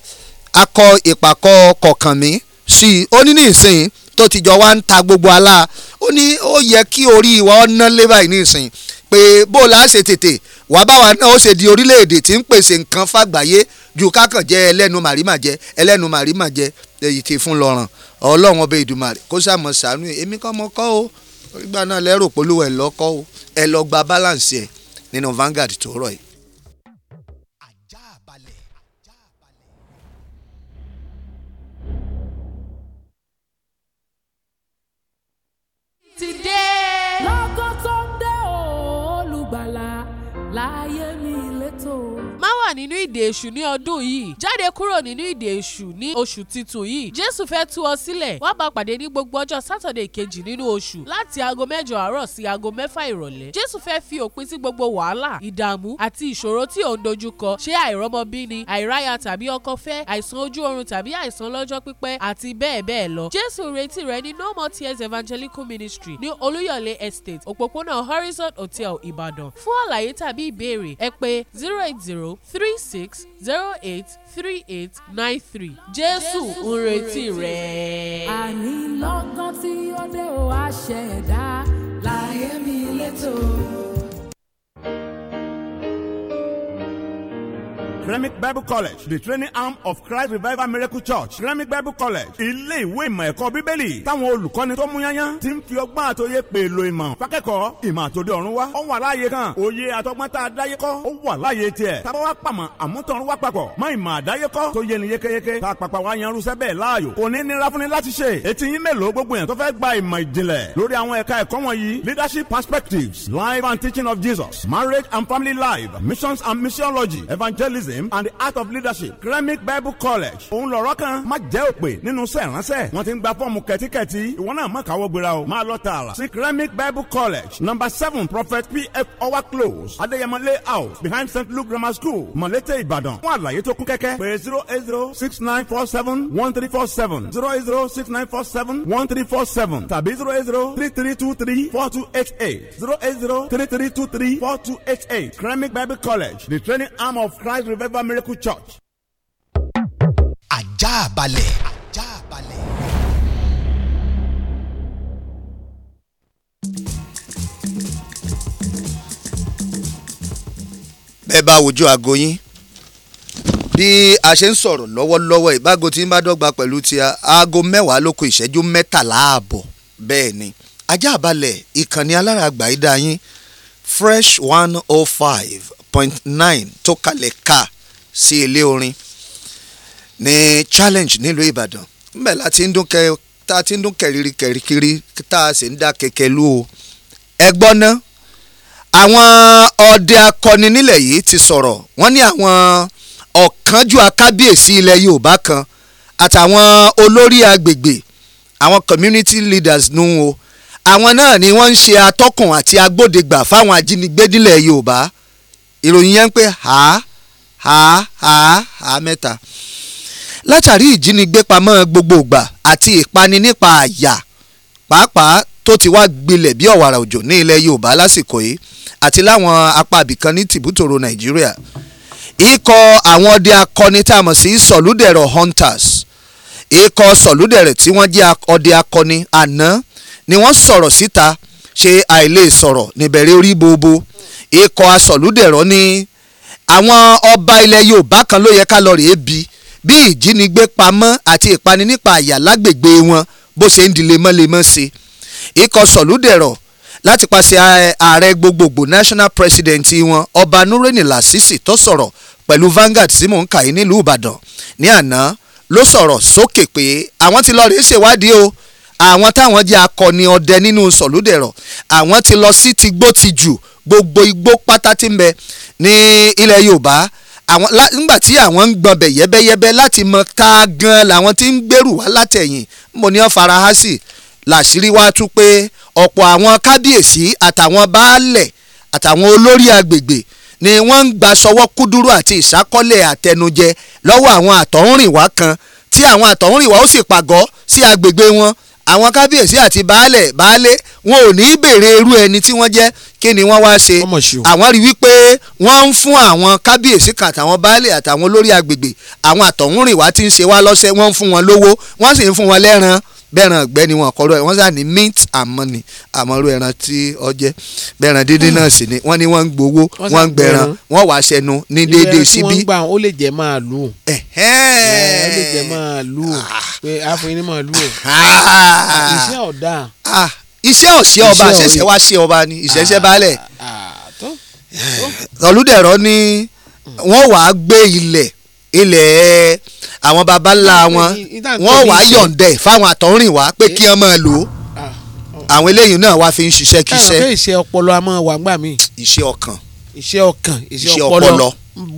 akọ ìpàkọ́ kọ̀ọ̀kan mi sí i ó ní ní ìsìn tó ti jọ wá ń ta gbogbo aláà ó ní ó yẹ kí orí ìwà ọ̀nà lé báyìí nísìnyí pé bó o láṣẹ tètè wà báwa náà ó ṣe di orílẹ̀-èdè tí ń pèsè nǹkan fàgbáyé ju kákan jẹ́ ẹlẹ́nu màrímà jẹ́ ẹlẹ́nu màrímà jẹ́ èyí ti fún lọ́rùn ọlọ́run ọbẹ̀ ìdùmarè kó sàmọ̀ sànú èmi kọ́ mọ́ kọ́ o ìgbà náà lẹ́rò polówó ẹ̀ lọ́kọ́ o ẹ lọ gba balance ẹ̀ nínú Vanguard tó rọ̀ yìí. nínú ìdè èṣù ní ọdún yìí jáde kúrò nínú ìdè èṣù ní oṣù titun yìí jésù fẹ́ tú ọ sílẹ̀ wá bá pàdé ní gbogbo ọjọ́ sátọ̀dẹ̀ kejì nínú oṣù láti aago mẹ́jọ àárọ̀ sí aago mẹ́fà ìrọ̀lẹ́ jésù fẹ́ fi òpin sí gbogbo wàhálà ìdààmú àti ìṣòro tí ò ń dojúkọ ṣé àìrọ́mọbíni àìráyà tàbí ọkọ fẹ́ àìsàn ojú oorun tàbí àìsàn lọ́jọ́ pípẹ́ àti bẹ́ẹ̀ bẹ́ẹ̀ lọ jésù retí no more tears evangelical ministry ní olúyọ̀lé estate òpópónà horizon hotel ìbàdàn fún àlàyé tàbí ìbéèrè ẹ zero eight zero three three six zero eight three eight nine three jésù ń retí rẹ̀. àní tí ó dé o láyé mi létò. Remic Bible College, the training arm of Christ Revival Miracle Church, Remic Bible College, ilé ìwé ìmọ̀ ẹ̀kọ́ bíbélì, táwọn olùkọ́ni tó mú yányán ti ń fi ọgbọ́n àtòyé pè lo ìmọ̀. Fákẹ́kọ̀ọ́ ìmọ̀ àtòdì ọ̀run wá, ó wà láàyè kan, òye àtọgbọ́n tá a dáyé kọ́, ó wà láàyè tiẹ̀. Tábà wá pàmò àmútọ̀run wá papọ̀, mọ ìmọ̀ àdáyé kọ́ tó yẹ ni yékéyéké, tá a pàpà wá yanrú sẹ́bẹ̀ láàyò, kò ní nira fúnni láti ṣe. Etí yín mélòó tó fẹ́ gba ìmọ̀ ìjìnlẹ̀ lórí àwọn ẹ̀ka ẹ̀kọ́ wọ̀nyí, leadership perspectives, life and teaching of Jesus, marriage and family life, missions and missiology, evangelism evangelism and the art of leadership Gremic Bible College òun lọ̀rọ̀ kan má jẹ́ òpè nínú sẹ̀ránṣẹ́ wọ́n ti ń gba fọ́ọ̀mù kẹ́tíkẹ́tí ìwọ náà má káwọ́ gbéra o máa lọ tààrà sí Gremic Bible College number seven Prophet P.F. Owa close Adéyẹmọ layout behind St. Luke Grammar School Mọ̀lété Ìbàdàn fún àlàyé tó kún kẹ́kẹ́ pé zero eight zero six nine four seven one three four seven zero eight zero six nine four seven one three four seven tàbí zero eight zero three three two three four two eight eight zero eight zero three three two three four two eight eight Gremic Bible College the training arm of Christ Revival. Forever Miracle Church. ajá balẹ̀. ajá balẹ̀. bẹ́ẹ̀ bá wojú aago yín bí a ṣe ń sọ̀rọ̀ lọ́wọ́lọ́wọ́ ìbágo tí ń bá dọ́gba pẹ̀lú ti aago mẹ́wàá ló kù ìṣẹ́jú mẹ́tàlá ààbọ̀ bẹ́ẹ̀ ni ajá balẹ̀ ìkànnì alárààgbà ìdá yín fresh one oh five point nine tó kalẹ̀ ká. Ka sí ilé orin ní challenge nílùú ìbàdàn ńbẹ̀ la ti ń dún kẹ tá a ti ń dún kẹrìírí kẹrìkiri tá a sì ń dá kẹkẹ lú o ẹ gbọ́ ná àwọn ọdẹ akọni nílẹ̀ yìí ti sọ̀rọ̀ wọ́n ní àwọn ọ̀kánjú akábíyèsí ilẹ̀ yorùbá kan àtàwọn olórí agbègbè àwọn community leaders nù o àwọn náà ni wọ́n ń ṣe atọ́kùn àti agbódegbà fáwọn ajínigbé nílẹ̀ yorùbá ìròyìn yẹn ń pè á ha ha ha mẹ́ta. látàrí ìjínigbé pamọ́ gbogbogbà àti ìpani nípa àyà pàápàá tó ti wá gbilẹ̀ bí ọ̀wàrà òjò ní ilẹ̀ Yorùbá lásìkò yìí àti láwọn apá abìkan ní tìbútòrò Nàìjíríà ikọ̀ àwọn ọdẹ akọni tá a mọ̀ sí sọ̀lúdẹ̀rọ̀ hunters ikọ̀ sọ̀lúdẹ̀rẹ̀ tí wọ́n jẹ́ ọdẹ akọni àná ni wọ́n sọ̀rọ̀ síta ṣe àìlè sọ̀rọ̀ níbẹ̀rẹ̀ orí bobo ikọ̀ asọ̀lúdẹ̀rọ̀ ni àwọn ọba ilẹ̀ Yorùbá kan ló yẹ ká lọ rèé bi bí ìjínigbé pamọ́ àti ìpani nípa àyà lágbègbè wọn bó ṣe ń di lemọ́lemọ́ sí ikọ̀ sọ̀lúdẹ̀rọ̀ láti pàṣẹ ààrẹ gbogbogbò national president wọn ọba Nureni Lasisi tó sọ̀rọ̀ pẹ̀lú Vanguard tí mò ń kà í nílùú Ìbàdàn ní àná ló sọ̀rọ̀ sókè pé àwọn ti lọ rèé ṣèwádìí o àwọn táwọn jẹ́ akọni ọdẹ nínú sọ̀lúdẹ̀rọ̀ àwọn ti lọ sí ti gbó ti jù gbogbo igbó pátá tí ń bẹ ní ilẹ̀ yorùbá àwọn nígbà tí àwọn ń gbọ̀nbẹ̀ yẹ́bẹ́yẹ́bẹ́ láti mọ ká gan làwọn tí ń gbèrú wá látẹ̀yìn mo ní ọ́ farahàn sí làṣírí wá tú pé ọ̀pọ̀ àwọn kábíyèsí àtàwọn baálẹ̀ àtàwọn olórí agbègbè ni wọ́n ń gba sọwọ́ kúdúrú àti ìsákọ́lẹ̀ àtẹnujẹ lọ́wọ́ àwọn àtọ̀húnrìnwá kan tí àwọn àtọ̀húnrìnwá ó sì pàgọ́ sí agbègbè wọn àwọn kábíyèsí àti baálẹ̀ baálé wọn ò ní í béèrè irú ẹni tí wọ́n jẹ́ kí ni wọ́n wá ṣe àwọn rí wípé wọ́n ń fún àwọn kábíyèsí kan àtàwọn baálé àtàwọn olórí agbègbè àwọn àtọ̀húnrìn wá ti ń ṣe wá lọ́sẹ̀ wọ́n ń fún wọn lówó wọ́n sì ń fún wọn lẹ́ran bẹ́ẹ̀ràn ọ̀gbẹ́ni wọn kọ́rọ́ ẹ̀ wọ́n sà ní mint and money àmọ́rú ẹran tí ọ jẹ́ bẹ́ẹ̀ràn dídín náà sì ni wọ́n ní wọ́n ń gbowó wọ́n ń gbẹ̀ràn wọ́n wàá ṣẹnu ní déédéé síbí. ìyẹn tí gbà ó lè jẹ́ máa lù ú. ó lè jẹ́ máa lù ú ah. pé àfọyín ni máa lù ú. Ah. iṣẹ́ ọ̀dà iṣẹ́ ọ̀sẹ̀ ọba àṣẹṣẹ wá sí ọba ni ìṣẹ̀ṣẹ̀ ah, balẹ̀ olùdẹ̀rọ ah, ni wọ́n wàá gbé ilẹ̀ ilẹ̀ àwọn baba ńlá wọn wọ́n wàá yọ̀ǹdẹ̀ fáwọn àtọ̀rìn wá pé kí wọ́n máa lò ó ah, oh. àwọn eléyìí náà wá fi ń ṣiṣẹ́ kíṣẹ́. káyọ̀ pé iṣẹ́ ọpọlọ a máa wà ń gbà mí. iṣẹ́ ọkàn. iṣẹ́ ọkàn iṣẹ́ ọpọlọ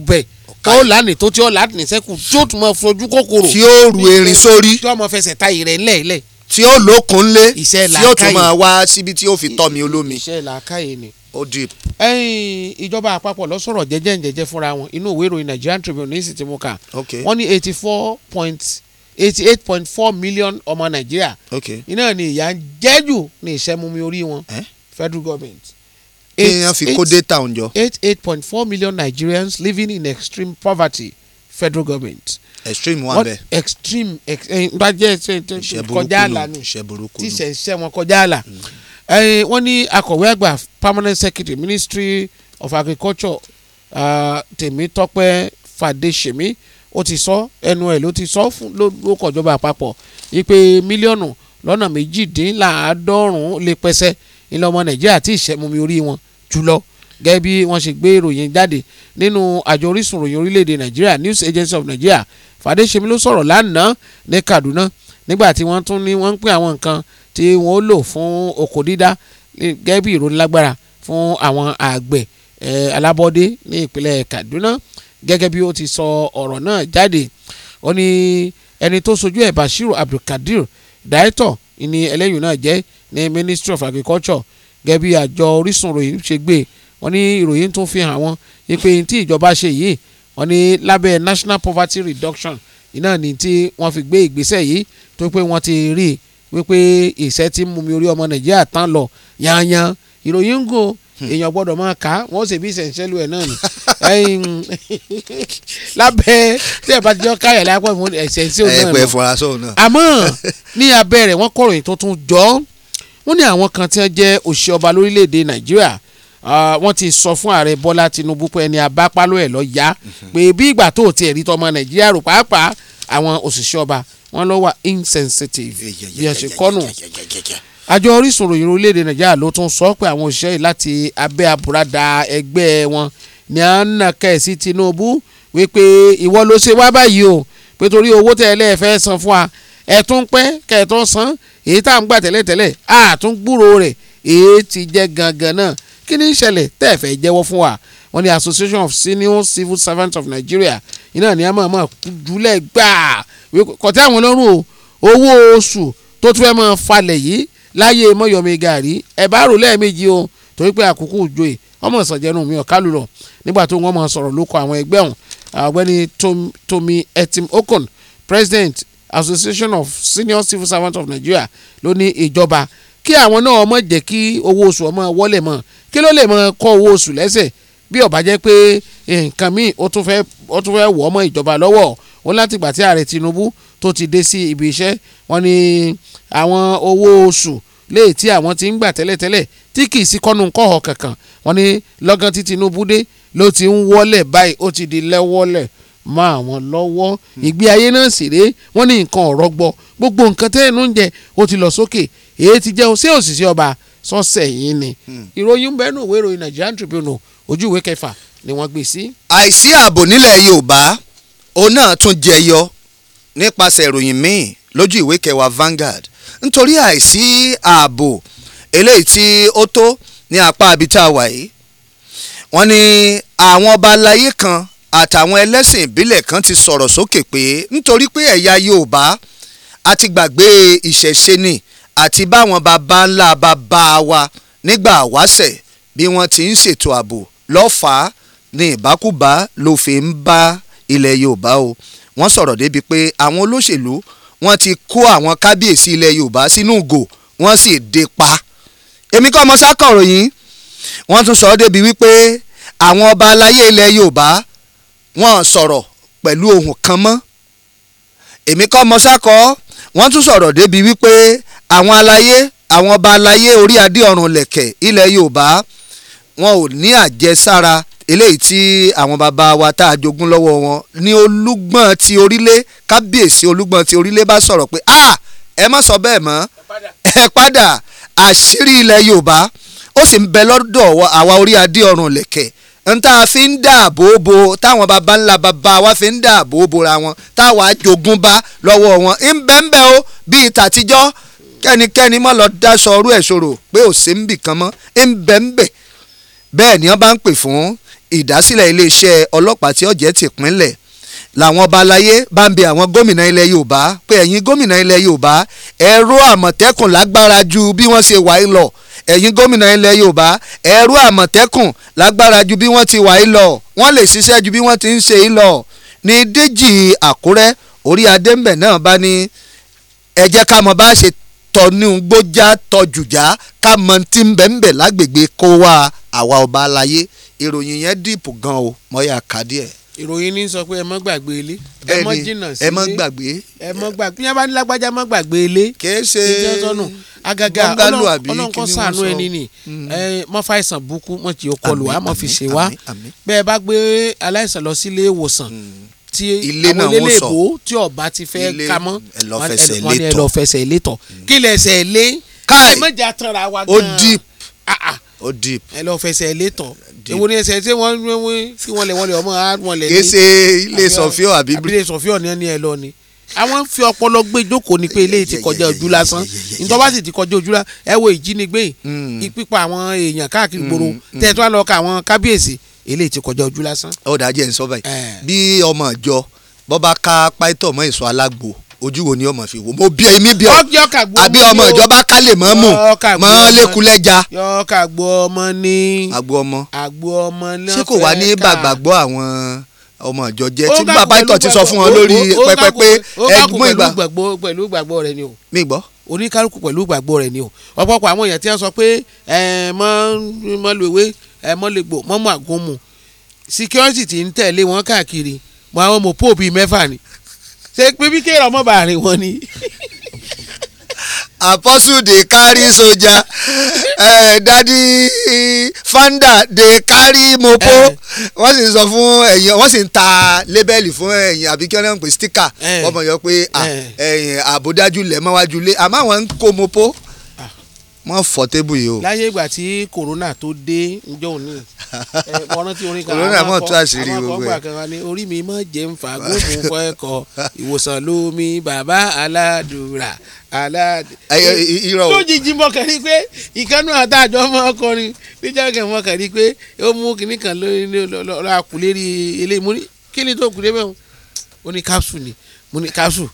bẹ́ẹ̀ tó lánìí tó tí ó lánìí sẹ́kù tí ó tún máa fojú kòkòrò. tí ó ru erin sórí. tí ó máa fẹsẹ̀ ta ìrẹ̀ ńlẹ̀ tí ó lókun lé tí ó tún máa wá síbi tí ó fi tọ́ mi olómi. iṣẹ́ làákàyè ni. ó dì. ẹyin ìjọba àpapọ̀ lọ sọ̀rọ̀ jẹ́jẹ́ jẹ́jẹ́ fúnra wọn inú ìwé ìròyìn Nigerian Tribune ní ìsìtì mú kà. wọ́n ní eighty four point eighty eight point four million ọmọ Nàìjíríà. iná ni ìyà ń jẹ́jù ní ìṣẹ́mumi orí wọn. federal government. èèyàn fi kó data ọ̀njọ́. eight eight point four million Nigerians living in extreme poverty federal government extreme wà bẹ́ẹ̀. extreme ìbàjẹ́ eh, kọjá àlà nù tí sẹ̀nsẹ̀ wọn kọjá àlà. Mm. Eh, wọ́n ní akọ̀wé àgbà permanent secretary ministry of agriculture uh, ah, Tèmítọ́pẹ́ Fàdéṣèmí ó ti sọ ẹnu ẹ̀ ló ti sọ fún lóko ìjọba àpapọ̀ ipe mílíọ̀nù lọ́nà méjìdínláàádọ́rùn-ún lè pẹ́sẹ́ ilẹ̀ ọmọ Nàìjíríà tí ìṣẹ́mumi orí wọn jùlọ gẹ́gẹ́ bí wọ́n ṣe gbé ìròyìn jáde nínú àjọ orísun ìròyìn orílẹ̀-èdè Nàìjíríà News Agency of Nigeria Fàdéṣemí ló sọ̀rọ̀ lánàá ní Kaduna nígbà tí wọ́n tún ní wọ́n ń pín àwọn nǹkan tí wọ́n lò fún oko dídá gẹ́gẹ́ bí ìrònú lágbára fún àwọn àgbẹ̀ alábọ́dé ní ìpínlẹ̀ Kaduna gẹ́gẹ́ bí ó ti sọ ọ̀rọ̀ náà jáde ó ní ẹni tó sojú ẹ̀ Bashiru Abdulkadir dáítọ̀ ni ẹlẹ́yìn náà jẹ́ ní Ministry of Agriculture gẹ́gẹ́ bí àjọ Orísun ìròyìn ṣe gbé wọ́n ní ìròyìn tó fi hàn wọ́n pé tí ìjọba ṣe yìí wọ́n ní lábẹ́ national poverty reduction iná ni tí wọ́n fi gbé ìgbésẹ̀ yìí tó pé wọ́n ti rí i wípé ìṣẹ́ tí ń mumi orí ọmọ nàìjíríà tán lọ yanyan ìròyìn ń gò hmm. èèyàn gbọ́dọ̀ máa kà á wọ́n ó sì bí ẹ̀ náà ni lábẹ́ tí ẹ̀ bá ti jọ káyọ̀ lápò ìmú ìṣẹ̀ǹṣẹ́ òun náà lọ àmọ́ ní abẹ́ wọ́n kọ̀ròyìn tó jọ wọ́n ní àwọn kan tí wọ́n jẹ́ òṣìṣẹ́ ọba lórílẹ̀‐èdè nàìjíríà Ah, wọ́n ti sọ fún ààrẹ bọ́lá tinubu pé ẹni abápálọ́ ẹ̀ lọ yá mhm. pé bí ìgbà tó tiẹ̀ rí tọmọ nàìjíríà rò pàápàá àwọn òṣìṣẹ́ ọba wọn lọ wà insensitive bí ẹ ṣe kọ́nù àjọ orísun ròyìn orílẹ̀-èdè nàìjíríà ló tún sọ pé àwọn òṣìṣẹ́ yìí láti abẹ́ àbúradà ẹgbẹ́ wọn ni à ń nà kẹ́ sí tinubu wípé ìwọ ló ṣe wá báyìí o pé torí owó tẹ́ ẹ lẹ́ẹ̀fẹ́ san fún wa ẹ̀ tún pẹ́ kẹ́ ẹ̀ tún san èyí tá à ń gbà tẹ́lẹ̀tẹ́lẹ̀ àtúngbúrò rẹ̀ èyí ti jẹ́ gangan náà kí ni ìṣẹ̀lẹ̀ tẹ́ ẹ̀ fẹ́ jẹ́wọ́ fún wa wọ́n ní association of senior civil servants of nigeria iná ní àmọ́ àmọ́ dúlẹ̀ gbà kọ̀tẹ́ àwọn ọlọ́run o owó oṣù tó tún fẹ́ mọ́ falẹ̀ yìí láyé mọ́yọ̀mí gàrí ẹ̀ bá rò lẹ́ẹ̀mejì o torí pé àkókò òjò yìí ọmọ ìsọ̀jẹ̀nu mi ọ̀kálù lọ nígbà tó wọ́n mọ̀ sọ̀rọ̀ lóko àwọn ẹgbẹ́ ọ̀hún ọ̀gbẹ́ni Tomi Etim Okon president association of senior civil servants of nigeria ló ní ìjọba kí àwọn náà má jẹ́ kí owó oṣù ọmọ wọlé mọ́ kí ló lè mọ kọ́ owó oṣù lẹ́sẹ̀ bí ó bá jẹ́ pé nǹkan míì ó tún fẹ́ wọ̀ ọmọ ìjọba lọ́wọ́ ó láti gbà tí ààrẹ Tinubu tó ti dé sí ibi iṣẹ́ wọn ni àwọn owó oṣù léè tí àwọn ti ń gbà tẹ́lẹ̀tẹ́lẹ̀ tí kì í sí kọ́nu kọ́họ̀ kankan wọn ni lọ́gán tí Tinubu dé ló ti ń wọlé báyìí ó ti di lẹ́wọ́lẹ̀ mọ àwọn lọ́wọ́ hmm. ìgbé ayé náà sì rèé wọ́n ní nǹkan ọ̀rọ̀ gbọ́ gbogbo nǹkan tẹ́ẹ̀nù ń jẹ ó ti lọ sókè èyí ti jẹun sí òṣìṣẹ́ ọba sọ́sẹ̀ yìí ni hmm. ìròyìn bẹ́ẹ̀nù ìwé ìròyìn Nigerian Tribune ojú ìwé kẹfà ni wọ́n gbé sí. àìsí ààbò nílẹ̀ Yorùbá òun náà tún jẹyọ nípasẹ̀ ìròyìn míì lójú ìwé kẹwàá Vanguard nítorí àìsí ààbò eléyìí tí ó tó ní apá abita wà yìí wọ́n àwọn ọba aláyé kan àtàwọn ẹlẹ́sìn ìbílẹ̀ kan ti sọ̀rọ̀ sókè pé nítorí pé ẹ̀yà Yorùbá a gbàgbé ìṣẹ̀ṣe ni àti báwọn bàbá ńlá bàbá wa nígbà àwáṣẹ̀ bí wọ́n ti ń ṣètò ààbò lọ́fàá ní ìbákúbá ló fi ń bá ilẹ̀ yorùbá o wọ́n sọ̀rọ̀ débi pé àwọn olóṣèlú wọ́n ti kó àwọn kábíyèsí ilẹ̀ yorùbá sínú ìgò wọ́n sì dé pa èmi kọ́ ọmọ sákọ̀ròyìn wọ́n tún sọ débi wípé àwọn ọba aláyé ilẹ̀ yorùbá wọ́n sọ̀rọ̀ pẹ̀lú ohùn kan mọ́ èmi kọ́ ọmọ sákọ̀ wọ́n tún sọ̀rọ̀ débi wípé àwọn aláyé àwọn ọba aláyé orí adé ọ̀run lẹ̀kẹ̀ ilẹ̀ Yorùbá wọn ò ní àjẹsára eléyìí tí àwọn bàbá wa tá a jogún lọ́wọ́ wọn ní olúgbọ́n ti orílẹ̀ kábíyèsí olúgbọ́n ti orílẹ̀ bá sọ̀rọ̀ pé ah ẹ má sọ bẹ́ẹ̀ mọ́ ẹ padà àṣírí ilẹ̀ Yorùbá ó sì ń bẹ lọ́dọ̀ àwa orí adé ọ̀run lẹ̀kẹ̀ n tá fi ń dáàbò bo táwọn baba ńlá baba wa fi ń dáàbò bora wọn táwa jogún bá lọ́wọ́ wọn ń bẹ́ẹ̀ bẹ́ẹ̀ o bíi tàtijọ́ kẹ́nikẹ́ni mọ́ lọ dáṣọ ọrú ẹ̀ ṣòro pé ò sí níbì kan mọ́ ń bẹ́ ń bẹ̀ bẹ́ẹ̀ ni wọ́n bá ń pè fún ìdásílẹ̀ iléeṣẹ́ ọlọ́pàá tí ọ̀jẹ̀ ti pínlẹ̀ làwọn ọba aláyé bá ń bẹ àwọn gómìnà ilẹ̀ Yorùbá pé ẹ̀yin gómìnà ilẹ̀ Yorùbá ẹ̀rọ àmọ̀tẹ́kùn lágbára ju bí wọ́n ṣe wà í lọ ẹ̀yin gómìnà ilẹ̀ Yorùbá ẹ̀rọ àmọ̀tẹ́kùn lágbára ju bí wọ́n ti wà í lọ wọ́n lè ṣiṣẹ́ ju bí wọ́n ti ń ṣe í lọ ní Déjì Àkúrẹ́ orí adéǹbẹ̀ náà bá ní ẹ ká mọ̀ bá ṣe tọ́nígbójá tọ́jùjá ká mọ tí ń bẹ̀ ń bẹ̀ lágbègbè kó wá àwa ọba aláyé ìròyìn yẹn dìpọ̀ gan o mọ́yà ká díẹ̀ ìròyìn ní sọ pé ẹ mọ gbàgbé ilé ẹ mọ jìnnà sílé ẹ mọ gbàgbé ẹ mọ gbàgbé yẹn bá ní lágbájá mọ gbàgbé ilé kìí ṣe agaga ọlọ́run kọ́ sànú ẹni nì mọ mm. fa àìsàn burúkú mọ tí o wa mọ fi ṣe wa bẹ́ẹ̀ bá gbé aláìsàn lọ sílé ìwòsàn mm tí àwọn eléèbó tí ọba ti fẹ́ ka mọ́ wọn ni ẹ lọ fẹsẹ̀ ilé tọ̀ mm. kí lẹ ẹsẹ̀ ilé káì mọ̀jà tanra ah, ah. ó deep ó deep ẹ lọ fẹsẹ̀ ilé tọ̀ èwo ni ẹsẹ̀ ṣé wọ́n kí wọ́n lẹ̀ wọ́n lẹ̀ ọmọ wọn lẹ̀ ní. kése ilé sọfíọ àbí. àbí ilé sọfíọ ni ẹ lọ ni àwọn fi ọpọlọ gbé jókòó ni pé eléyìí ti kọjá ojú lásán nítorí wọ́n sì ti kọjá ojú lásán ẹ wo ìjínigbé yìí mm. pípa àwọn èèyàn káàkiri gbòòrò tẹ̀ tó wá lọ ka àwọn kábíyèsí eléyìí ti kọjá ojú lásán. ó dájú ẹ̀ ń sọ báyìí bí ọmọ ìjọ bọ́ bá ká pàìtọ́ mọ́ ìsọ alágbò ojú wo ni ọmọ fi wo mo bí èmi bí ọ àbí ọmọ ìjọba ká lè mọ́ mù mọ́ lẹ́kulẹ́ja. yọ̀ọ́ka àgbo ọmọ ní. àgbo ọmọ àgbo ọmọ náà fẹ́ẹ́ ká ṣé kò wá ní bàgbàgbọ́ àwọn ọmọ ìjọ jẹ tí bàbá ìtọ̀ ti sọ fún wọn lórí pẹpẹ pé ẹgbọn ìgbà. ó kàkó pẹ̀lú gbàgbọ́ rẹ ni o. mi gbọ́. oníkálukú pẹ̀lú gbàgbọ́ rẹ ni o ọ̀pọ̀pọ̀ àwọn èèyàn ti sọ pé ẹ̀ mọ́ lu ewé ẹ mọ́lẹ́gbò mọ́mọ́ àgúnmu security ti ń tẹ̀lé wọn káàkiri mọ àwọn ọmọ pope mẹ́fà ni ṣé pé bí kéèrè ọmọ bá rìn wọn ni. apostle de carry soja uh, daddy fanda de carry mopo eh. wọ́n sì ń sọ fún ẹ̀yin wọ́n sì ń ta lébẹ́lì fún ẹ̀yin àbí kí wọ́n náà pè stika eh. wọ́n mọ̀ yọ pé ah, eh. ẹ̀yin àbódájú lẹ̀ mọ́wájú lé àmọ́ àwọn ń kó mopo mọ fọ tébù yìí o. láyé ìgbà tí kòrónà tó dé njọ́ òní mo rántí orin kan kòrónà mọ̀ tó àṣírí gbogbo ẹ̀ àwọn kan wà ní orí mi mọ̀ jẹ́ ń fa gómù fọ́ ẹ̀kọ́ ìwòsàn lómi bàbá aládùúrà aládùúrà. lójijì mo kàn rí pé ìkànnì àtàjọ mọ ọkọrin níjà kẹ mo kàn rí pé ó mú kinní kan lọ́ọ́ àkùlérí eléyìí mo ní kí ni tó kù dé mẹ́wọ̀n ní capsule ni mo ní capsule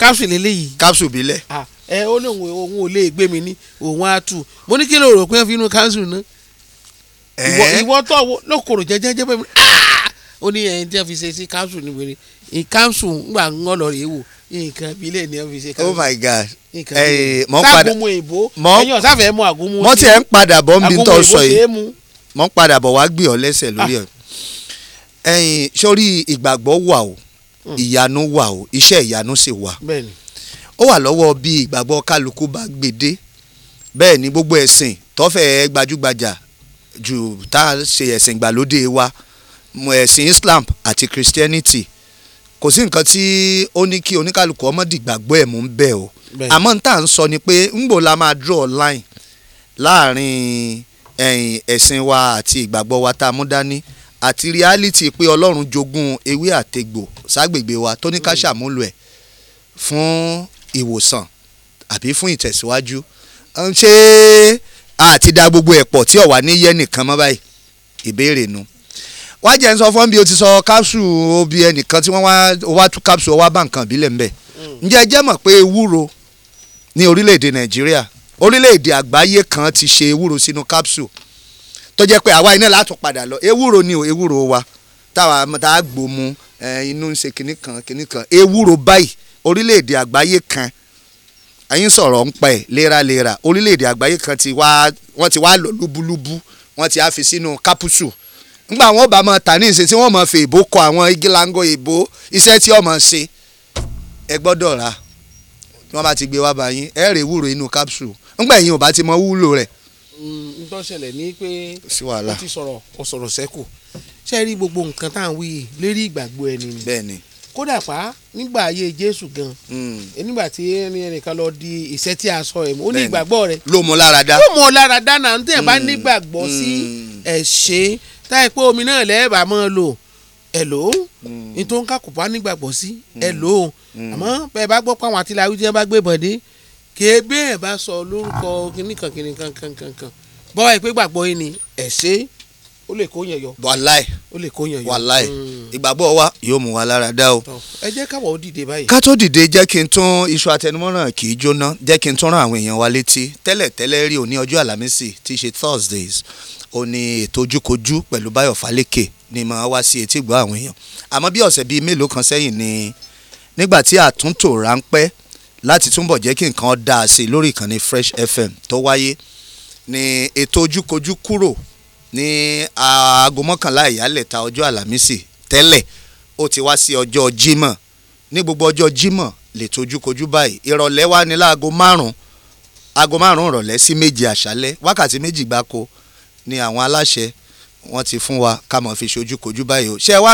capsule eléyìí. capsule bílẹ̀. ah ẹ ó lóun òun ò lè gbé mi ní òun á tù mo ní kí ló rò pé ó fi inú council ná ìwọ tó lókòrò jẹjẹ jẹ bẹ́ẹ̀ ah! ó ní ẹni tí wọ́n fi ṣe sí council ní wèrè council ńgbà ńgọ́ lọ rèé wò nǹkan bílẹ̀ ni wọ́n fi ṣe council. oh my god ẹ mọ̀ ń padà sáàgùnmu èbó ẹ̀yin ọ̀sáfẹ́ mú àgùnmu sí i mọ̀ tiẹ̀ ń padà bọ̀ ń bí tó sọ yìí mọ̀ ń padà bọ̀ wá gbé ọ lẹ́sẹ̀ lórí ọ̀ ah. ẹ̀yin sórí ìgbàgbọ́ wà o hmm. ìyanu wà o iṣẹ́ ìyanu sì wà. bẹ́ẹ̀ni ó wà lọ́wọ́ bí ìgbàgbọ́ kálukú bá gbèdé bẹ́ẹ̀ ni gbogbo ẹ̀sìn tọ́fẹ̀ gbajúgbajà jù tá a ṣe ẹ̀sìn ìgbàlódé wa ẹ̀sìn Islam àti Christianity kò sí nǹkan tí ó ní kí oníkálukú ọmọ dìgbàgbọ́ ẹ̀ mú bẹ́ẹ̀ o àmọ́ n tà ń sọ ni pé ńgbò la máa draw line láàrin ẹ̀sìn wa àti ìgbàgbọ́ wa tá a mú dání àti reality pé ọlọ́run jogún ewé àtegbò ságbègbè wa tó ní ká mm. ṣàmúlò ẹ̀ fún ìwòsàn àbí fún ìtẹ̀síwájú ṣé àti da gbogbo ẹ̀ pọ̀ tí ọ̀wá ní yẹ́ nìkan mọ́ báyìí ìbéèrè nu wá jẹ́ ń sọ fún bí o ti sọ capsule obi ẹnìkan tí wọ́n wá tú capsule wá bá nǹkan ìbílẹ̀ ńbẹ̀ mm. ǹjẹ́ jẹ́ mọ̀ pé ewúro ní orílẹ̀-èdè nàìjíríà orílẹ̀-èdè àgbáyé kan ti ṣe ewúro sínú capsule tó jẹ́ pé àwa iná látún padà lọ ewúro ni o ewúro wa táwa tá a gbò mu inú ń ṣe kinní kan ewúro báyìí orílẹ̀-èdè àgbáyé kan ẹ̀yin sọ̀rọ̀ ń pẹ́ léraléra orílẹ̀-èdè àgbáyé kan ti wá wọ́n ti wá lò lúbúlúbú wọ́n ti á fi sínú kápúsù ńgbà wọn bá máa tà ní ìsìn tí wọ́n máa fi ìbò kọ àwọn igi lango ìbò iṣẹ́ tí ọmọ ṣe ẹ gbọ́dọ̀ rà tí wọ́n bá ti gbé wá bá ẹ rè wúrò inú kápúsù ńgbà yín ò bá ti mọ wúlò rẹ̀. n tó ṣẹlẹ̀ ní pé o ti sọ̀rọ̀ o sọ̀rọ̀ sẹ́kù ṣé rí gbogbo nǹkan tá à ń wí lérí ìgbàgbọ́ ẹni kódà pa nígbà ayé jésù gan hmm. nígbà tí ẹnìkan lọ di iṣẹ́ tí a sọ ẹ̀ ó ní ìgbàgbọ́ rẹ̀ ló mọ lára dá ló mọ lára dá náà nítorí hmm. hmm. bá nígbàgbọ́ sí ẹ̀ ṣe táyì pé omi náà lẹ́ẹ̀bà máa lò ẹ̀ lò ó ní tó ń kàkùn bá nígbàgbọ́ sí ẹ̀ lò ó àmọ́ bẹ́ẹ̀ bá gbọ́ pé àwọn àtìláwí bá gbé bọ̀dé kébé ẹ̀ bá sọ lórúkọ kìnnìkan kìnnìkan kankan bọ́ọ̀ ẹ̀ pé gbàgbọ́ yìí ni ẹ̀ ó lè kó yẹn yọ. wàláì ó lè kó yẹn yọ. wàláì hmm. ìgbàgbọ́ wa yóò mú wa lára dá o. ẹ jẹ́ káwọ̀ ó dìde báyìí. ká tó dìde jẹ́ kí n tún iṣu àtẹnumọ́ràn kì í jóná jẹ́ kí n tún rán àwọn èèyàn wa létí tẹ́lẹ̀ tẹ́lẹ̀ rí òní ọjọ́ àlámísì tí í ṣe thursdays ó ní ètò ojúkojú pẹ̀lú Báyọ̀ Fálékè ni màá wá sí etí gbọ́ àwọn èèyàn àmọ́ bí ọ̀sẹ̀ bíi mélòó kan sẹ́yìn ni nígbà tí àtúntò ráńpẹ́ láti túnbọ̀ jẹ́ kí nǹkan dáa sí lórí ìkànnì Fresh FM tó wáyé ni ètò ojúkojú kúrò ní aago mọ́kànlá ìyálẹ̀ta ọjọ́ alamisi tẹ́lẹ̀ ó ti wá sí ọjọ́ jímọ̀ ní gbogbo ọjọ́ jímọ̀ lè tojúkojú báyìí ìrọ̀lẹ́ wá ní láago márùn-ún aago márùn-ún ìrọ̀lẹ́ sí méje àṣálẹ́ wákàtí méjì gbáko ni àwọn aláṣẹ wọn ti fún wa ká mọ̀ fi ṣojúkojú báyìí o ṣé wá